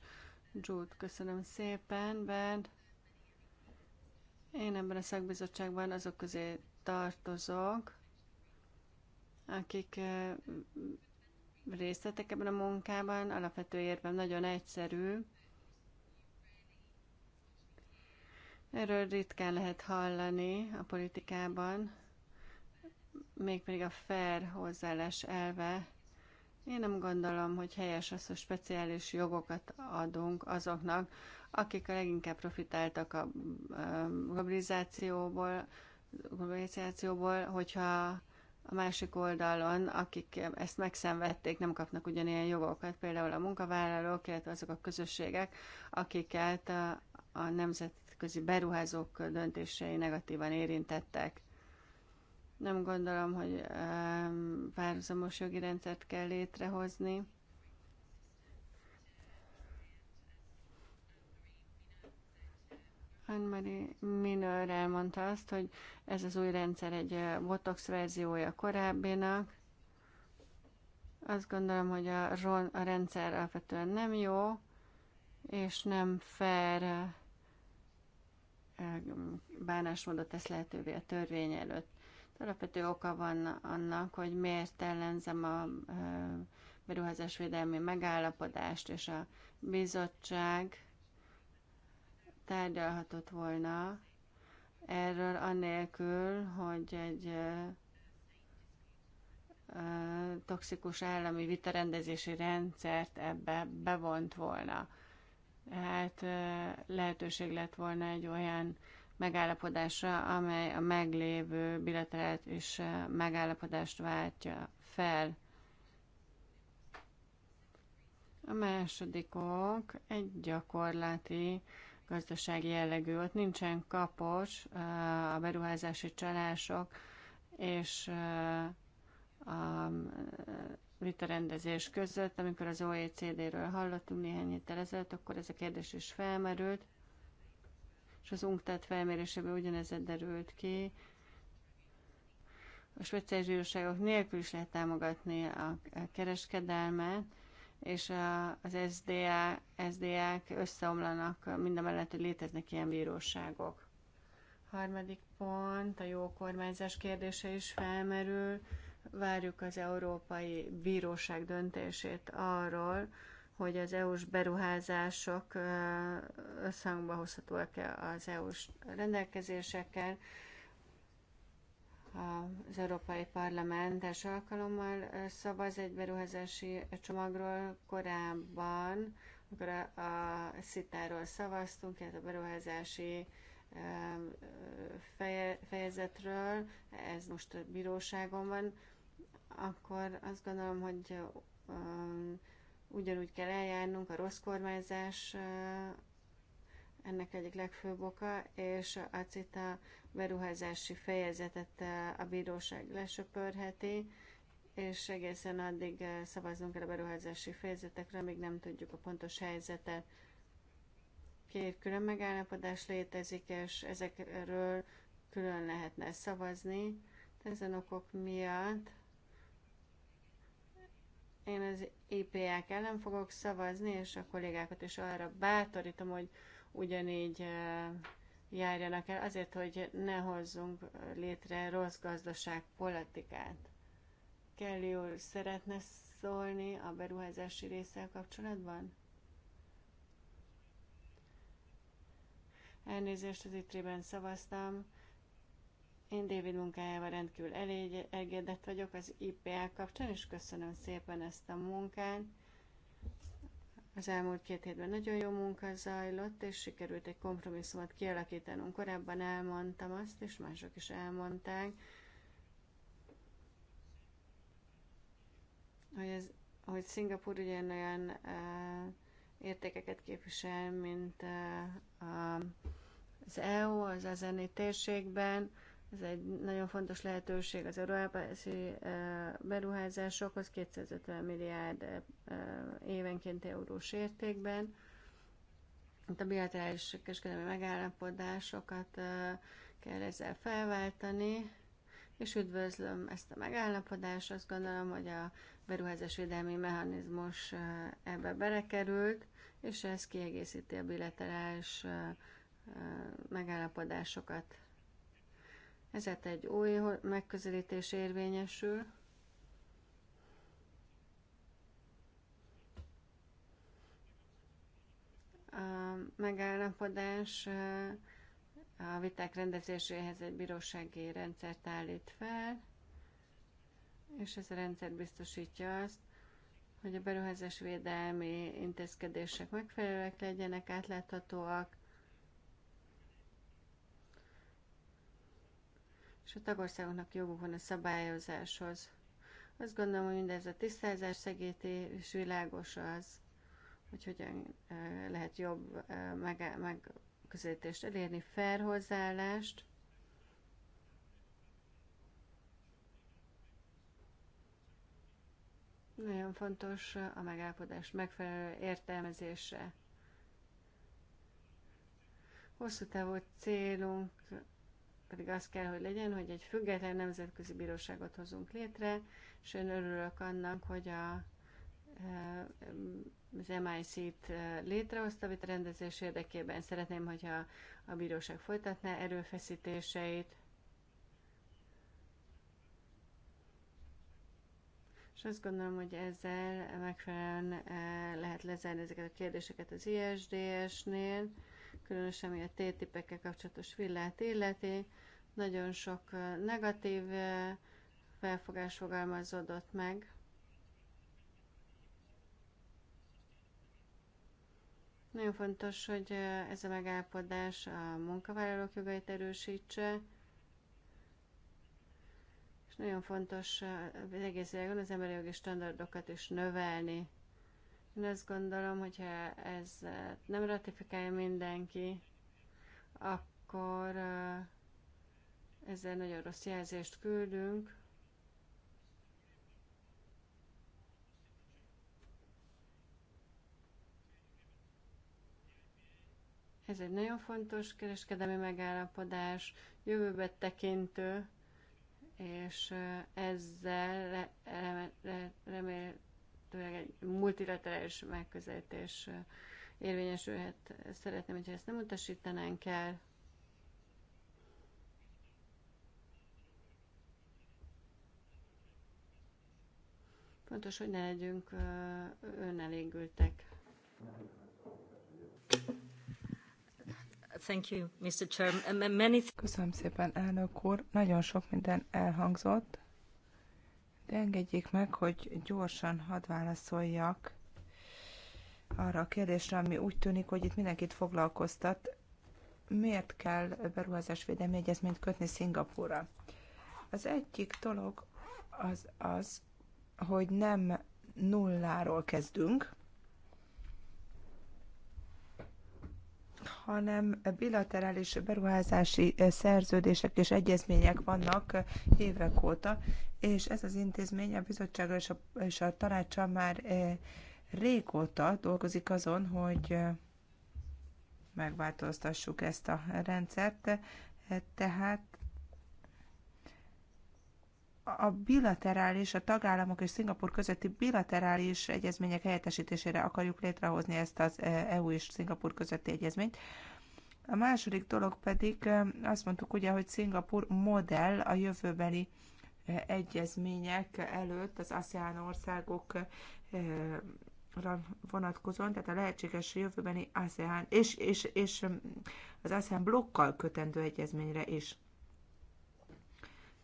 Jude, köszönöm szépen, bent. Én ebben a szakbizottságban azok közé tartozok, akik részt vettek ebben a munkában, alapvető érvem nagyon egyszerű. Erről ritkán lehet hallani a politikában, mégpedig a fair hozzáállás elve. Én nem gondolom, hogy helyes az, hogy speciális jogokat adunk azoknak, akik a leginkább profitáltak a globalizációból, globalizációból hogyha a másik oldalon, akik ezt megszenvedték, nem kapnak ugyanilyen jogokat, például a munkavállalók, illetve azok a közösségek, akiket a, a nemzetközi beruházók döntései negatívan érintettek. Nem gondolom, hogy párhuzamos jogi rendszert kell létrehozni. Anne-Marie Minör elmondta azt, hogy ez az új rendszer egy botox verziója korábbinak. Azt gondolom, hogy a, a rendszer alapvetően nem jó, és nem fair bánásmódot tesz lehetővé a törvény előtt. Alapvető oka van annak, hogy miért ellenzem a beruházásvédelmi megállapodást, és a bizottság tárgyalhatott volna erről anélkül, hogy egy toxikus állami vitarendezési rendszert ebbe bevont volna. Tehát lehetőség lett volna egy olyan megállapodásra, amely a meglévő bilaterált és megállapodást váltja fel. A második ok egy gyakorlati gazdasági jellegű. Ott nincsen kapos a beruházási csalások és a vitarendezés között, amikor az OECD-ről hallottunk néhány héttel ezelőtt, akkor ez a kérdés is felmerült, és az UNCTAD felmérésében ugyanez derült ki. A speciális nélkül is lehet támogatni a kereskedelmet, és az SDA, SDA-k összeomlanak, mind a mellett, hogy léteznek ilyen bíróságok. Harmadik pont, a jó kormányzás kérdése is felmerül. Várjuk az Európai Bíróság döntését arról, hogy az EU-s beruházások összhangba hozhatóak-e az EU-s rendelkezésekkel, az Európai Parlament első alkalommal szavaz egy beruházási csomagról. Korábban, amikor a, a szitáról szavaztunk, tehát a beruházási feje, fejezetről, ez most a bíróságon van, akkor azt gondolom, hogy ugyanúgy kell eljárnunk a rossz kormányzás ennek egyik legfőbb oka, és a CITA beruházási fejezetet eh, a bíróság lesöpörheti, és egészen addig eh, szavazunk el a beruházási fejezetekre, amíg nem tudjuk a pontos helyzetet. Két külön megállapodás létezik, és ezekről külön lehetne szavazni. Ezen okok miatt én az IPA-k ellen fogok szavazni, és a kollégákat is arra bátorítom, hogy ugyanígy eh, járjanak el, azért, hogy ne hozzunk létre rossz gazdaságpolitikát. Kelly úr, szeretne szólni a beruházási részsel kapcsolatban? Elnézést, az itrében szavaztam. Én David munkájával rendkívül elégedett vagyok az IPL kapcsán, és köszönöm szépen ezt a munkát. Az elmúlt két hétben nagyon jó munka zajlott, és sikerült egy kompromisszumot kialakítanunk. Korábban elmondtam azt, és mások is elmondták, hogy, ez, hogy Szingapur ugyanolyan uh, értékeket képvisel, mint uh, a, az EU, az azeni térségben, ez egy nagyon fontos lehetőség az európai beruházásokhoz, 250 milliárd évenként eurós értékben. Itt a bilaterális kereskedelmi megállapodásokat kell ezzel felváltani, és üdvözlöm ezt a megállapodást. Azt gondolom, hogy a beruházásvédelmi mechanizmus ebbe belekerült, és ez kiegészíti a bilaterális megállapodásokat. Ezért egy új megközelítés érvényesül. A megállapodás a viták rendezéséhez egy bírósági rendszert állít fel, és ez a rendszer biztosítja azt, hogy a beruházás védelmi intézkedések megfelelőek legyenek, átláthatóak, és a tagországoknak joguk van a szabályozáshoz. Azt gondolom, hogy mindez a tisztázás szegéti és világos az, hogy hogyan lehet jobb megközelítést elérni, fair hozzáállást, Nagyon fontos a megállapodás megfelelő értelmezése. Hosszú távú célunk pedig az kell, hogy legyen, hogy egy független nemzetközi bíróságot hozunk létre, és én örülök annak, hogy a e, az MIC-t e, létrehozta a rendezés érdekében. Szeretném, hogyha a bíróság folytatná erőfeszítéseit. És azt gondolom, hogy ezzel megfelelően e, lehet lezárni ezeket a kérdéseket az ISDS-nél, különösen ami a T-tipekkel kapcsolatos villát illeti. Nagyon sok negatív felfogás fogalmazódott meg. Nagyon fontos, hogy ez a megállapodás a munkavállalók jogait erősítse, és nagyon fontos az egész világon az emberi jogi standardokat is növelni. Én azt gondolom, hogyha ez nem ratifikálja mindenki, akkor ezzel nagyon rossz jelzést küldünk. Ez egy nagyon fontos kereskedelmi megállapodás, jövőbe tekintő, és ezzel remélhetőleg egy multilaterális megközelítés érvényesülhet. Szeretném, hogyha ezt nem utasítanánk el. Fontos, hogy ne legyünk önelégültek. Thank you,
Mr. Chairman. Many Köszönöm szépen, elnök úr. Nagyon sok minden elhangzott, de engedjék meg, hogy gyorsan hadd válaszoljak arra a kérdésre, ami úgy tűnik, hogy itt mindenkit foglalkoztat. Miért kell beruházásvédelmi egyezményt kötni Szingapúra? Az egyik dolog az az, hogy nem nulláról kezdünk, hanem bilaterális beruházási szerződések és egyezmények vannak évek óta, és ez az intézmény a bizottsággal és a, és a tanácsa már eh, régóta dolgozik azon, hogy eh, megváltoztassuk ezt a rendszert, eh, tehát a bilaterális, a tagállamok és Szingapur közötti bilaterális egyezmények helyettesítésére akarjuk létrehozni ezt az EU e és Szingapur közötti egyezményt. A második dolog pedig e, azt mondtuk ugye, hogy Szingapur modell a jövőbeli e, egyezmények előtt az ASEAN országokra vonatkozóan, tehát a lehetséges jövőbeni ASEAN és, és, és az ASEAN blokkal kötendő egyezményre is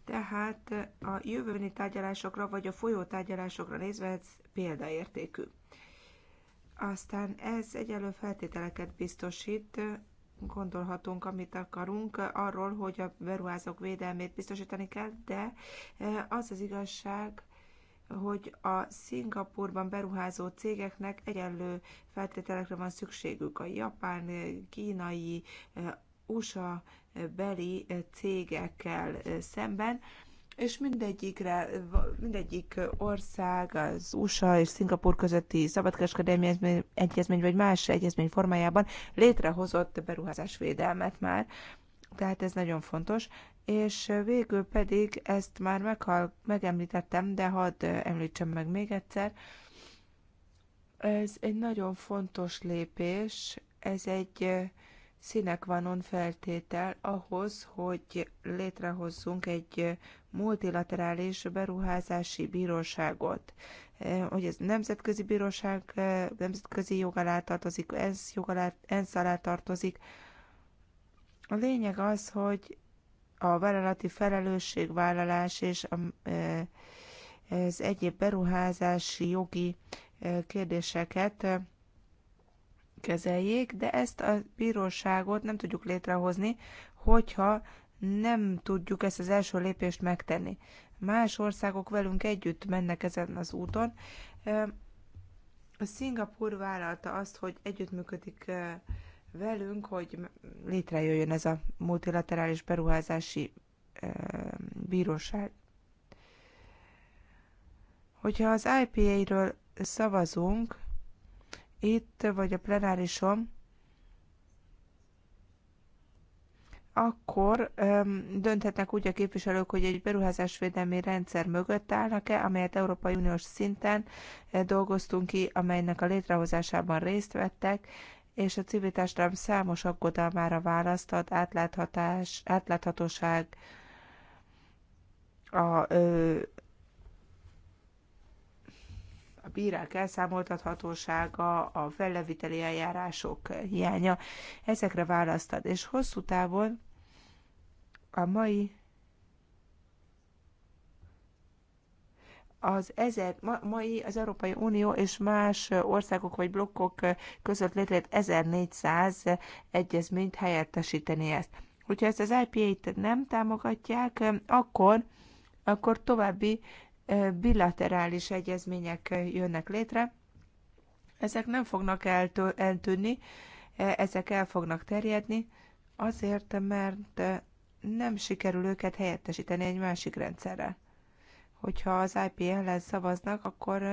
tehát a jövőbeni tárgyalásokra vagy a folyó tárgyalásokra nézve ez példaértékű. Aztán ez egyelő feltételeket biztosít, gondolhatunk, amit akarunk, arról, hogy a beruházók védelmét biztosítani kell, de e, az az igazság, hogy a Szingapurban beruházó cégeknek egyenlő feltételekre van szükségük. A japán, kínai, e, USA beli eh, cégekkel eh, szemben, és mindegyikre, mindegyik eh, ország, az USA és Szingapur közötti szabadkereskedelmi egyezmény vagy más egyezmény formájában létrehozott beruházásvédelmet már, tehát ez nagyon fontos. És végül pedig ezt már meghal, megemlítettem, de hadd említsem meg még egyszer, ez egy nagyon fontos lépés, ez egy színek vanon feltétel ahhoz, hogy létrehozzunk egy multilaterális beruházási bíróságot. Eh, hogy ez nemzetközi bíróság, eh, nemzetközi jog alá tartozik, ENSZ, jog alá, ENSZ alá tartozik. A lényeg az, hogy a vállalati felelősségvállalás és az eh, egyéb beruházási jogi kérdéseket kezeljék, de ezt a bíróságot nem tudjuk létrehozni, hogyha nem tudjuk ezt az első lépést megtenni. Más országok velünk együtt mennek ezen az úton. A Szingapur vállalta azt, hogy együttműködik velünk, hogy létrejöjjön ez a multilaterális beruházási bíróság. Hogyha az IPA-ről szavazunk, itt, vagy a plenárison, akkor öm, dönthetnek úgy a képviselők, hogy egy beruházásvédelmi rendszer mögött állnak-e, amelyet Európai Uniós szinten eh, dolgoztunk ki, amelynek a létrehozásában részt vettek, és a civil társadalom számos aggodalmára választ ad átláthatás, átláthatóság, a ö, a bírák elszámoltathatósága, a felleviteli eljárások hiánya, ezekre választad. És hosszú távon a mai az ezer, ma, mai az Európai Unió és más országok vagy blokkok között létrejött 1400 egyezményt helyettesíteni ezt. Hogyha ezt az IPA-t nem támogatják, akkor, akkor további bilaterális egyezmények jönnek létre. Ezek nem fognak eltűnni, ezek el fognak terjedni, azért, mert nem sikerül őket helyettesíteni egy másik rendszerrel. Hogyha az IP ellen szavaznak, akkor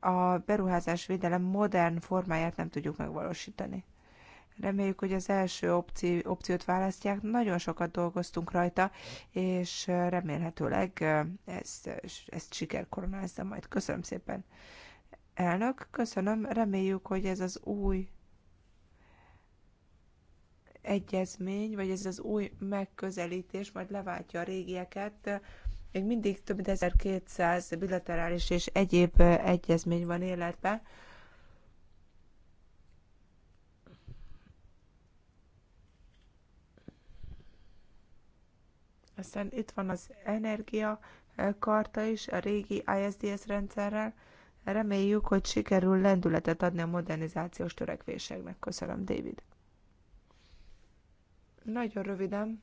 a beruházás védelem modern formáját nem tudjuk megvalósítani. Reméljük, hogy az első opci- opciót választják. Nagyon sokat dolgoztunk rajta, és remélhetőleg ez, ezt siker koronázza majd. Köszönöm szépen, elnök. Köszönöm. Reméljük, hogy ez az új egyezmény, vagy ez az új megközelítés majd leváltja a régieket. Még mindig több mint 1200 bilaterális és egyéb egyezmény van életben. Aztán itt van az energia eh, karta is a régi ISDS rendszerrel. Reméljük, hogy sikerül lendületet adni a modernizációs törekvéseknek. Köszönöm, David. Nagyon röviden.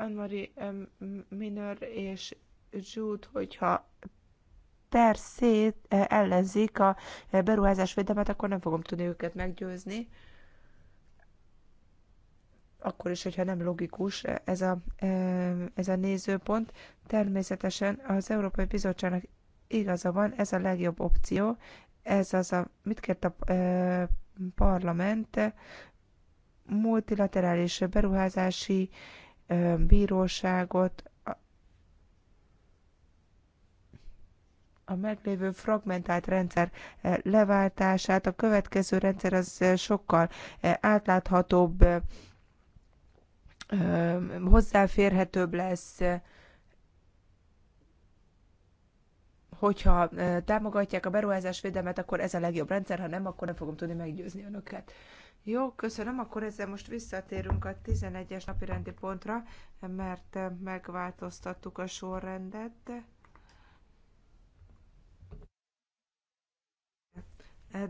Anne-Marie Minör és Jude, hogyha per se eh, ellenzik a eh, beruházás védelmet, akkor nem fogom tudni őket meggyőzni akkor is, hogyha nem logikus ez a, e, ez a nézőpont. Természetesen az Európai Bizottságnak igaza van, ez a legjobb opció, ez az a, mit kért a e, parlament, multilaterális beruházási e, bíróságot, a meglévő fragmentált rendszer leváltását, a következő rendszer az sokkal átláthatóbb hozzáférhetőbb lesz, hogyha támogatják a beruházásvédelmet, akkor ez a legjobb rendszer, ha nem, akkor nem fogom tudni meggyőzni önöket. Jó, köszönöm, akkor ezzel most visszatérünk a 11-es napi rendi pontra, mert megváltoztattuk a sorrendet.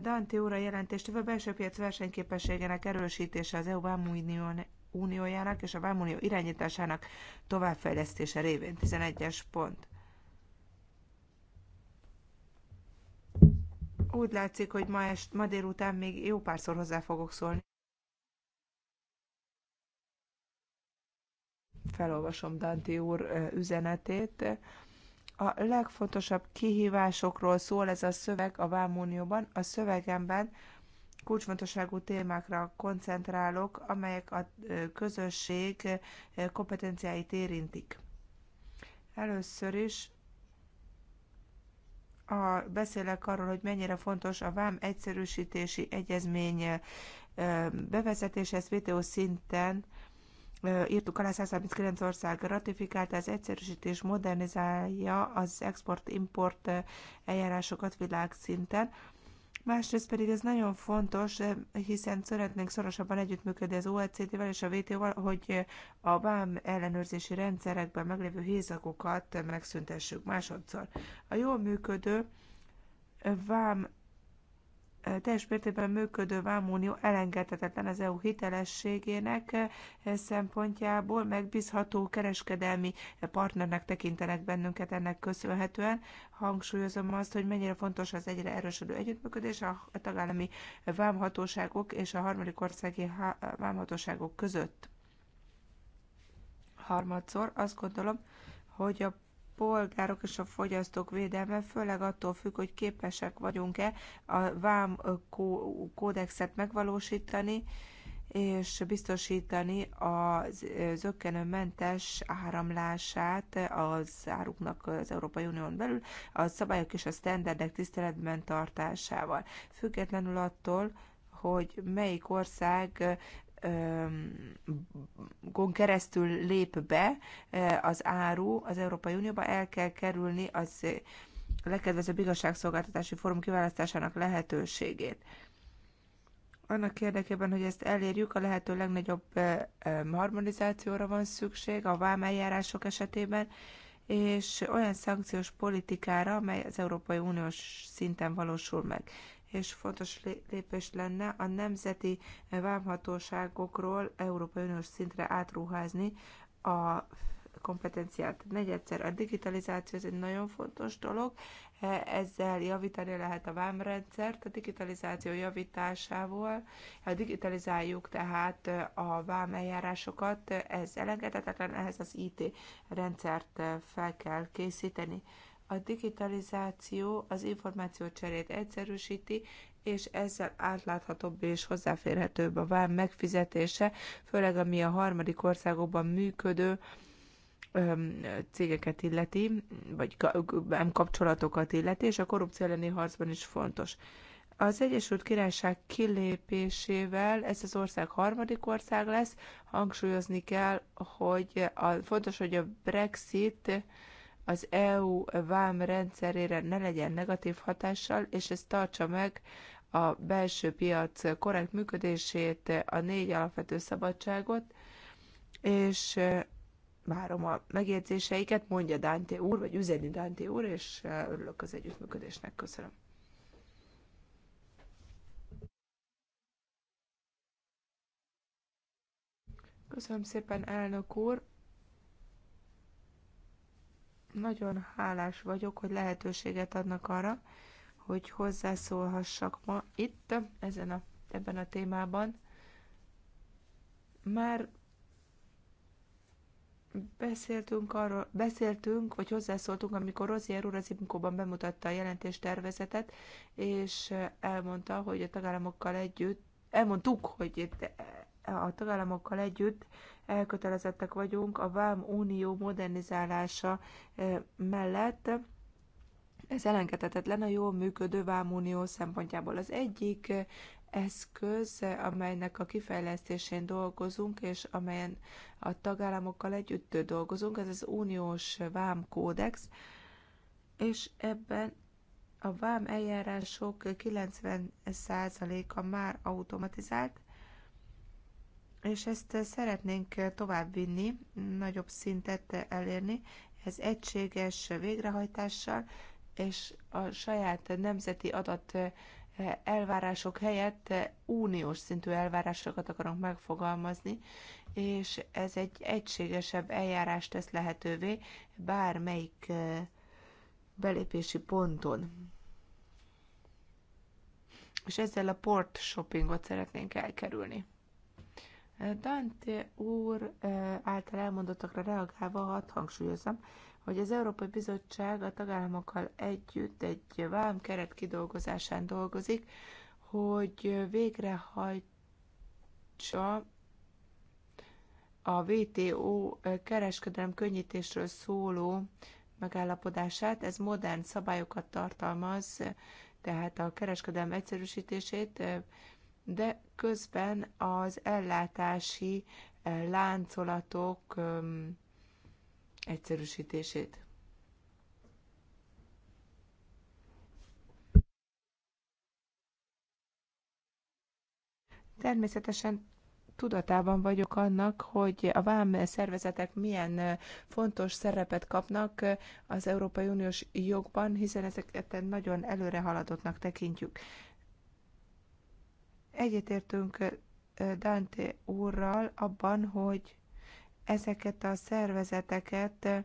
Dante úr a jelentéstől a belső piac versenyképességének erősítése az EU-ban Uniójának és a Vámunió irányításának továbbfejlesztése révén. 11-es pont. Úgy látszik, hogy ma, est, ma délután még jó párszor hozzá fogok szólni. Felolvasom Danti úr üzenetét. A legfontosabb kihívásokról szól ez a szöveg a Vámunióban. A szövegemben kulcsfontosságú témákra koncentrálok, amelyek a közösség kompetenciáit érintik. Először is a, beszélek arról, hogy mennyire fontos a vám egyszerűsítési egyezmény bevezetése, ezt WTO szinten írtuk alá 139 ország ratifikálta, az egyszerűsítés modernizálja az export-import eljárásokat világszinten. Másrészt pedig ez nagyon fontos, eh, hiszen szeretnénk szorosabban együttműködni az OECD-vel és a WTO-val, hogy eh, a BAM ellenőrzési rendszerekben meglévő hézagokat megszüntessük másodszor. A jól működő VAM eh, teljes mértékben működő vámunió elengedhetetlen az EU hitelességének szempontjából, megbízható kereskedelmi partnernek tekintenek bennünket ennek köszönhetően. Hangsúlyozom azt, hogy mennyire fontos az egyre erősödő együttműködés a tagállami vámhatóságok és a harmadik országi vámhatóságok között. Harmadszor azt gondolom, hogy a polgárok és a fogyasztók védelme, főleg attól függ, hogy képesek vagyunk-e a vám kódexet megvalósítani, és biztosítani az zöggenőmentes áramlását az áruknak az Európai Unión belül a szabályok és a sztenderdek tiszteletben tartásával. Függetlenül attól, hogy melyik ország keresztül lép be az áru az Európai Unióba, el kell kerülni az legkedvezőbb igazságszolgáltatási fórum kiválasztásának lehetőségét. Annak érdekében, hogy ezt elérjük, a lehető legnagyobb harmonizációra van szükség a vámeljárások esetében, és olyan szankciós politikára, amely az Európai Uniós szinten valósul meg és fontos lépés lenne a nemzeti vámhatóságokról Európai Uniós szintre átruházni a kompetenciát. Negyedszer a digitalizáció, ez egy nagyon fontos dolog, e, ezzel javítani lehet a vámrendszert, a digitalizáció javításával, ha digitalizáljuk tehát a vám eljárásokat, ez elengedhetetlen, ehhez az IT rendszert fel kell készíteni. A digitalizáció az információcserét egyszerűsíti, és ezzel átláthatóbb és hozzáférhetőbb a vám megfizetése, főleg ami a harmadik országokban működő cégeket illeti, vagy kapcsolatokat illeti, és a korrupció elleni harcban is fontos. Az Egyesült Királyság kilépésével ez az ország harmadik ország lesz. Hangsúlyozni kell, hogy a, fontos, hogy a Brexit az EU vám rendszerére ne legyen negatív hatással, és ez tartsa meg a belső piac korrekt működését, a négy alapvető szabadságot, és várom a megjegyzéseiket, mondja Dante úr, vagy üzeni Dante úr, és örülök az együttműködésnek. Köszönöm. Köszönöm szépen, elnök úr. Nagyon hálás vagyok, hogy lehetőséget adnak arra, hogy hozzászólhassak ma itt, ezen a, ebben a témában. Már beszéltünk arról, beszéltünk, vagy hozzászóltunk, amikor Rozier úr az Imkóban bemutatta a tervezetet, és elmondta, hogy a tagállamokkal együtt, elmondtuk, hogy itt a tagállamokkal együtt elkötelezettek vagyunk a Vám Unió modernizálása eh, mellett. Ez elengedhetetlen a jól működő Vám Unió szempontjából. Az egyik eh, eszköz, eh, amelynek a kifejlesztésén dolgozunk, és amelyen a tagállamokkal együtt dolgozunk, ez az uniós Vám kódex, és ebben a vám eljárások 90%-a már automatizált, és ezt szeretnénk továbbvinni, nagyobb szintet elérni, ez egységes végrehajtással, és a saját nemzeti adat elvárások helyett uniós szintű elvárásokat akarunk megfogalmazni, és ez egy egységesebb eljárást tesz lehetővé bármelyik belépési ponton. És ezzel a port shoppingot szeretnénk elkerülni. Dante úr által elmondottakra reagálva hadd hangsúlyozom, hogy az Európai Bizottság a tagállamokkal együtt egy vámkeret kidolgozásán dolgozik, hogy végrehajtsa a WTO kereskedelem könnyítésről szóló megállapodását. Ez modern szabályokat tartalmaz, tehát a kereskedelem egyszerűsítését, de közben az ellátási eh, láncolatok egyszerűsítését. Természetesen tudatában vagyok annak, hogy a vám szervezetek milyen eh, fontos szerepet kapnak eh, az Európai Uniós jogban, hiszen ezeket nagyon előre haladottnak tekintjük. Egyetértünk Dante úrral abban, hogy ezeket a szervezeteket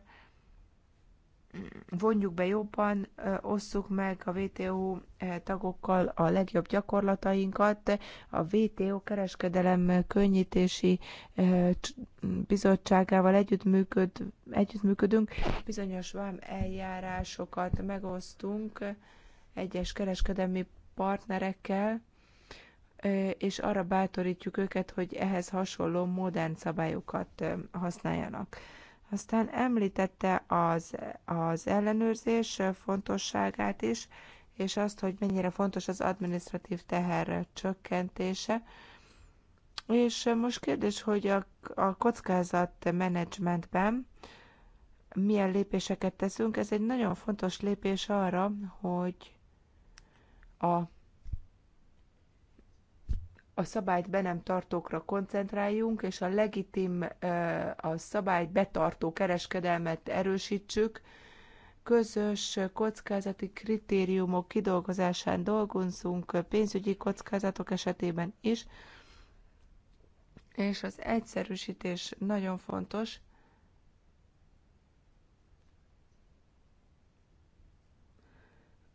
vonjuk be jobban, osszuk meg a WTO tagokkal a legjobb gyakorlatainkat. A WTO kereskedelem könnyítési bizottságával együttműköd, együttműködünk, bizonyos vám eljárásokat megosztunk egyes kereskedelmi partnerekkel, és arra bátorítjuk őket, hogy ehhez hasonló modern szabályokat használjanak. Aztán említette az, az ellenőrzés fontosságát is, és azt, hogy mennyire fontos az administratív teher csökkentése. És most kérdés, hogy a, a kockázat menedzsmentben milyen lépéseket teszünk. Ez egy nagyon fontos lépés arra, hogy a a szabályt be nem tartókra koncentráljunk, és a legitim, a szabályt betartó kereskedelmet erősítsük, közös kockázati kritériumok kidolgozásán dolgozunk pénzügyi kockázatok esetében is, és az egyszerűsítés nagyon fontos,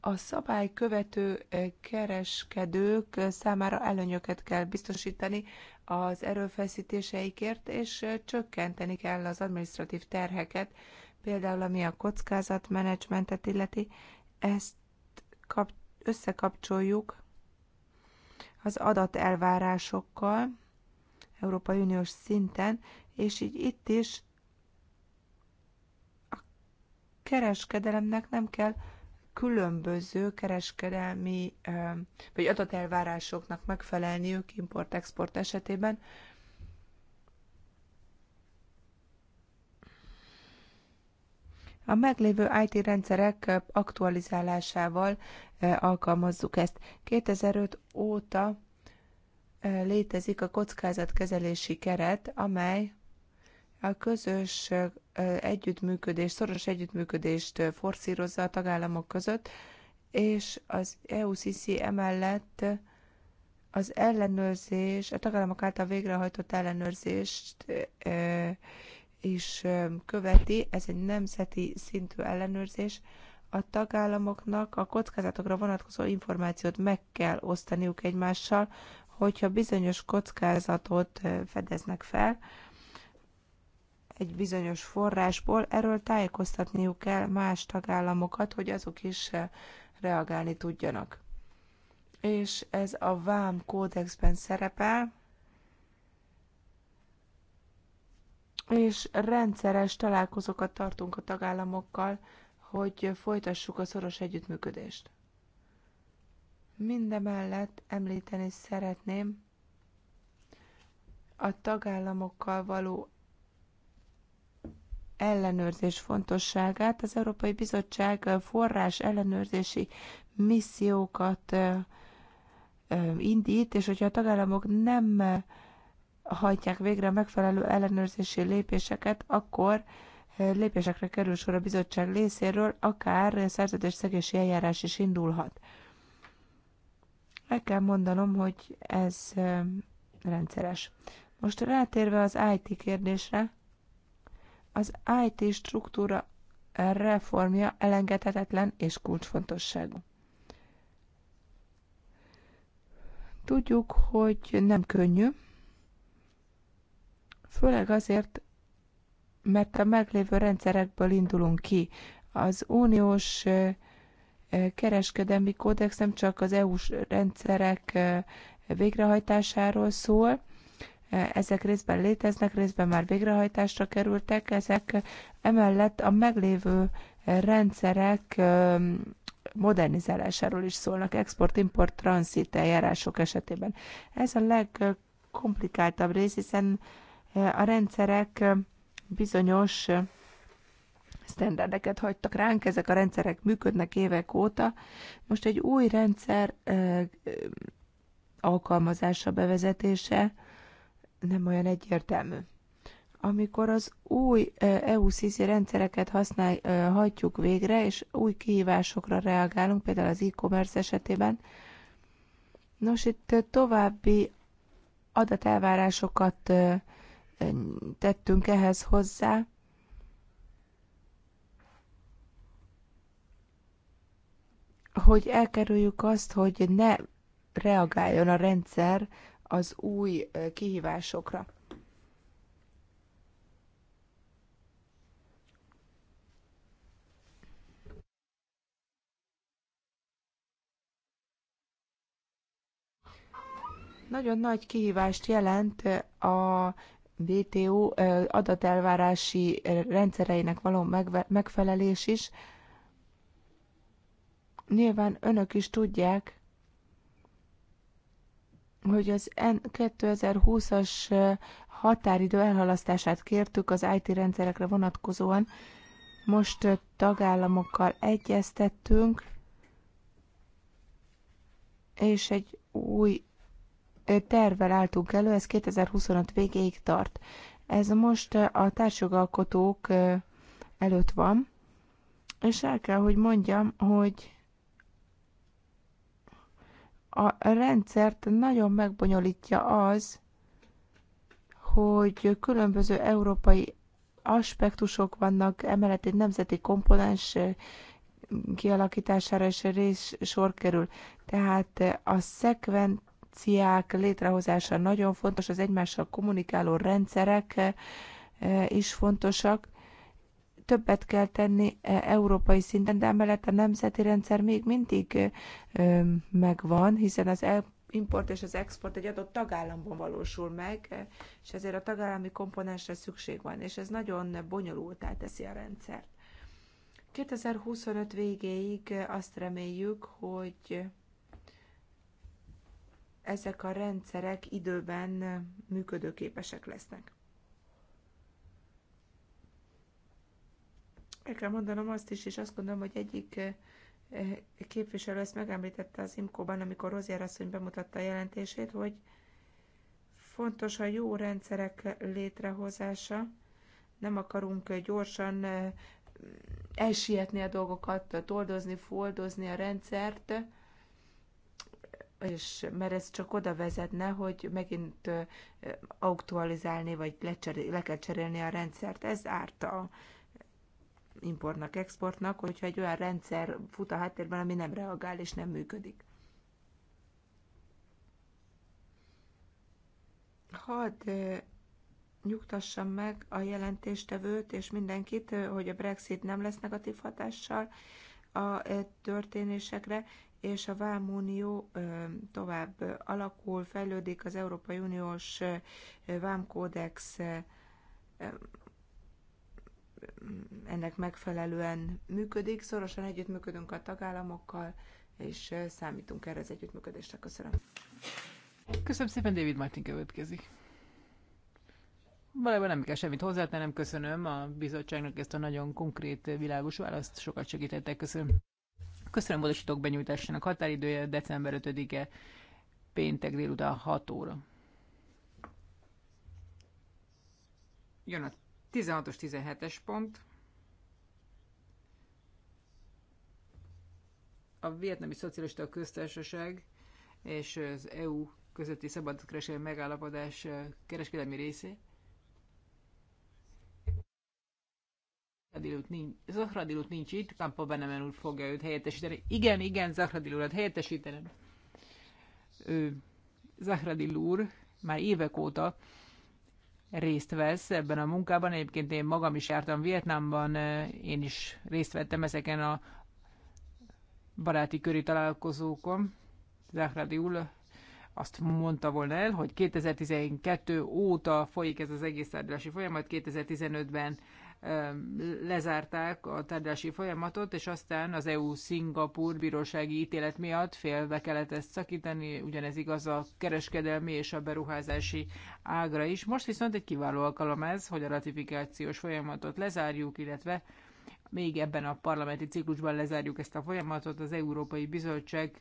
a szabály követő eh, kereskedők eh, számára előnyöket kell biztosítani az erőfeszítéseikért, és eh, csökkenteni kell az administratív terheket, például ami a kockázatmenedzsmentet illeti, ezt kap, összekapcsoljuk az adatelvárásokkal Európai Uniós szinten, és így itt is a kereskedelemnek nem kell különböző kereskedelmi vagy adatelvárásoknak megfelelniük import-export esetében. A meglévő IT rendszerek aktualizálásával alkalmazzuk ezt. 2005 óta létezik a kockázatkezelési keret, amely a közös együttműködés, szoros együttműködést forszírozza a tagállamok között, és az EUCC emellett az ellenőrzés, a tagállamok által végrehajtott ellenőrzést is követi, ez egy nemzeti szintű ellenőrzés, a tagállamoknak a kockázatokra vonatkozó információt meg kell osztaniuk egymással, hogyha bizonyos kockázatot fedeznek fel, egy bizonyos forrásból, erről tájékoztatniuk kell más tagállamokat, hogy azok is eh, reagálni tudjanak. És ez a VÁM kódexben szerepel, és rendszeres találkozókat tartunk a tagállamokkal, hogy folytassuk a szoros együttműködést. Mindemellett említeni szeretném a tagállamokkal való ellenőrzés fontosságát. Az Európai Bizottság forrás ellenőrzési missziókat indít, és hogyha a tagállamok nem hajtják végre a megfelelő ellenőrzési lépéseket, akkor lépésekre kerül sor a bizottság részéről, akár szerződésszegési eljárás is indulhat. Meg kell mondanom, hogy ez rendszeres. Most rátérve az IT kérdésre, az IT struktúra reformja elengedhetetlen és kulcsfontosságú. Tudjuk, hogy nem könnyű, főleg azért, mert a meglévő rendszerekből indulunk ki. Az uniós kereskedelmi kódex nem csak az EU-s rendszerek végrehajtásáról szól, ezek részben léteznek, részben már végrehajtásra kerültek. Ezek emellett a meglévő rendszerek modernizálásáról is szólnak, export-import transzit eljárások esetében. Ez a legkomplikáltabb rész, hiszen a rendszerek bizonyos sztenderdeket hagytak ránk, ezek a rendszerek működnek évek óta. Most egy új rendszer alkalmazása, bevezetése nem olyan egyértelmű. Amikor az új EU-CC rendszereket használ, hajtjuk végre, és új kihívásokra reagálunk, például az e-commerce esetében, nos, itt további adatelvárásokat tettünk ehhez hozzá, hogy elkerüljük azt, hogy ne reagáljon a rendszer az új kihívásokra. Nagyon nagy kihívást jelent a WTO adatelvárási rendszereinek való megfelelés is. Nyilván önök is tudják, hogy az 2020-as határidő elhalasztását kértük az IT rendszerekre vonatkozóan. Most tagállamokkal egyeztettünk, és egy új tervvel álltunk elő, ez 2025 végéig tart. Ez most a társjogalkotók előtt van, és el kell, hogy mondjam, hogy a rendszert nagyon megbonyolítja az, hogy különböző európai aspektusok vannak, emellett egy nemzeti komponens eh, kialakítására is rész sor kerül. Tehát eh, a szekvenciák létrehozása nagyon fontos, az egymással kommunikáló rendszerek eh, is fontosak, többet kell tenni e, európai szinten, de emellett a nemzeti rendszer még mindig megvan, hiszen az import és az export egy adott tagállamban valósul meg, e, és ezért a tagállami komponensre szükség van, és ez nagyon bonyolultá teszi a rendszert. 2025 végéig azt reméljük, hogy ezek a rendszerek időben működőképesek lesznek. El kell mondanom azt is, és azt gondolom, hogy egyik eh, eh, képviselő ezt megemlítette az IMKO-ban, amikor Rozier asszony bemutatta a jelentését, hogy fontos a jó rendszerek létrehozása. Nem akarunk gyorsan eh, elsietni a dolgokat, toldozni, foldozni a rendszert, és mert ez csak oda vezetne, hogy megint aktualizálni, vagy lecserél, le kell cserélni a rendszert. Ez árt a importnak, exportnak, hogyha egy olyan rendszer fut a háttérben, ami nem reagál és nem működik. Hadd nyugtassam meg a jelentéstevőt és mindenkit, hogy a Brexit nem lesz negatív hatással a történésekre, és a Vámunió tovább alakul, fejlődik az Európai Uniós Vámkódex ennek megfelelően működik. Szorosan együttműködünk a tagállamokkal, és számítunk erre az együttműködésre. Köszönöm.
Köszönöm szépen, David Martin következik. Valójában nem kell semmit hozzátennem, köszönöm a bizottságnak ezt a nagyon konkrét, világos választ, sokat segítettek, köszönöm. Köszönöm módosítók benyújtásának határidője december 5-e, péntek délután 6 óra. Jön a 16-os, 17-es pont. A Vietnami Szocialista Köztársaság és az EU közötti szabadkereskedelmi megállapodás kereskedelmi részé. Zahradilut nincs, nincs itt, Kampa Benemen úr fogja őt helyettesíteni. Igen, igen, Zahradil urat helyettesítenem. Ő, Zahradil úr már évek óta részt vesz ebben a munkában. Egyébként én magam is jártam Vietnámban, eh, én is részt vettem ezeken a baráti köri találkozókon. Zahradi úr azt mondta volna el, hogy 2012 óta folyik ez az egész tárgyalási folyamat, 2015-ben lezárták a tárgyalási folyamatot, és aztán az EU-Szingapur bírósági ítélet miatt félbe kellett ezt szakítani, ugyanez igaz a kereskedelmi és a beruházási ágra is. Most viszont egy kiváló alkalom ez, hogy a ratifikációs folyamatot lezárjuk, illetve még ebben a parlamenti ciklusban lezárjuk ezt a folyamatot. Az Európai Bizottság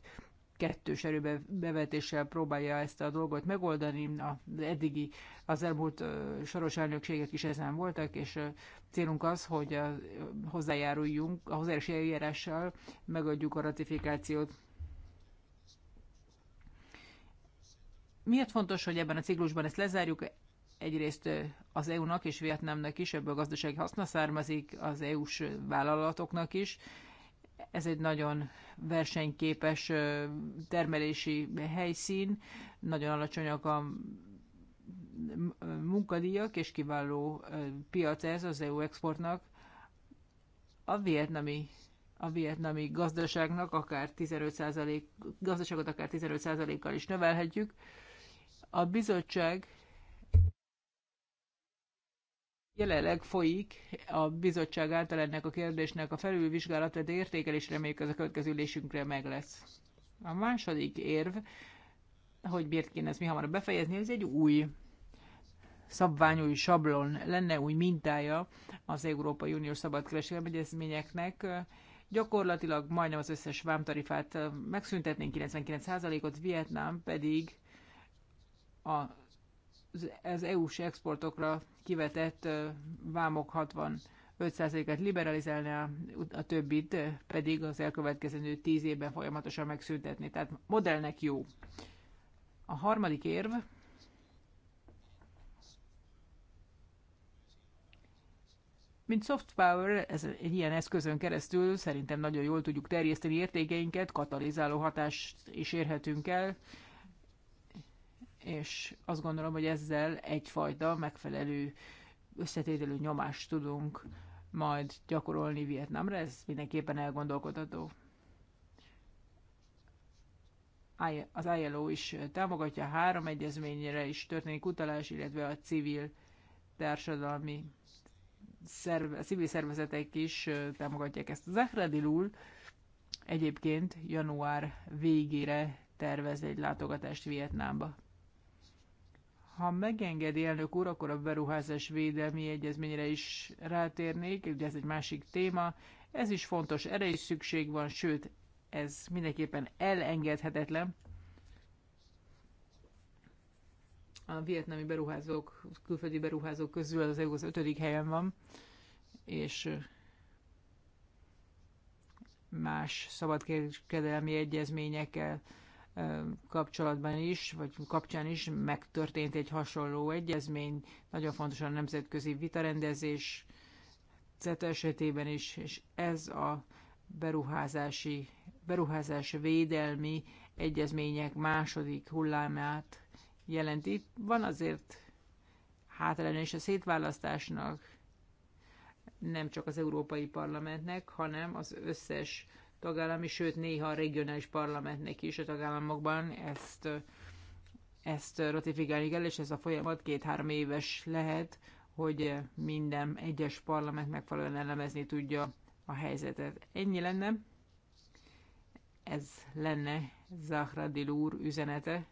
kettős erőbevetéssel próbálja ezt a dolgot megoldani. Az eddigi, az elmúlt soros elnökségek is ezen voltak, és célunk az, hogy a, hozzájáruljunk, a hozzájárulási eljárással megadjuk a ratifikációt. Miért fontos, hogy ebben a ciklusban ezt lezárjuk? Egyrészt az EU-nak és Vietnámnak is ebből gazdasági haszna származik, az EU-s vállalatoknak is, ez egy nagyon versenyképes termelési helyszín, nagyon alacsonyak a munkadíjak, és kiváló piac ez az EU exportnak. A vietnami a vietnami gazdaságnak akár 15 gazdaságot akár 15%-kal is növelhetjük. A bizottság jelenleg folyik a bizottság által ennek a kérdésnek a felülvizsgálat, de értékelés reméljük az a következő ülésünkre meg lesz. A második érv, hogy miért kéne ezt mi hamarabb befejezni, ez egy új szabvány, új sablon lenne, új mintája az Európai Uniós Szabadkereskedelmi Egyezményeknek. Gyakorlatilag majdnem az összes vámtarifát megszüntetnénk, 99%-ot, Vietnám pedig a az EU-s exportokra kivetett vámok 65 et liberalizálni, a többit pedig az elkövetkezendő 10 évben folyamatosan megszüntetni. Tehát modellnek jó. A harmadik érv, Mint soft power, ez egy ilyen eszközön keresztül szerintem nagyon jól tudjuk terjeszteni értékeinket, katalizáló hatást is érhetünk el, és azt gondolom, hogy ezzel egyfajta megfelelő összetételű nyomást tudunk majd gyakorolni Vietnámra, ez mindenképpen elgondolkodható. Az ILO is támogatja, három egyezményre is történik utalás, illetve a civil társadalmi szerve, a civil szervezetek is támogatják ezt. Lul egyébként január végére tervez egy látogatást Vietnámba. Ha megengedi elnök úr, akkor a beruházás védelmi egyezményre is rátérnék, ugye ez egy másik téma. Ez is fontos, erre is szükség van, sőt, ez mindenképpen elengedhetetlen. A vietnami beruházók, külföldi beruházók közül az EU az ötödik helyen van, és más szabadkereskedelmi egyezményekkel kapcsolatban is, vagy kapcsán is megtörtént egy hasonló egyezmény. Nagyon fontos a nemzetközi vitarendezés CETA esetében is, és ez a beruházási, beruházás védelmi egyezmények második hullámát jelenti. Van azért hátrány és a szétválasztásnak, nem csak az Európai Parlamentnek, hanem az összes tagállami, sőt néha a regionális parlamentnek is a tagállamokban ezt, ezt ratifikálni kell, és ez a folyamat két-három éves lehet, hogy minden egyes parlament megfelelően elemezni tudja a helyzetet. Ennyi lenne. Ez lenne Zahradil úr üzenete.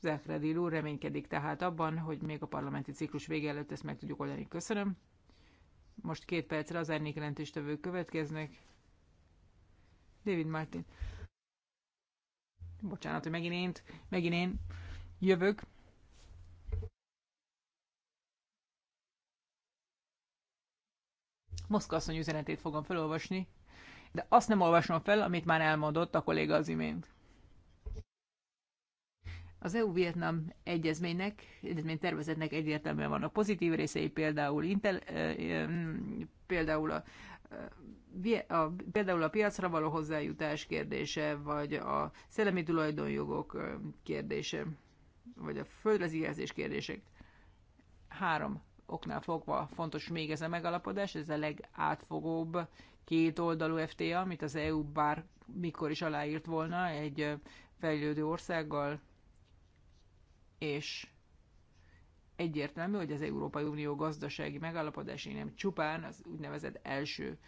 Zahradil úr reménykedik tehát abban, hogy még a parlamenti ciklus vége előtt ezt meg tudjuk oldani. Köszönöm. Most két percre az árnyék jelentéstevők következnek. David Martin. Bocsánat, hogy megint én, megint én jövök. Moszkva asszony üzenetét fogom felolvasni, de azt nem olvasom fel, amit már elmondott a kolléga az imént. Az EU-Vietnam egyezménynek, egyezmény tervezetnek egyértelműen vannak pozitív részei, például, intel, e, e, például a a, például a piacra való hozzájutás kérdése, vagy a szellemi tulajdonjogok kérdése, vagy a földrezi jelzés kérdések. Három oknál fogva fontos még ez a megalapodás, ez a legátfogóbb két oldalú FTA, amit az EU bár mikor is aláírt volna egy fejlődő országgal, és egyértelmű, hogy az Európai Unió gazdasági megállapodási nem csupán az úgynevezett első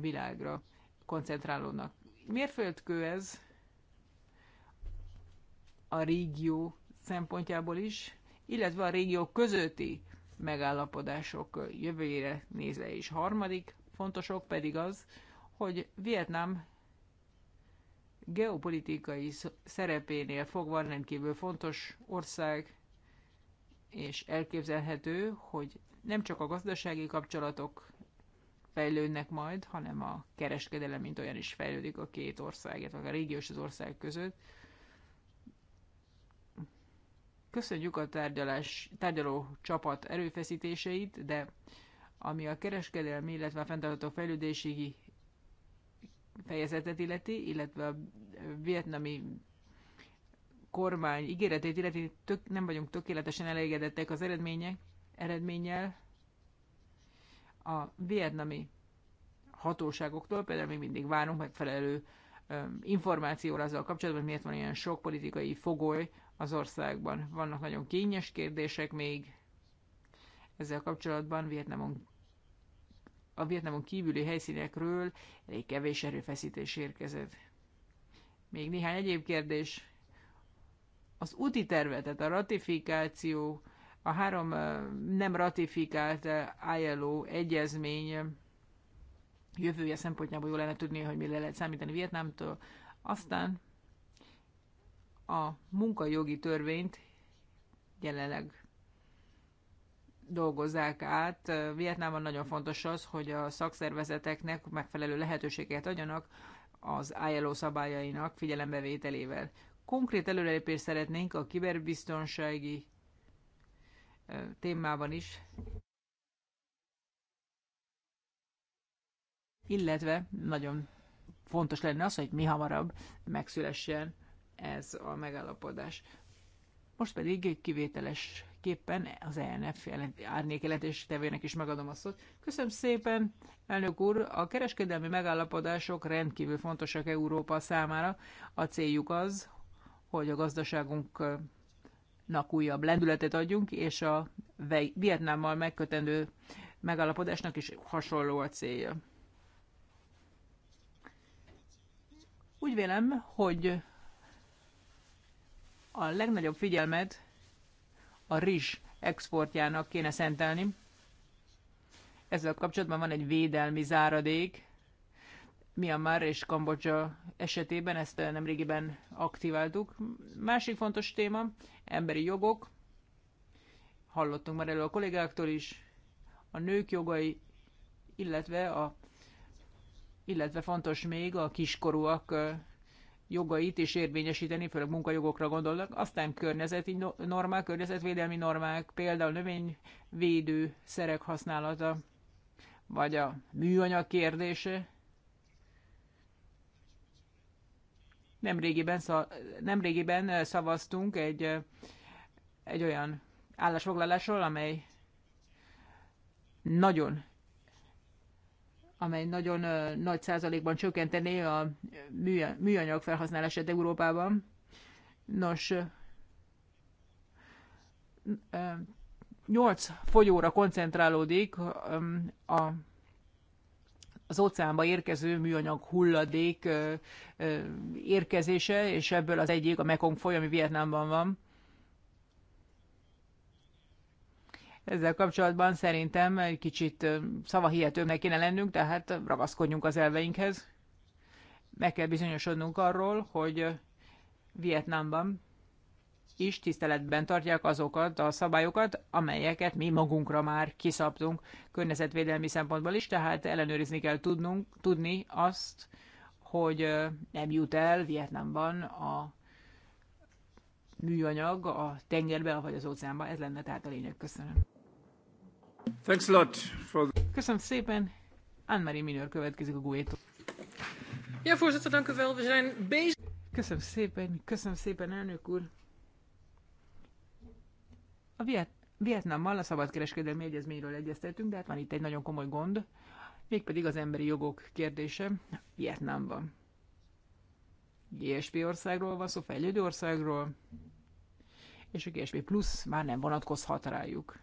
világra koncentrálódnak. Mérföldkő ez a régió szempontjából is, illetve a régió közötti megállapodások jövőjére nézve is. Harmadik fontosok, pedig az, hogy Vietnám geopolitikai szerepénél fogva rendkívül fontos ország, és elképzelhető, hogy nem csak a gazdasági kapcsolatok fejlődnek majd, hanem a kereskedelem, mint olyan is fejlődik a két ország, illetve a régió és az ország között. Köszönjük a tárgyalás, tárgyaló csapat erőfeszítéseit, de ami a kereskedelmi, illetve a fenntartható fejlődési fejezetet illeti, illetve a vietnami kormány ígéretét illeti, tök, nem vagyunk tökéletesen elégedettek az eredmények, eredménnyel. A vietnami hatóságoktól például még mindig várunk megfelelő információra azzal kapcsolatban, hogy miért van ilyen sok politikai fogoly az országban. Vannak nagyon kényes kérdések még ezzel kapcsolatban Vietnamon, a Vietnamon kívüli helyszínekről elég kevés erőfeszítés érkezett. Még néhány egyéb kérdés az úti tervet, tehát a ratifikáció, a három nem ratifikált ILO egyezmény jövője szempontjából jó lenne tudni, hogy mire lehet számítani Vietnámtól. Aztán a munkajogi törvényt jelenleg dolgozzák át. Vietnámban nagyon fontos az, hogy a szakszervezeteknek megfelelő lehetőséget adjanak az ILO szabályainak figyelembevételével konkrét előrelépést szeretnénk a kiberbiztonsági témában is, illetve nagyon fontos lenne az, hogy mi hamarabb megszülessen ez a megállapodás. Most pedig kivételes képpen az e ENF árnyékjelentés tevének is megadom a szót. Köszönöm szépen, elnök úr! A kereskedelmi megállapodások rendkívül fontosak Európa számára. A céljuk az, hogy a gazdaságunknak újabb lendületet adjunk, és a Vietnámmal megkötendő megállapodásnak is hasonló a célja. Úgy vélem, hogy a legnagyobb figyelmet a rizs exportjának kéne szentelni. Ezzel kapcsolatban van egy védelmi záradék, Myanmar és Kambodzsa esetében, ezt eh, nemrégiben aktiváltuk. Másik fontos téma, emberi jogok. Hallottunk már elő a kollégáktól is, a nők jogai, illetve, a, illetve fontos még a kiskorúak eh, jogait is érvényesíteni, főleg munkajogokra gondolnak, aztán környezeti normák, környezetvédelmi normák, például növényvédő szerek használata, vagy a műanyag kérdése, Nemrégiben, szav, nemrégiben szavaztunk egy, egy olyan állásfoglalásról, amely nagyon amely nagyon nagy százalékban csökkentené a műanyag felhasználását Európában. Nos, 8 folyóra koncentrálódik a az óceánba érkező műanyag hulladék érkezése, és ebből az egyik a Mekong folyam, ami Vietnámban van. Ezzel kapcsolatban szerintem egy kicsit szavahihetőbbnek kéne lennünk, tehát ragaszkodjunk az elveinkhez. Meg kell bizonyosodnunk arról, hogy Vietnámban is tiszteletben tartják azokat a szabályokat, amelyeket mi magunkra már kiszabtunk környezetvédelmi szempontból is, tehát ellenőrizni kell tudnunk, tudni azt, hogy nem jut el Vietnamban a műanyag a tengerbe vagy az óceánba. Ez lenne tehát a lényeg. Köszönöm. Thanks a lot for... Köszönöm szépen. Anne-Marie Minőr következik a Guétó. Ja, voorzitter, dank u wel. We zijn bezig. Köszönöm szépen, köszönöm szépen, elnök úr. A Viet Vietnammal a szabadkereskedelmi egyezményről egyeztetünk, de hát van itt egy nagyon komoly gond, mégpedig az emberi jogok kérdése Vietnamban. GSP országról van szó, fejlődő országról, és a GSP plusz már nem vonatkozhat rájuk.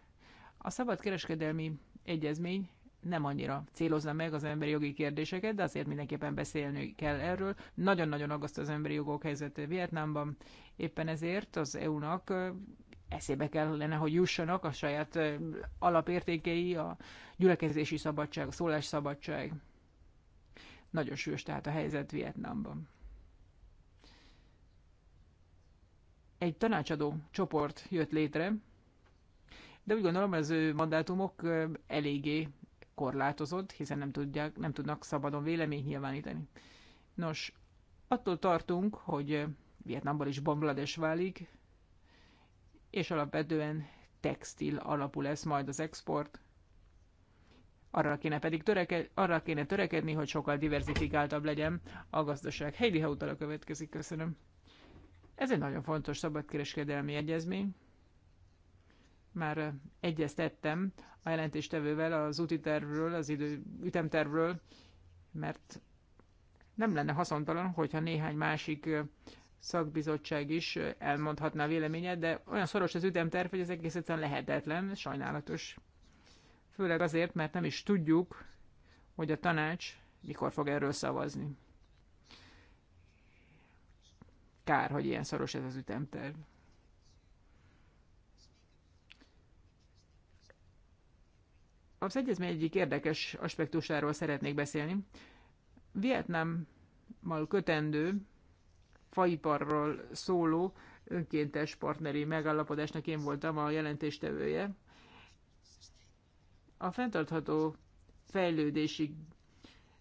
A szabadkereskedelmi egyezmény nem annyira célozza meg az emberi jogi kérdéseket, de azért mindenképpen beszélni kell erről. Nagyon-nagyon aggaszt az emberi jogok helyzete Vietnámban, éppen ezért az EU-nak eszébe kellene, hogy jussanak a saját alapértékei, a gyülekezési szabadság, a szólásszabadság. Nagyon sűrűs tehát a helyzet Vietnámban. Egy tanácsadó csoport jött létre, de úgy gondolom, az ő mandátumok eléggé korlátozott, hiszen nem, tudják, nem tudnak szabadon véleményt nyilvánítani. Nos, attól tartunk, hogy Vietnamból is Banglades válik, és alapvetően textil alapú lesz majd az export. Arra kéne pedig töreke, arra kéne törekedni, hogy sokkal diversifikáltabb legyen a gazdaság. Heidi Hautala következik, köszönöm. Ez egy nagyon fontos szabadkereskedelmi egyezmény. Már egyeztettem a jelentéstevővel az úti tervről, az idő, ütemtervről, mert nem lenne haszontalan, hogyha néhány másik szakbizottság is elmondhatná véleményet, de olyan szoros az ütemterv, hogy ez egész egyszerűen lehetetlen, sajnálatos. Főleg azért, mert nem is tudjuk, hogy a tanács mikor fog erről szavazni. Kár, hogy ilyen szoros ez az ütemterv. Az egyezmény egyik érdekes aspektusáról szeretnék beszélni. Vietnámmal kötendő faiparról szóló önkéntes partneri megállapodásnak én voltam a jelentéstevője. A fenntartható fejlődési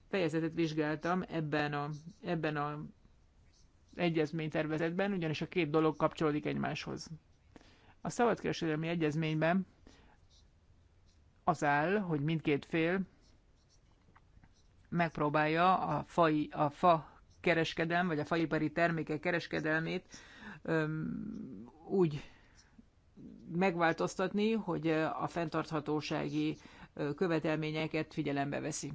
fejezetet vizsgáltam ebben a, ebben a egyezménytervezetben, ugyanis a két dolog kapcsolódik egymáshoz. A szabadkereskedelmi egyezményben az áll, hogy mindkét fél megpróbálja a, fai, a fa kereskedelm, vagy a faipari termékek kereskedelmét úgy megváltoztatni, hogy a fenntarthatósági követelményeket figyelembe veszi.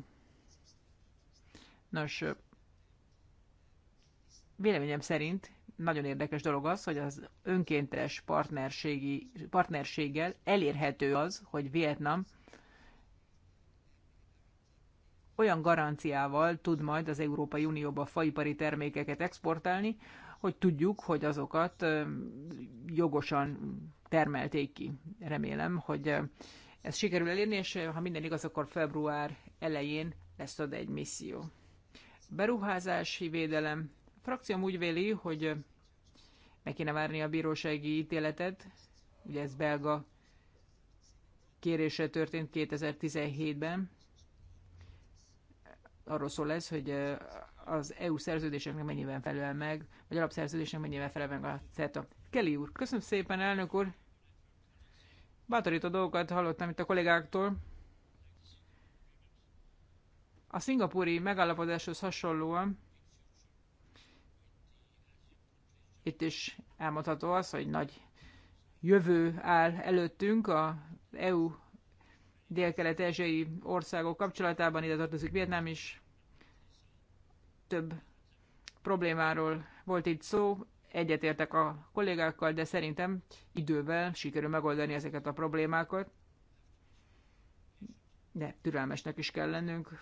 Nos, véleményem szerint nagyon érdekes dolog az, hogy az önkéntes partnerségi, partnerséggel elérhető az, hogy Vietnam olyan garanciával tud majd az Európai Unióba faipari termékeket exportálni, hogy tudjuk, hogy azokat jogosan termelték ki. Remélem, hogy ez sikerül elérni, és ha minden igaz, akkor február elején lesz oda egy misszió. Beruházási védelem. A frakcióm úgy véli, hogy meg kéne várni a bírósági ítéletet, ugye ez belga kérése történt 2017-ben, arról szól ez, hogy az EU szerződéseknek mennyiben felel meg, vagy alapszerződésnek mennyiben felel meg a CETA. Kelly úr, köszönöm szépen, elnök úr. Bátorító dolgokat hallottam itt a kollégáktól. A szingapúri megállapodáshoz hasonlóan itt is elmondható az, hogy nagy jövő áll előttünk az EU dél-kelet-ázsiai országok kapcsolatában, ide tartozik Vietnám is. Több problémáról volt itt szó, egyetértek a kollégákkal, de szerintem idővel sikerül megoldani ezeket a problémákat. De türelmesnek is kell lennünk.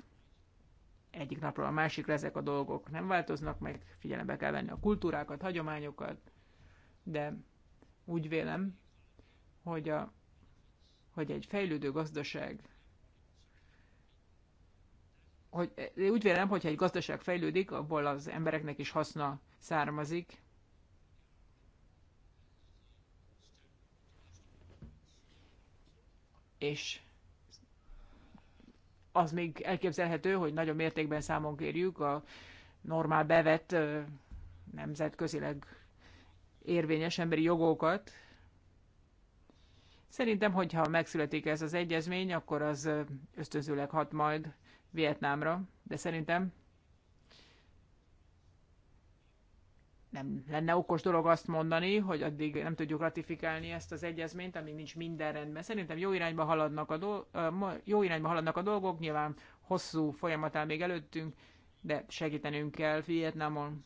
Egyik napról a másikra ezek a dolgok nem változnak, meg figyelembe kell venni a kultúrákat, hagyományokat, de úgy vélem, hogy a hogy egy fejlődő gazdaság hogy, úgy vélem, hogyha egy gazdaság fejlődik, abból az embereknek is haszna származik. És az még elképzelhető, hogy nagyon mértékben számon kérjük a normál bevett, nemzetközileg érvényes emberi jogokat, Szerintem, hogyha megszületik ez az egyezmény, akkor az ösztönzőleg hat majd Vietnámra, de szerintem nem lenne okos dolog azt mondani, hogy addig nem tudjuk ratifikálni ezt az egyezményt, amíg nincs minden rendben. Szerintem jó irányba haladnak a, do- jó irányba haladnak a dolgok, nyilván hosszú folyamat áll még előttünk, de segítenünk kell Vietnámon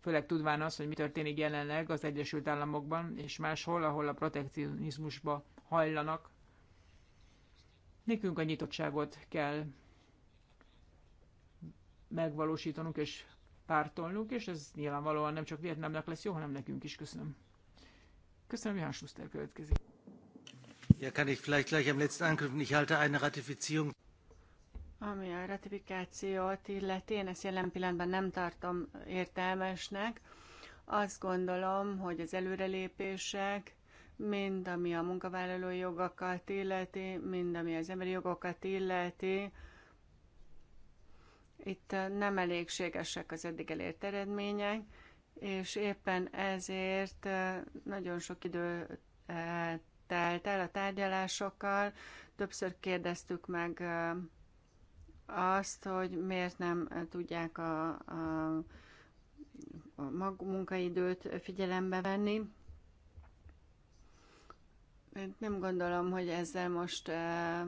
főleg tudván azt, hogy mi történik jelenleg az Egyesült Államokban és máshol, ahol a protekcionizmusba hajlanak. Nekünk a nyitottságot kell megvalósítanunk és pártolnunk, és ez nyilvánvalóan nem csak Vietnámnak lesz jó, hanem nekünk is. Köszönöm. Köszönöm, Johann Schuster következik.
Ja, kann ich vielleicht gleich am letzten Angriff, ich halte eine Ratifizierung.
Ami a ratifikációt illeti, én ezt jelen pillanatban nem tartom értelmesnek. Azt gondolom, hogy az előrelépések, mind ami a munkavállalói jogokat illeti, mind ami az emberi jogokat illeti, itt nem elégségesek az eddig elért eredmények, és éppen ezért nagyon sok idő telt el a tárgyalásokkal. Többször kérdeztük meg azt, hogy miért nem tudják a, a, a mag, munkaidőt figyelembe venni. Én nem gondolom, hogy ezzel most e,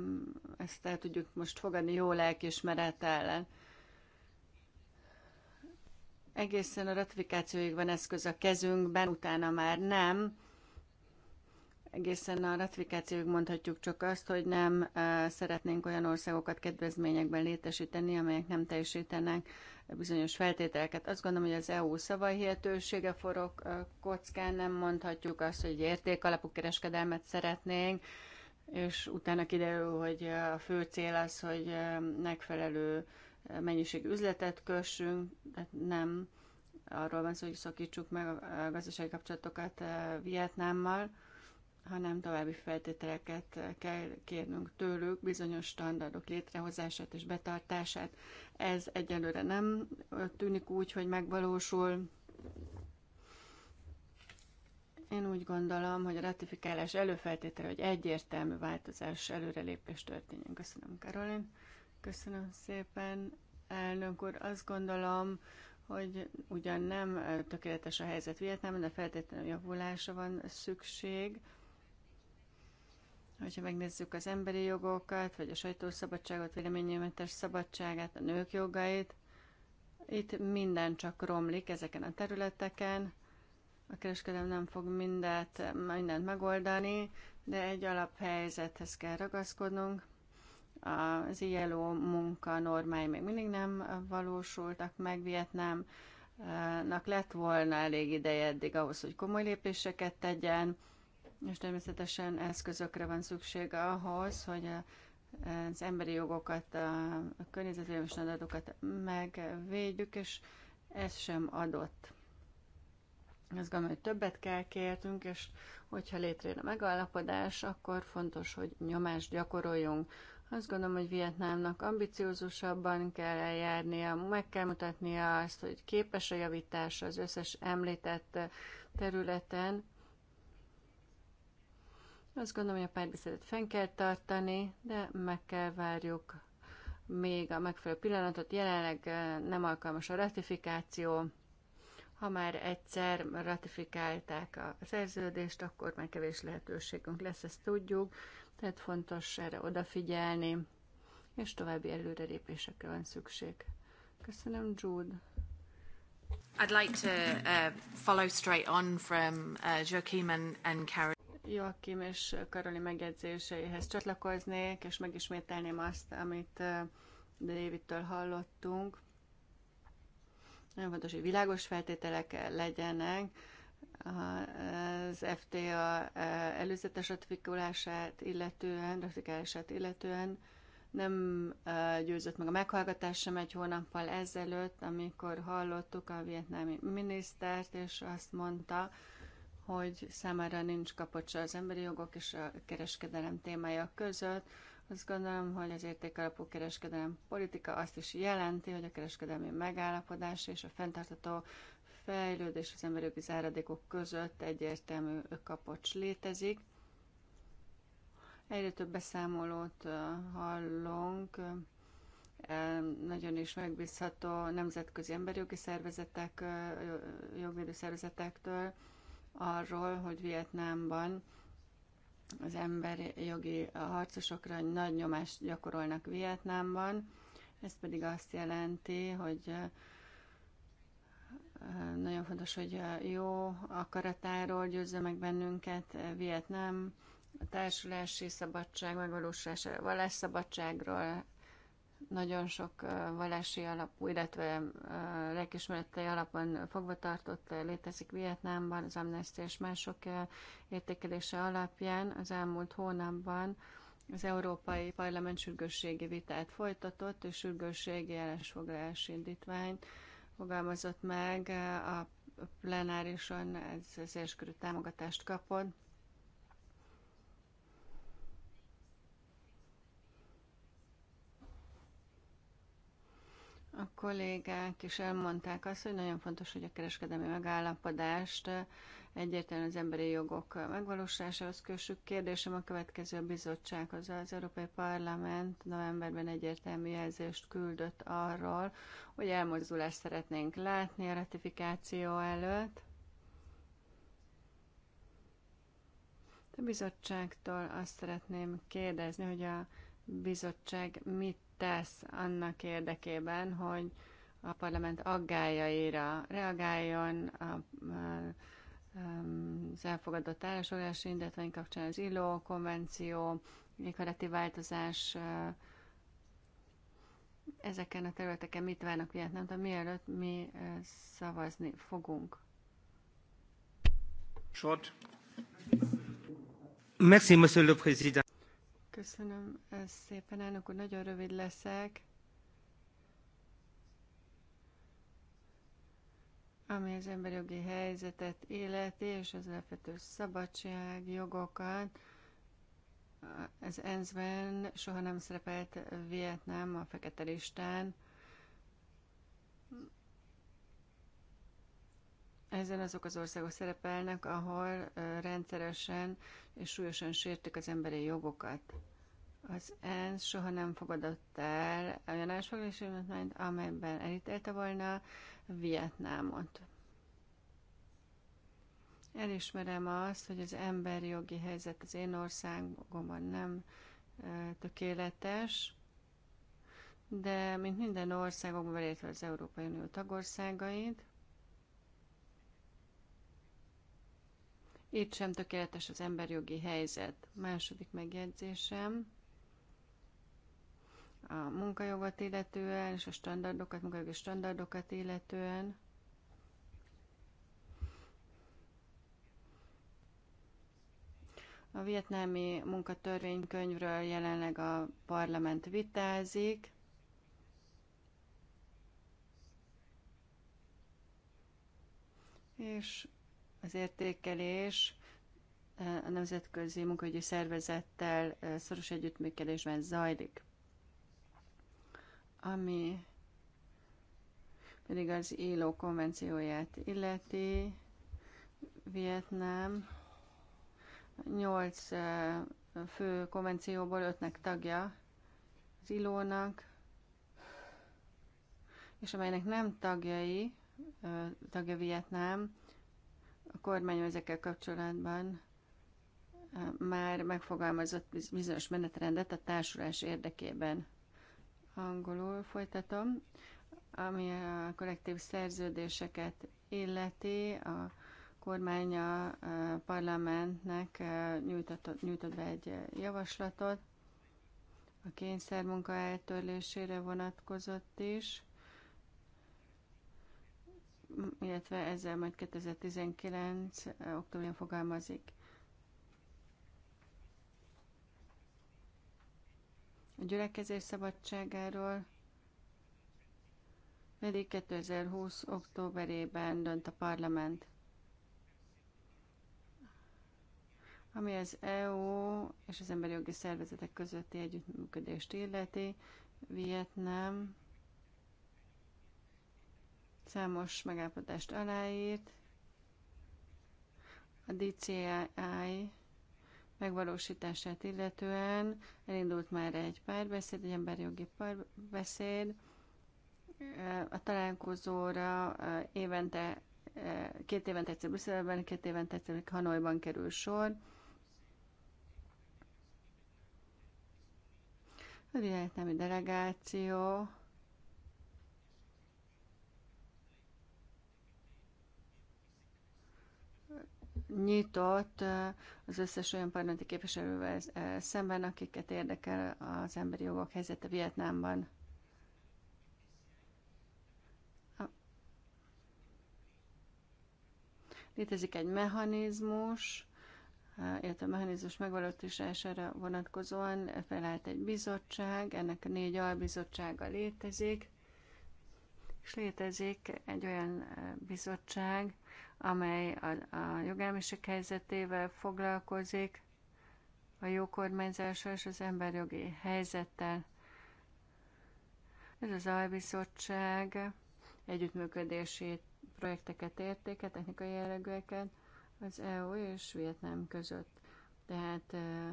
ezt el tudjuk most fogadni jó lelkismeret ellen. Egészen a ratifikációig van eszköz a kezünkben, utána már nem egészen a ratifikációig mondhatjuk csak azt, hogy nem szeretnénk olyan országokat kedvezményekben létesíteni, amelyek nem teljesítenek bizonyos feltételeket. Azt gondolom, hogy az EU szavahihetősége forog kockán, nem mondhatjuk azt, hogy értékalapú kereskedelmet szeretnénk, és utána kiderül, hogy a fő cél az, hogy megfelelő mennyiség üzletet kössünk, tehát nem arról van szó, hogy szakítsuk meg a gazdasági kapcsolatokat Vietnámmal, hanem további feltételeket kell kérnünk tőlük, bizonyos standardok létrehozását és betartását. Ez egyelőre nem tűnik úgy, hogy megvalósul. Én úgy gondolom, hogy a ratifikálás előfeltétele, hogy egyértelmű változás, előrelépés történjen. Köszönöm, Karolin. Köszönöm szépen, elnök úr. Azt gondolom, hogy ugyan nem tökéletes a helyzet Vietnámban, de feltétlenül javulása van szükség. Hogyha megnézzük az emberi jogokat, vagy a sajtószabadságot, véleménynyilvántás szabadságát, a nők jogait, itt minden csak romlik ezeken a területeken. A kereskedelem nem fog mindent, mindent megoldani, de egy alaphelyzethez kell ragaszkodnunk. Az ILO munka normái még mindig nem valósultak meg Vietnámnak lett volna elég ideje eddig ahhoz, hogy komoly lépéseket tegyen, és természetesen eszközökre van szüksége ahhoz, hogy az emberi jogokat, a környezetvédelmi adatokat megvédjük, és ez sem adott. Azt gondolom, hogy többet kell kértünk, és hogyha létrejön a megállapodás, akkor fontos, hogy nyomást gyakoroljunk. Azt gondolom, hogy Vietnámnak ambiciózusabban kell eljárnia, meg kell mutatnia azt, hogy képes a javítás az összes említett területen, azt gondolom, hogy a párbeszédet fenn kell tartani, de meg kell várjuk még a megfelelő pillanatot. Jelenleg eh, nem alkalmas a ratifikáció. Ha már egyszer ratifikálták a szerződést, akkor már kevés lehetőségünk lesz, ezt tudjuk. Tehát fontos erre odafigyelni, és további előrelépésekre van szükség. Köszönöm, Jude. I'd like to uh, follow straight on from uh, Joachim and, and Karen. Joachim és Karoli megjegyzéseihez csatlakoznék, és megismételném azt, amit eh, Davidtől hallottunk. Nagyon fontos, hogy világos feltételek legyenek, az FTA eh, előzetes ratifikálását illetően, ratifikálását illetően nem eh, győzött meg a meghallgatás sem egy hónappal ezelőtt, amikor hallottuk a vietnámi minisztert, és azt mondta, hogy számára nincs kapocsa az emberi jogok és a kereskedelem témája között. Azt gondolom, hogy az értékalapú kereskedelem politika azt is jelenti, hogy a kereskedelmi megállapodás és a fenntartató fejlődés az emberi jogi záradékok között egyértelmű kapocs létezik. Egyre több beszámolót hallunk, e, nagyon is megbízható nemzetközi emberi jogi szervezetek, jogvédő szervezetektől, arról, hogy Vietnámban az emberi jogi harcosokra nagy nyomást gyakorolnak Vietnámban. Ez pedig azt jelenti, hogy nagyon fontos, hogy jó akaratáról győzze meg bennünket Vietnám, a társulási szabadság megvalósulása, a vallásszabadságról, nagyon sok vallási alapú, illetve lelkismeretei alapon fogvatartott létezik Vietnámban, az Amnesty és mások értékelése alapján az elmúlt hónapban az Európai Parlament sürgősségi vitát folytatott, és sürgősségi állásfoglalási indítványt fogalmazott meg. A plenárison ez széleskörű támogatást kapott. A kollégák is elmondták azt, hogy nagyon fontos, hogy a kereskedelmi megállapodást egyértelműen az emberi jogok megvalósításához kössük. Kérdésem a következő a bizottsághoz. Az Európai Parlament novemberben egyértelmű jelzést küldött arról, hogy elmozdulást szeretnénk látni a ratifikáció előtt. A bizottságtól azt szeretném kérdezni, hogy a bizottság mit tesz annak érdekében, hogy a parlament aggájaira reagáljon a, a, az elfogadott állásolási indítvány kapcsán az ILO konvenció, éghajlati változás, ezeken a területeken mit várnak de mielőtt mi szavazni fogunk.
Short.
Merci, Monsieur le Président.
Köszönöm szépen, elnök úr, nagyon rövid leszek. ami az emberi jogi helyzetet életi és az alapvető szabadság, jogokat. Ez ENSZ-ben soha nem szerepelt Vietnám a fekete listán. Ezen azok az országok szerepelnek, ahol rendszeresen és súlyosan sértik az emberi jogokat. Az ENSZ soha nem fogadott el olyan állásfoglalási jelentményt, amelyben elítélte volna Vietnámot. Elismerem azt, hogy az emberi jogi helyzet az én országomban nem tökéletes, de mint minden országokban, illetve az Európai Unió tagországait, Itt sem tökéletes az emberjogi helyzet. Második megjegyzésem a munkajogot illetően, és a standardokat, munkajogi standardokat illetően. A vietnámi munkatörvénykönyvről jelenleg a parlament vitázik. És az értékelés a Nemzetközi Munkahogyi Szervezettel szoros együttműködésben zajlik. Ami pedig az ILO konvencióját illeti, Vietnám nyolc fő konvencióból ötnek tagja az ILO-nak, és amelynek nem tagjai, tagja Vietnám, a kormány ezekkel kapcsolatban már megfogalmazott bizonyos menetrendet a társulás érdekében. Angolul folytatom, ami a kollektív szerződéseket illeti, a kormány a parlamentnek nyújtott, nyújtott be egy javaslatot, a kényszermunka eltörlésére vonatkozott is illetve ezzel majd 2019. októberben fogalmazik. A gyülekezés szabadságáról pedig 2020. októberében dönt a parlament. Ami az EU és az emberi jogi szervezetek közötti együttműködést illeti, Vietnám Számos megállapodást aláírt. A DCI megvalósítását illetően elindult már egy párbeszéd, egy emberjogi párbeszéd. A találkozóra évente, két évente egyszer Brüsszelben, két évente egyszer Hanoiban kerül sor. A vietnámi delegáció nyitott az összes olyan parlamenti képviselővel szemben, akiket érdekel az emberi jogok helyzete Vietnámban. Létezik egy mechanizmus, illetve a mechanizmus megvalósítására vonatkozóan felállt egy bizottság, ennek a négy albizottsága létezik, és létezik egy olyan bizottság, amely a, a jogelmiség helyzetével foglalkozik, a jó kormányzással és az emberjogi helyzettel. Ez az albizottság együttműködési projekteket értéke, technikai jellegűeket az EU és Vietnám között. Tehát uh,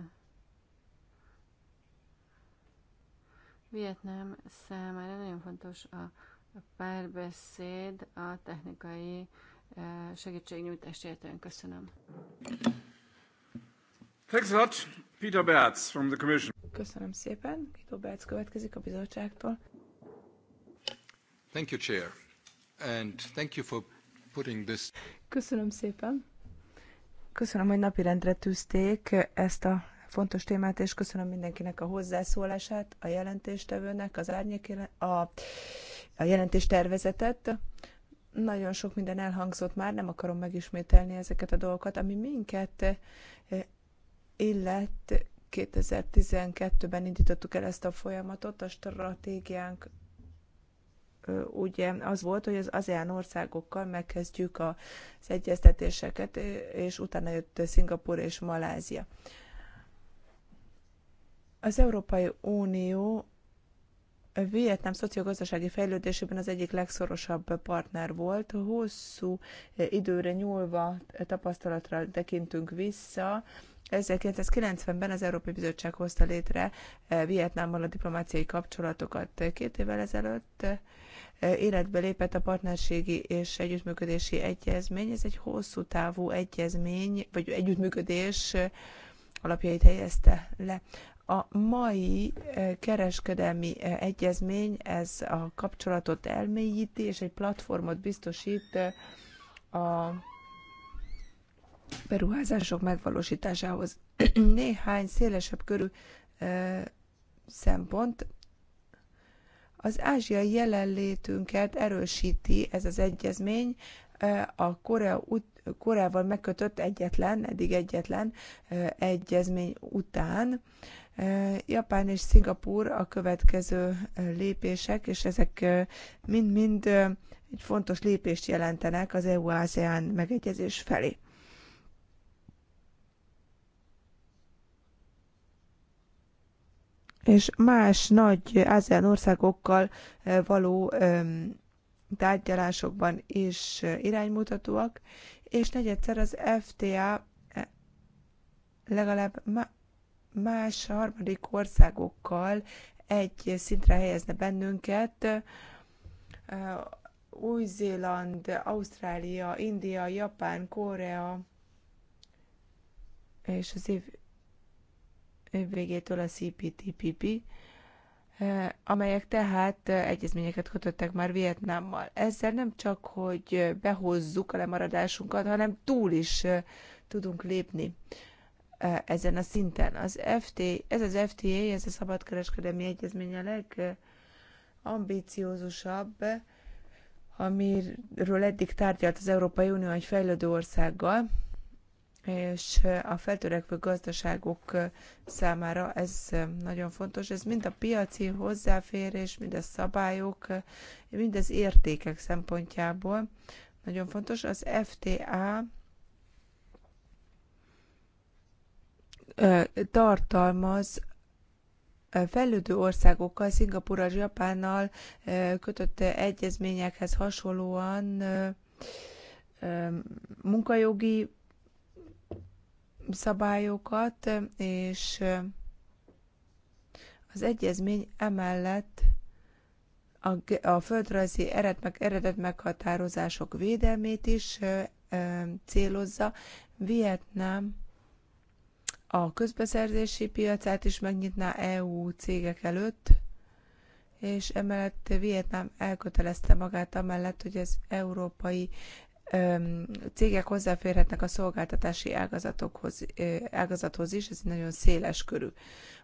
Vietnám számára nagyon fontos a, a párbeszéd a technikai uh, segítségnyújtást értően. Köszönöm.
Thanks a lot, Peter Bertz from the Commission.
Köszönöm szépen.
Peter Bertz következik a bizottságtól.
Thank you, Chair. And thank you for putting this...
Köszönöm szépen. Köszönöm, hogy napirendre tűzték ezt a fontos témát, és köszönöm mindenkinek a hozzászólását, a jelentéstevőnek, az árnyék, a, a jelentéstervezetet. Nagyon sok minden elhangzott már, nem akarom megismételni ezeket a dolgokat, ami minket eh, illet 2012-ben indítottuk el ezt a folyamatot, a stratégiánk ugye az volt, hogy az ASEAN országokkal megkezdjük az egyeztetéseket, eh, és utána jött Szingapur és Malázia. Az Európai Unió Vietnám szociogazdasági fejlődésében az egyik legszorosabb partner volt. Hosszú eh, időre nyúlva tapasztalatra tekintünk vissza. 1990-ben az Európai Bizottság hozta létre eh, Vietnámmal a diplomáciai kapcsolatokat. Két évvel ezelőtt eh, életbe lépett a partnerségi és együttműködési egyezmény. Ez egy hosszú távú egyezmény, vagy együttműködés alapjait helyezte le. A mai e, kereskedelmi e, egyezmény ez a kapcsolatot elmélyíti, és egy platformot biztosít e, a beruházások megvalósításához. Néhány szélesebb körű szempont. Az ázsiai jelenlétünket erősíti ez az egyezmény, E, a Korea út, Koreával megkötött egyetlen, eddig egyetlen e, egyezmény után. E, Japán és Szingapúr a következő lépések, és ezek mind-mind egy fontos lépést jelentenek az EU-ASEAN megegyezés felé. És más nagy ASEAN országokkal való tárgyalásokban is iránymutatóak, és negyedszer az FTA e, legalább más harmadik országokkal egy szintre helyezne bennünket, új-Zéland, Ausztrália, India, Japán, Korea, és az év, év végétől a CPTPP amelyek tehát egyezményeket kötöttek már Vietnámmal. Ezzel nem csak, hogy behozzuk a lemaradásunkat, hanem túl is tudunk lépni ezen a szinten. Az FT, ez az FTA, ez a szabadkereskedelmi egyezmény a legambiciózusabb, amiről eddig tárgyalt az Európai Unió egy fejlődő országgal, és eh, a feltörekvő gazdaságok eh, számára ez eh, nagyon fontos. Ez mind a piaci hozzáférés, mind a szabályok, mind az értékek szempontjából nagyon fontos. Az FTA tartalmaz fejlődő országokkal, Szingapurral, Japánnal kötött egyezményekhez hasonlóan munkajogi szabályokat, és az egyezmény emellett a, a földrajzi eredet, eredet meghatározások védelmét is célozza. Vietnám a közbeszerzési piacát is megnyitná EU cégek előtt, és emellett Vietnám elkötelezte magát amellett, hogy az európai cégek hozzáférhetnek a szolgáltatási ágazatokhoz, ágazathoz is, ez nagyon széles körű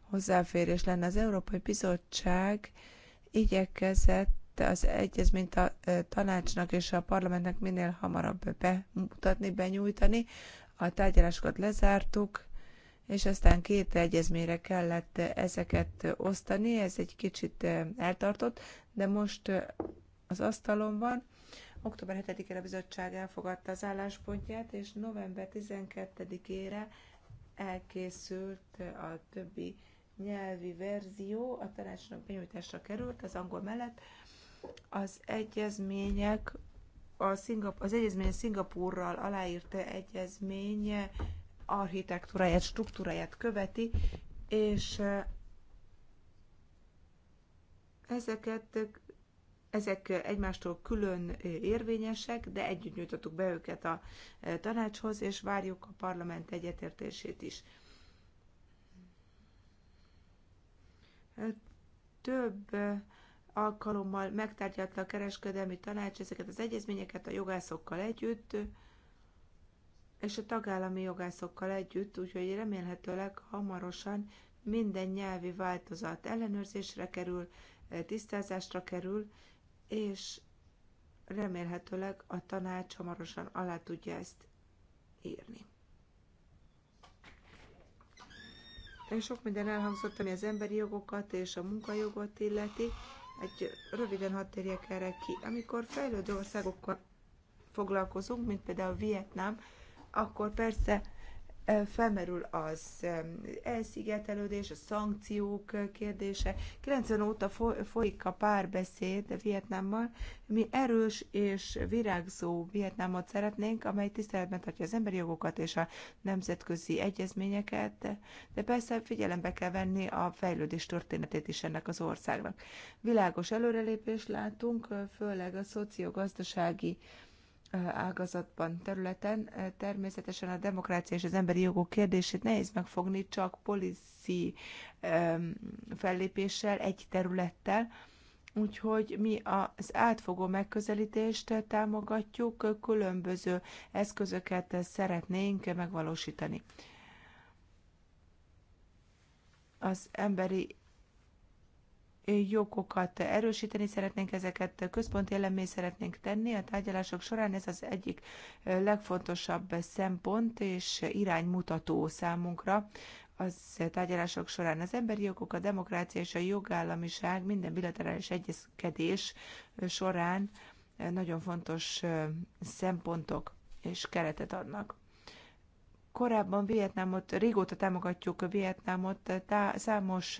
hozzáférés lenne. Az Európai Bizottság igyekezett az egyezményt a tanácsnak és a parlamentnek minél hamarabb bemutatni, benyújtani. A tárgyalásokat lezártuk, és aztán két egyezményre kellett ezeket osztani, ez egy kicsit eltartott, de most az asztalon van, Október 7-ére a bizottság elfogadta az álláspontját, és november 12-ére elkészült a többi nyelvi verzió, a tanácsnak benyújtásra került az angol mellett. Az egyezmények a Szingap- az egyezmény Szingapúrral aláírt egyezmény architektúráját, struktúráját követi, és eh, ezeket ezek egymástól külön érvényesek, de együtt nyújtottuk be őket a tanácshoz, és várjuk a parlament egyetértését is. Több alkalommal megtárgyalta a kereskedelmi tanács ezeket az egyezményeket a jogászokkal együtt, és a tagállami jogászokkal együtt, úgyhogy remélhetőleg hamarosan minden nyelvi változat ellenőrzésre kerül, tisztázásra kerül, és remélhetőleg a tanács hamarosan alá tudja ezt írni. Sok minden elhangzott, ami az emberi jogokat és a munkajogot illeti. Egy röviden hadd térjek erre ki. Amikor fejlődő országokkal foglalkozunk, mint például Vietnám, akkor persze felmerül az elszigetelődés, a szankciók kérdése. 90 óta folyik a párbeszéd Vietnámmal. Mi erős és virágzó Vietnámot szeretnénk, amely tiszteletben tartja az emberi jogokat és a nemzetközi egyezményeket, de persze figyelembe kell venni a fejlődés történetét is ennek az országnak. Világos előrelépést látunk, főleg a szociogazdasági gazdasági ágazatban, területen. Természetesen a demokrácia és az emberi jogok kérdését nehéz megfogni, csak policy fellépéssel, egy területtel. Úgyhogy mi az átfogó megközelítést támogatjuk, különböző eszközöket szeretnénk megvalósítani. Az emberi jogokat erősíteni szeretnénk, ezeket központi elemé szeretnénk tenni. A tárgyalások során ez az egyik legfontosabb szempont és iránymutató számunkra az tárgyalások során az emberi jogok, a demokrácia és a jogállamiság minden bilaterális egyezkedés során nagyon fontos szempontok és keretet adnak korábban Vietnámot, régóta támogatjuk a Vietnámot, tá, számos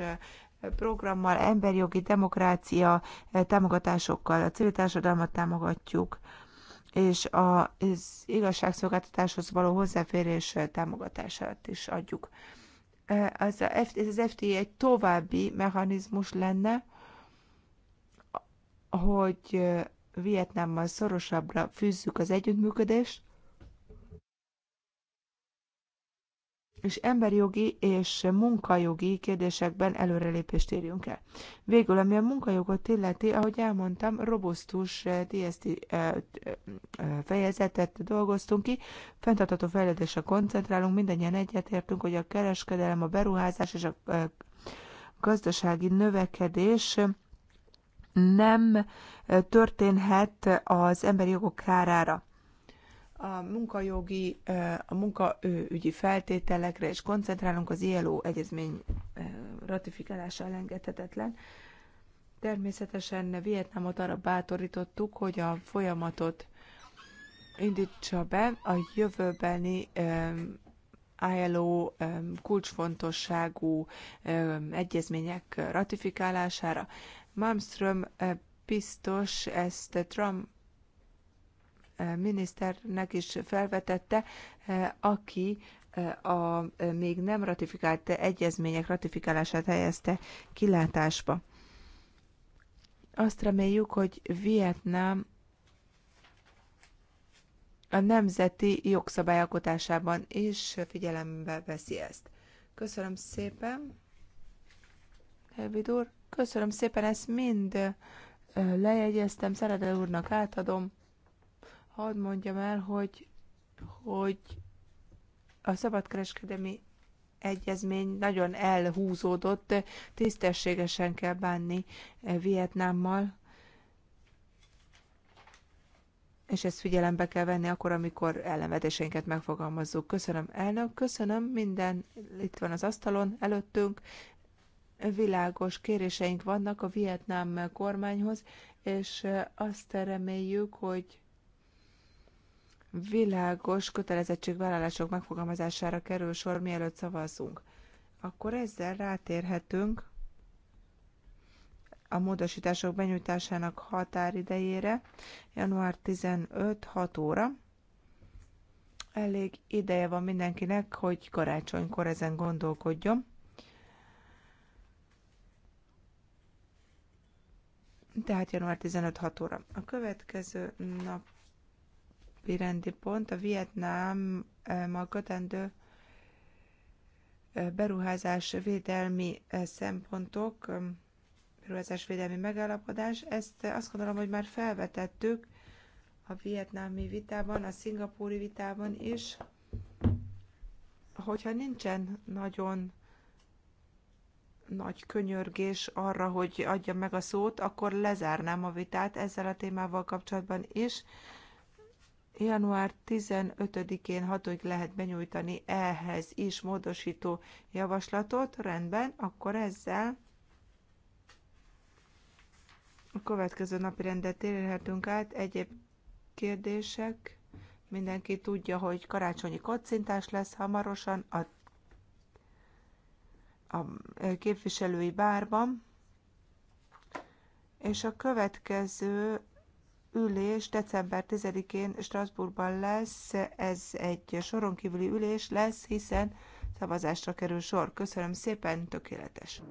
programmal, emberjogi, demokrácia eh, támogatásokkal, a civil társadalmat támogatjuk, és az igazságszolgáltatáshoz való hozzáférés eh, támogatását is adjuk. Eh, a, ez az FTI egy további mechanizmus lenne, hogy Vietnámmal szorosabbra fűzzük az együttműködést, és emberjogi és munkajogi kérdésekben előrelépést érjünk el. Végül, ami a munkajogot illeti, ahogy elmondtam, robusztus TST eh, eh, eh, fejezetet dolgoztunk ki, fenntartható fejlődésre koncentrálunk, mindannyian egyetértünk, hogy a kereskedelem, a beruházás és a gazdasági növekedés nem történhet az emberi jogok kárára a munkajogi, a munkaügyi feltételekre és koncentrálunk, az ILO egyezmény ratifikálása elengedhetetlen. Természetesen Vietnámot arra bátorítottuk, hogy a folyamatot indítsa be a jövőbeni ILO kulcsfontosságú egyezmények ratifikálására. Malmström biztos ezt Trump miniszternek is felvetette, eh, aki eh, a eh, még nem ratifikált egyezmények ratifikálását helyezte kilátásba. Azt reméljük, hogy Vietnám a nemzeti jogszabályalkotásában is figyelembe veszi ezt. Köszönöm szépen, Helvid úr. Köszönöm szépen, ezt mind lejegyeztem, Szeretel úrnak átadom hadd mondjam el, hogy, hogy a szabadkereskedemi egyezmény nagyon elhúzódott, tisztességesen kell bánni eh, Vietnámmal, és ezt figyelembe kell venni akkor, amikor ellenvetéseinket megfogalmazzuk. Köszönöm, elnök, köszönöm, minden itt van az asztalon előttünk, világos kéréseink vannak a vietnám kormányhoz, és eh, azt reméljük, hogy világos kötelezettségvállalások megfogalmazására kerül sor, mielőtt szavazunk. Akkor ezzel rátérhetünk a módosítások benyújtásának határidejére, január 15, 6 óra. Elég ideje van mindenkinek, hogy karácsonykor ezen gondolkodjon. tehát január 15-6 óra. A következő nap napi rendi pont a Vietnám eh, magadendő eh, beruházás védelmi eh, szempontok, beruházás védelmi megállapodás. Ezt azt gondolom, hogy már felvetettük a vietnámi vitában, a szingapúri vitában is. Hogyha nincsen nagyon nagy könyörgés arra, hogy adjam meg a szót, akkor lezárnám a vitát ezzel a témával kapcsolatban is január 15-én 6 lehet benyújtani ehhez is módosító javaslatot. Rendben, akkor ezzel a következő napi rendet érhetünk át. Egyéb kérdések? Mindenki tudja, hogy karácsonyi kocintás lesz hamarosan a, a képviselői bárban. És a következő ülés december 10-én Strasbourgban lesz. Ez egy soron kívüli ülés lesz, hiszen szavazásra kerül sor. Köszönöm szépen, tökéletes.